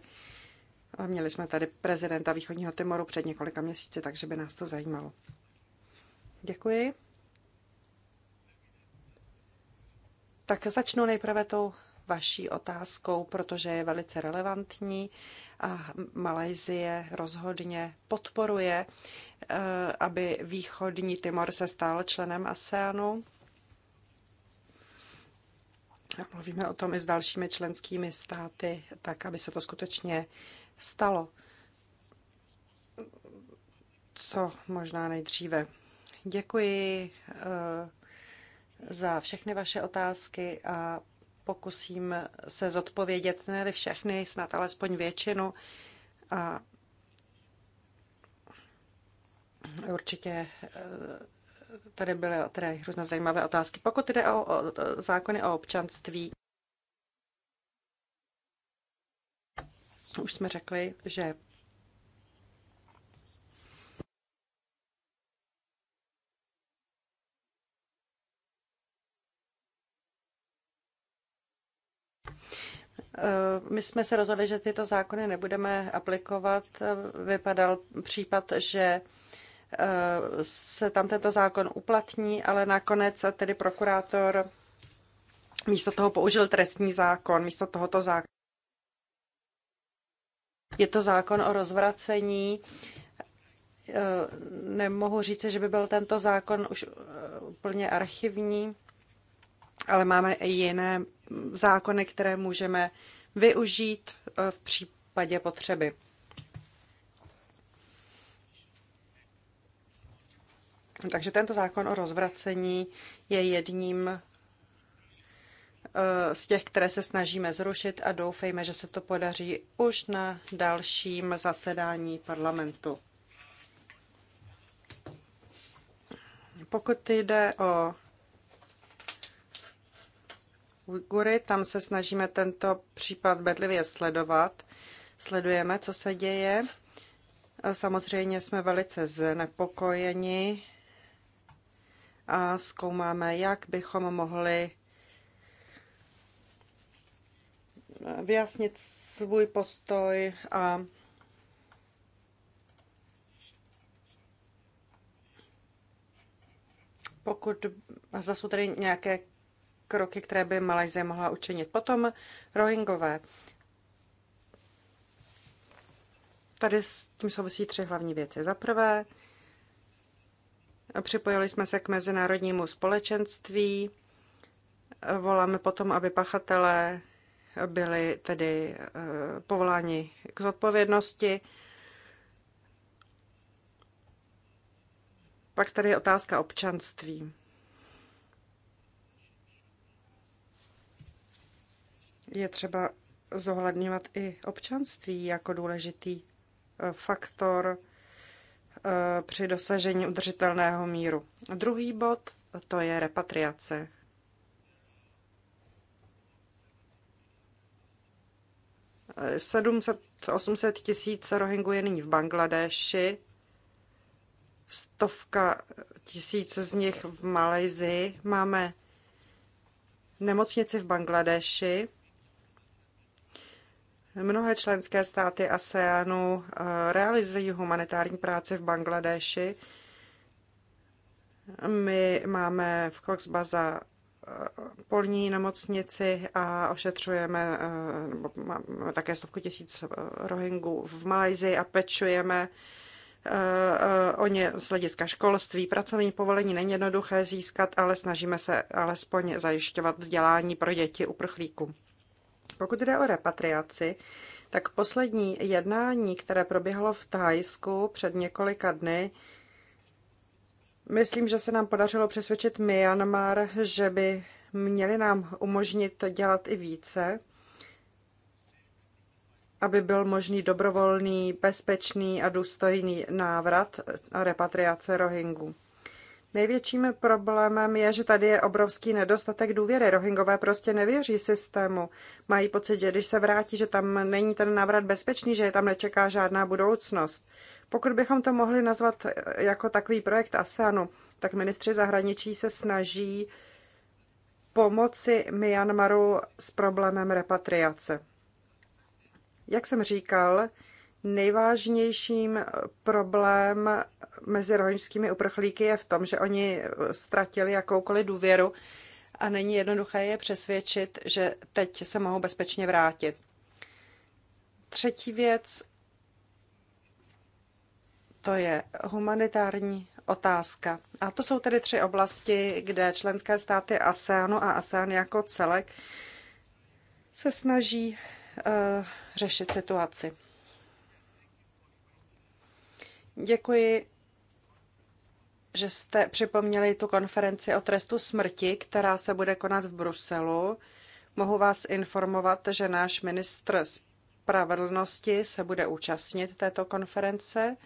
Měli jsme tady prezidenta východního Timoru před několika měsíci, takže by nás to zajímalo. Děkuji. Tak začnu nejprve tou vaší otázkou, protože je velice relevantní a Malajzie rozhodně podporuje, eh, aby východní Timor se stal členem ASEANu. A mluvíme o tom i s dalšími členskými státy, tak aby se to skutečně stalo. Co možná nejdříve. Děkuji eh, za všechny vaše otázky a pokusím se zodpovědět ne všechny, snad alespoň většinu. A určitě eh, tady byly tady různé zajímavé otázky. Pokud jde o, o, o zákony o občanství, už jsme řekli, že Eh, my jsme se rozhodli, že tyto zákony nebudeme aplikovat. Eh, vypadal případ, že eh, se tam tento zákon uplatní, ale nakonec tedy prokurátor místo toho použil trestní zákon, místo tohoto zákona. Je to zákon o rozvracení. Nemohu říct, že by byl tento zákon už úplně archivní, ale máme i jiné zákony, které můžeme využít eh, v případě potřeby. Takže tento zákon o rozvracení je jedním eh, z těch, které se snažíme zrušit a doufejme, že se to podaří už na dalším zasedání parlamentu. Pokud jde o Ujgury. Tam se snažíme tento případ bedlivě sledovat. Sledujeme, co se děje. Samozřejmě jsme velice znepokojeni a zkoumáme, jak bychom mohli vyjasnit svůj postoj a pokud zase tady nějaké kroky, které by Malajzie mohla učinit. Potom Rohingové. Tady s tím souvisí tři hlavní věci. Za prvé, připojili jsme se k mezinárodnímu společenství, voláme potom, aby pachatelé byli tedy eh, povoláni k zodpovědnosti. Pak tady je otázka občanství. je třeba zohledňovat i občanství jako důležitý eh, faktor eh, při dosažení udržitelného míru. Druhý bod to je repatriace. osmset tisíc Rohingů je nyní v Bangladeši, stovka tisíc z nich v Malajzii. Máme nemocnici v Bangladeši, Mnohé členské státy ASEANu eh, realizují humanitární práci v Bangladeši. My máme v Cox eh, polní nemocnici a ošetřujeme, eh, nebo máme také stovku tisíc rohingů v Malajzii a pečujeme o ně z hlediska školství. Pracovní povolení není jednoduché získat, ale snažíme se alespoň zajišťovat vzdělání pro děti uprchlíků. Pokud jde o repatriaci, tak poslední jednání, které proběhlo v Thajsku před několika dny, myslím, že se nám podařilo přesvědčit Myanmar, že by měli nám umožnit dělat i více, aby byl možný dobrovolný, bezpečný a důstojný návrat a repatriace Rohingů. Největším problémem je, že tady je obrovský nedostatek důvěry. Rohingové prostě nevěří systému. Mají pocit, že když se vrátí, že tam není ten návrat bezpečný, že je tam nečeká žádná budoucnost. Pokud bychom to mohli nazvat jako takový projekt ASEANu, tak ministři zahraničí se snaží pomoci Myanmaru s problémem repatriace. Jak jsem říkal, Nejvážnějším eh, problém mezi rohinskými uprchlíky je v tom, že oni eh, ztratili jakoukoliv důvěru a není jednoduché je přesvědčit, že teď se mohou bezpečně vrátit. Třetí věc, to je humanitární otázka. A to jsou tedy tři oblasti, kde členské státy ASEANu a ASEAN jako celek se snaží uh, řešit situaci. Děkuji, že jste připomněli tu konferenci o trestu smrti, která se bude konat v Bruselu. Mohu vás informovat, že náš ministr spravedlnosti se bude účastnit této konference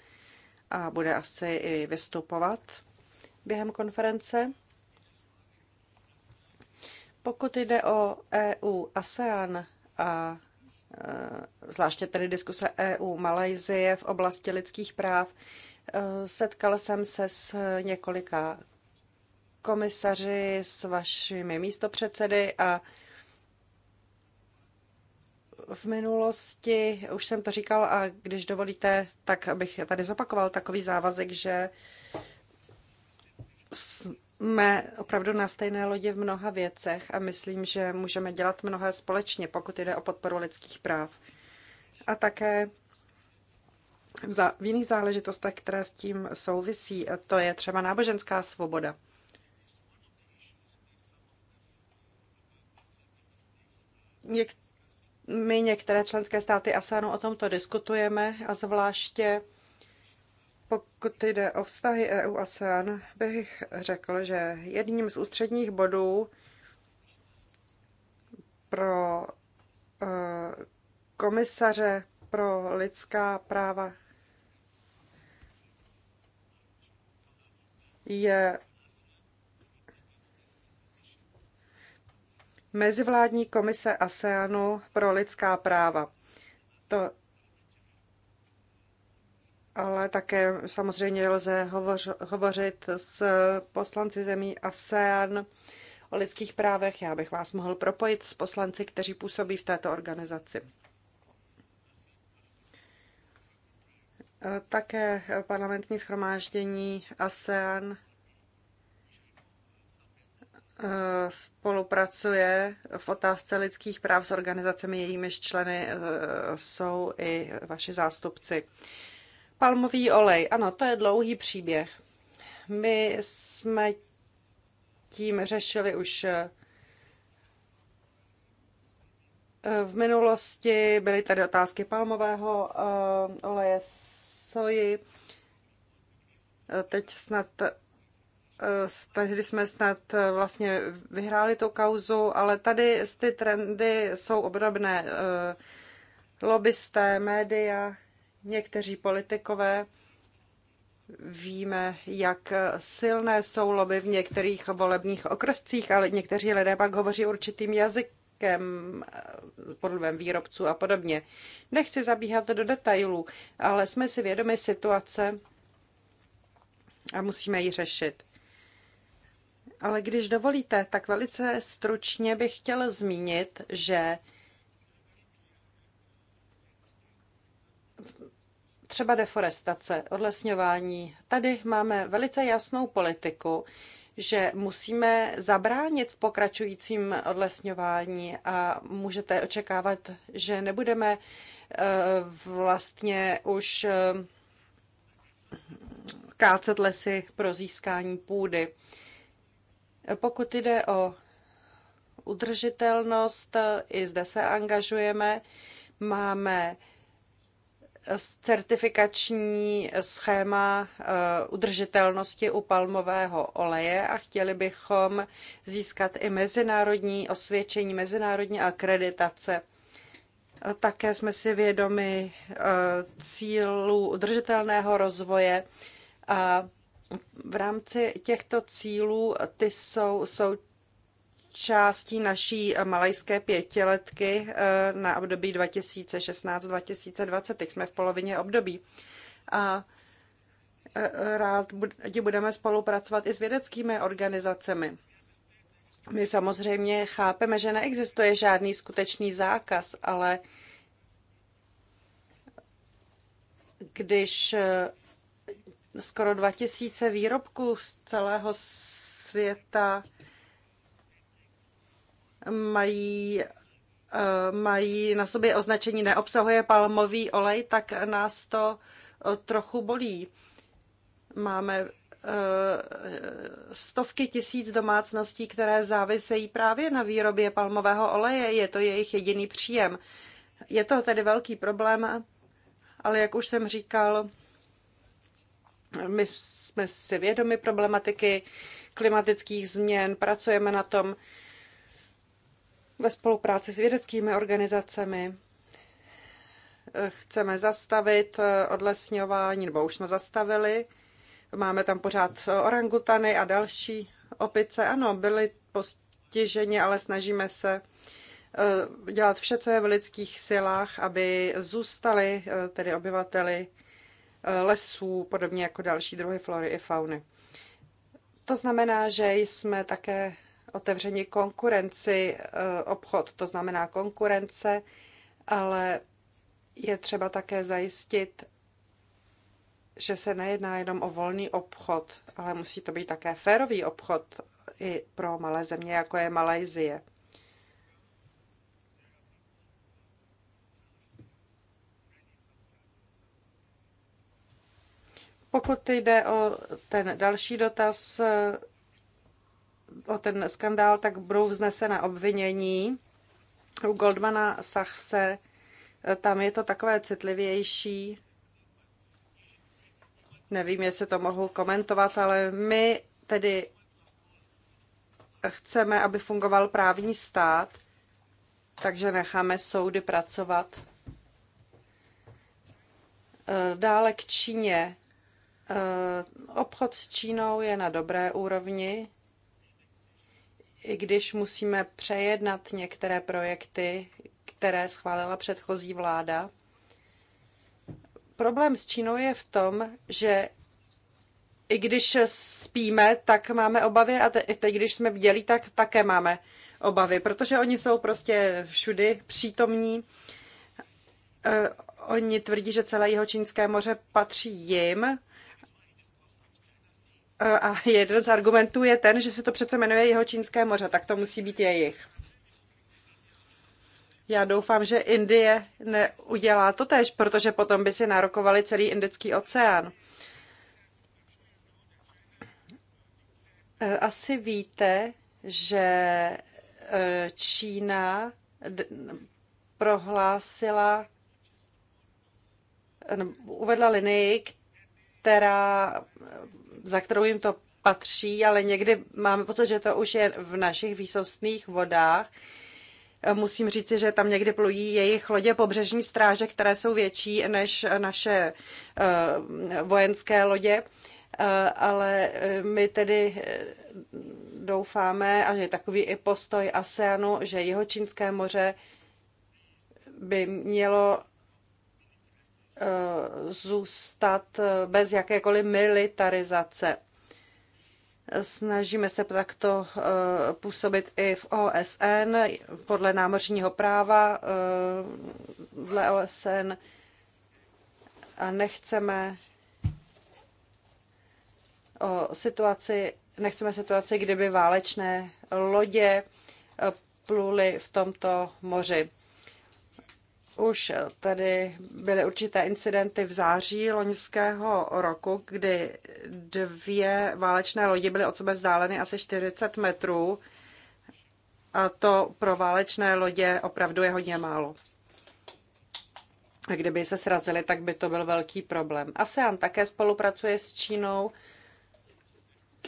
a bude asi i vystupovat během konference. Pokud jde o EU, ASEAN a Eh, zvláště tedy diskuse EU Malajzie v oblasti lidských práv. Eh, setkala jsem se s několika komisaři, s vašimi místopředsedy a v minulosti, už jsem to říkal a když dovolíte, tak bych tady zopakoval takový závazek, že jsme opravdu na stejné lodi v mnoha věcech a myslím, že můžeme dělat mnohé společně, pokud jde o podporu lidských práv. A také v jiných záležitostech, které s tím souvisí, to je třeba náboženská svoboda. my některé členské státy ASEANu o tomto diskutujeme a zvláště pokud jde o vztahy EU-ASEAN, a e bych řekl, že jedním z ústředních bodů pro eh, komisaře pro lidská práva je mezivládní komise ASEANu pro lidská práva. To ale také samozřejmě lze hovoř, hovořit s poslanci zemí ASEAN o lidských právech. Já bych vás mohl propojit s poslanci, kteří působí v této organizaci. Také parlamentní schromáždění ASEAN eh, spolupracuje v otázce lidských práv s organizacemi, jejími členy eh, jsou i vaši zástupci. Palmový olej, ano, to je dlouhý příběh. My jsme tím řešili už eh, v minulosti. Byly tady otázky palmového eh, oleje, soji. Teď snad eh, tehdy jsme snad vlastně vyhráli tu kauzu, ale tady ty trendy jsou obdobné. Lobbysté, média, někteří politikové Víme, jak silné jsou lobby v některých volebních okrescích, ale někteří lidé pak hovoří určitým jazykem podle výrobců a podobně. Nechci zabíhat do detailů, ale jsme si vědomi situace a musíme ji řešit. Ale když dovolíte, tak velice stručně bych chtěl zmínit, že třeba deforestace, odlesňování. Tady máme velice jasnou politiku, že musíme zabránit v pokračujícím odlesňování a můžete očekávat, že nebudeme eh, vlastně už eh, kácet lesy pro získání půdy. Pokud jde o udržitelnost, i zde se angažujeme. Máme certifikační schéma eh, udržitelnosti u palmového oleje a chtěli bychom získat i mezinárodní osvědčení, mezinárodní akreditace. Eh, také jsme si vědomi eh, cílů udržitelného rozvoje a v rámci těchto cílů ty jsou, jsou částí naší eh, malajské pětiletky eh, na období 2016-2020. Teď jsme v polovině období. A eh, rád budeme spolupracovat i s vědeckými organizacemi. My samozřejmě chápeme, že neexistuje žádný skutečný zákaz, ale když skoro 2000 výrobků z celého světa mají eh, mají na sobě označení neobsahuje palmový olej, tak nás to eh, trochu bolí. Máme eh, stovky tisíc domácností, které závisejí právě na výrobě palmového oleje. Je to jejich jediný příjem. Je to tedy velký problém, ale jak už jsem říkal, my jsme si vědomi problematiky klimatických změn, pracujeme na tom, ve spolupráci s vědeckými organizacemi. Chceme zastavit odlesňování, nebo už jsme zastavili. Máme tam pořád orangutany a další opice. Ano, byly postiženi, ale snažíme se eh, dělat vše, co je v lidských silách, aby zůstali eh, tedy obyvateli eh, lesů, podobně jako další druhy flory i fauny. To znamená, že jsme také otevření konkurenci eh, obchod, to znamená konkurence, ale je třeba také zajistit, že se nejedná jenom o volný obchod, ale musí to být také férový obchod i pro malé země, jako je Malajzie. Pokud jde o ten další dotaz, o ten skandál, tak budou vznesena obvinění. U Goldmana Sachse tam je to takové citlivější. Nevím, jestli to mohu komentovat, ale my tedy chceme, aby fungoval právní stát, takže necháme soudy pracovat. Dále k Číně. Obchod s Čínou je na dobré úrovni i když musíme přejednat některé projekty, které schválila předchozí vláda, problém s Čínou je v tom, že i když spíme, tak máme obavy a te- teď, když jsme bdělí, tak také máme obavy, protože oni jsou prostě všudy přítomní. E, oni tvrdí, že celé jeho čínské moře patří jim a jeden z argumentů je ten, že se to přece jmenuje jeho čínské moře, tak to musí být jejich. Já doufám, že Indie neudělá to tež, protože potom by si nárokovali celý Indický oceán. Eh, asi víte, že eh, Čína prohlásila, eh, uvedla linii, která za kterou jim to patří, ale někdy máme pocit, že to už je v našich výsostných vodách. Musím říci, že tam někdy plují jejich lodě pobřežní stráže, které jsou větší než naše eh, vojenské lodě, eh, ale eh, my tedy doufáme, a je takový i postoj ASEANu, že jeho Čínské moře by mělo Eh, zůstat eh, bez jakékoliv militarizace. Snažíme se takto eh, působit i v OSN podle námořního práva dle OSN a nechceme o situaci, nechceme situaci, kdyby válečné lodě pluly v tomto moři už tady byly určité incidenty v září loňského roku, kdy dvě válečné lodi byly od sebe vzdáleny asi 40 metrů a to pro válečné lodě opravdu je hodně málo. A kdyby se srazili, tak by to byl velký problém. ASEAN také spolupracuje s Čínou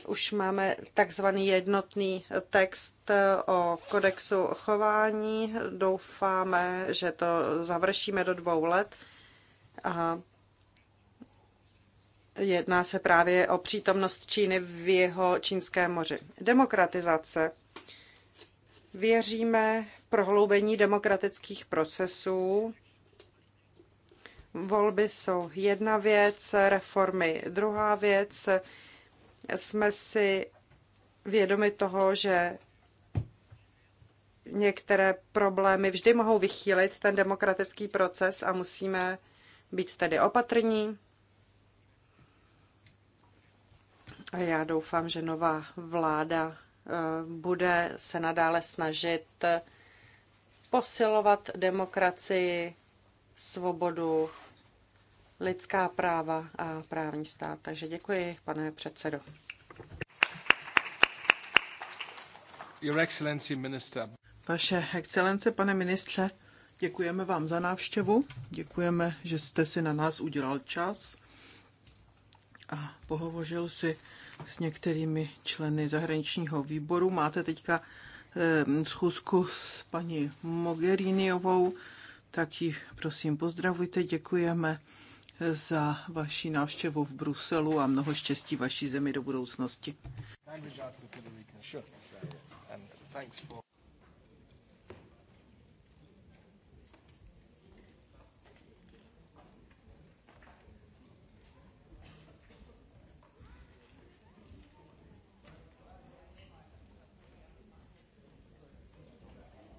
už máme takzvaný jednotný text eh, o kodexu chování. Doufáme, že to završíme do dvou let. A jedná se právě o přítomnost Číny v jeho čínském moři. Demokratizace. Věříme v prohloubení demokratických procesů. Volby jsou jedna věc, reformy druhá věc jsme si vědomi toho, že některé problémy vždy mohou vychýlit ten demokratický proces a musíme být tedy opatrní. A já doufám, že nová vláda eh, bude se nadále snažit posilovat demokracii, svobodu lidská práva a právní stát. Takže děkuji, pane předsedo. Your Excellency Minister. Vaše excelence, pane ministře, děkujeme vám za návštěvu. Děkujeme, že jste si na nás udělal čas a pohovořil si s některými členy zahraničního výboru. Máte teďka ehm, schůzku s paní Mogheriniovou, tak ji prosím pozdravujte, děkujeme za vaši návštěvu v Bruselu a mnoho štěstí vaší zemi do budoucnosti.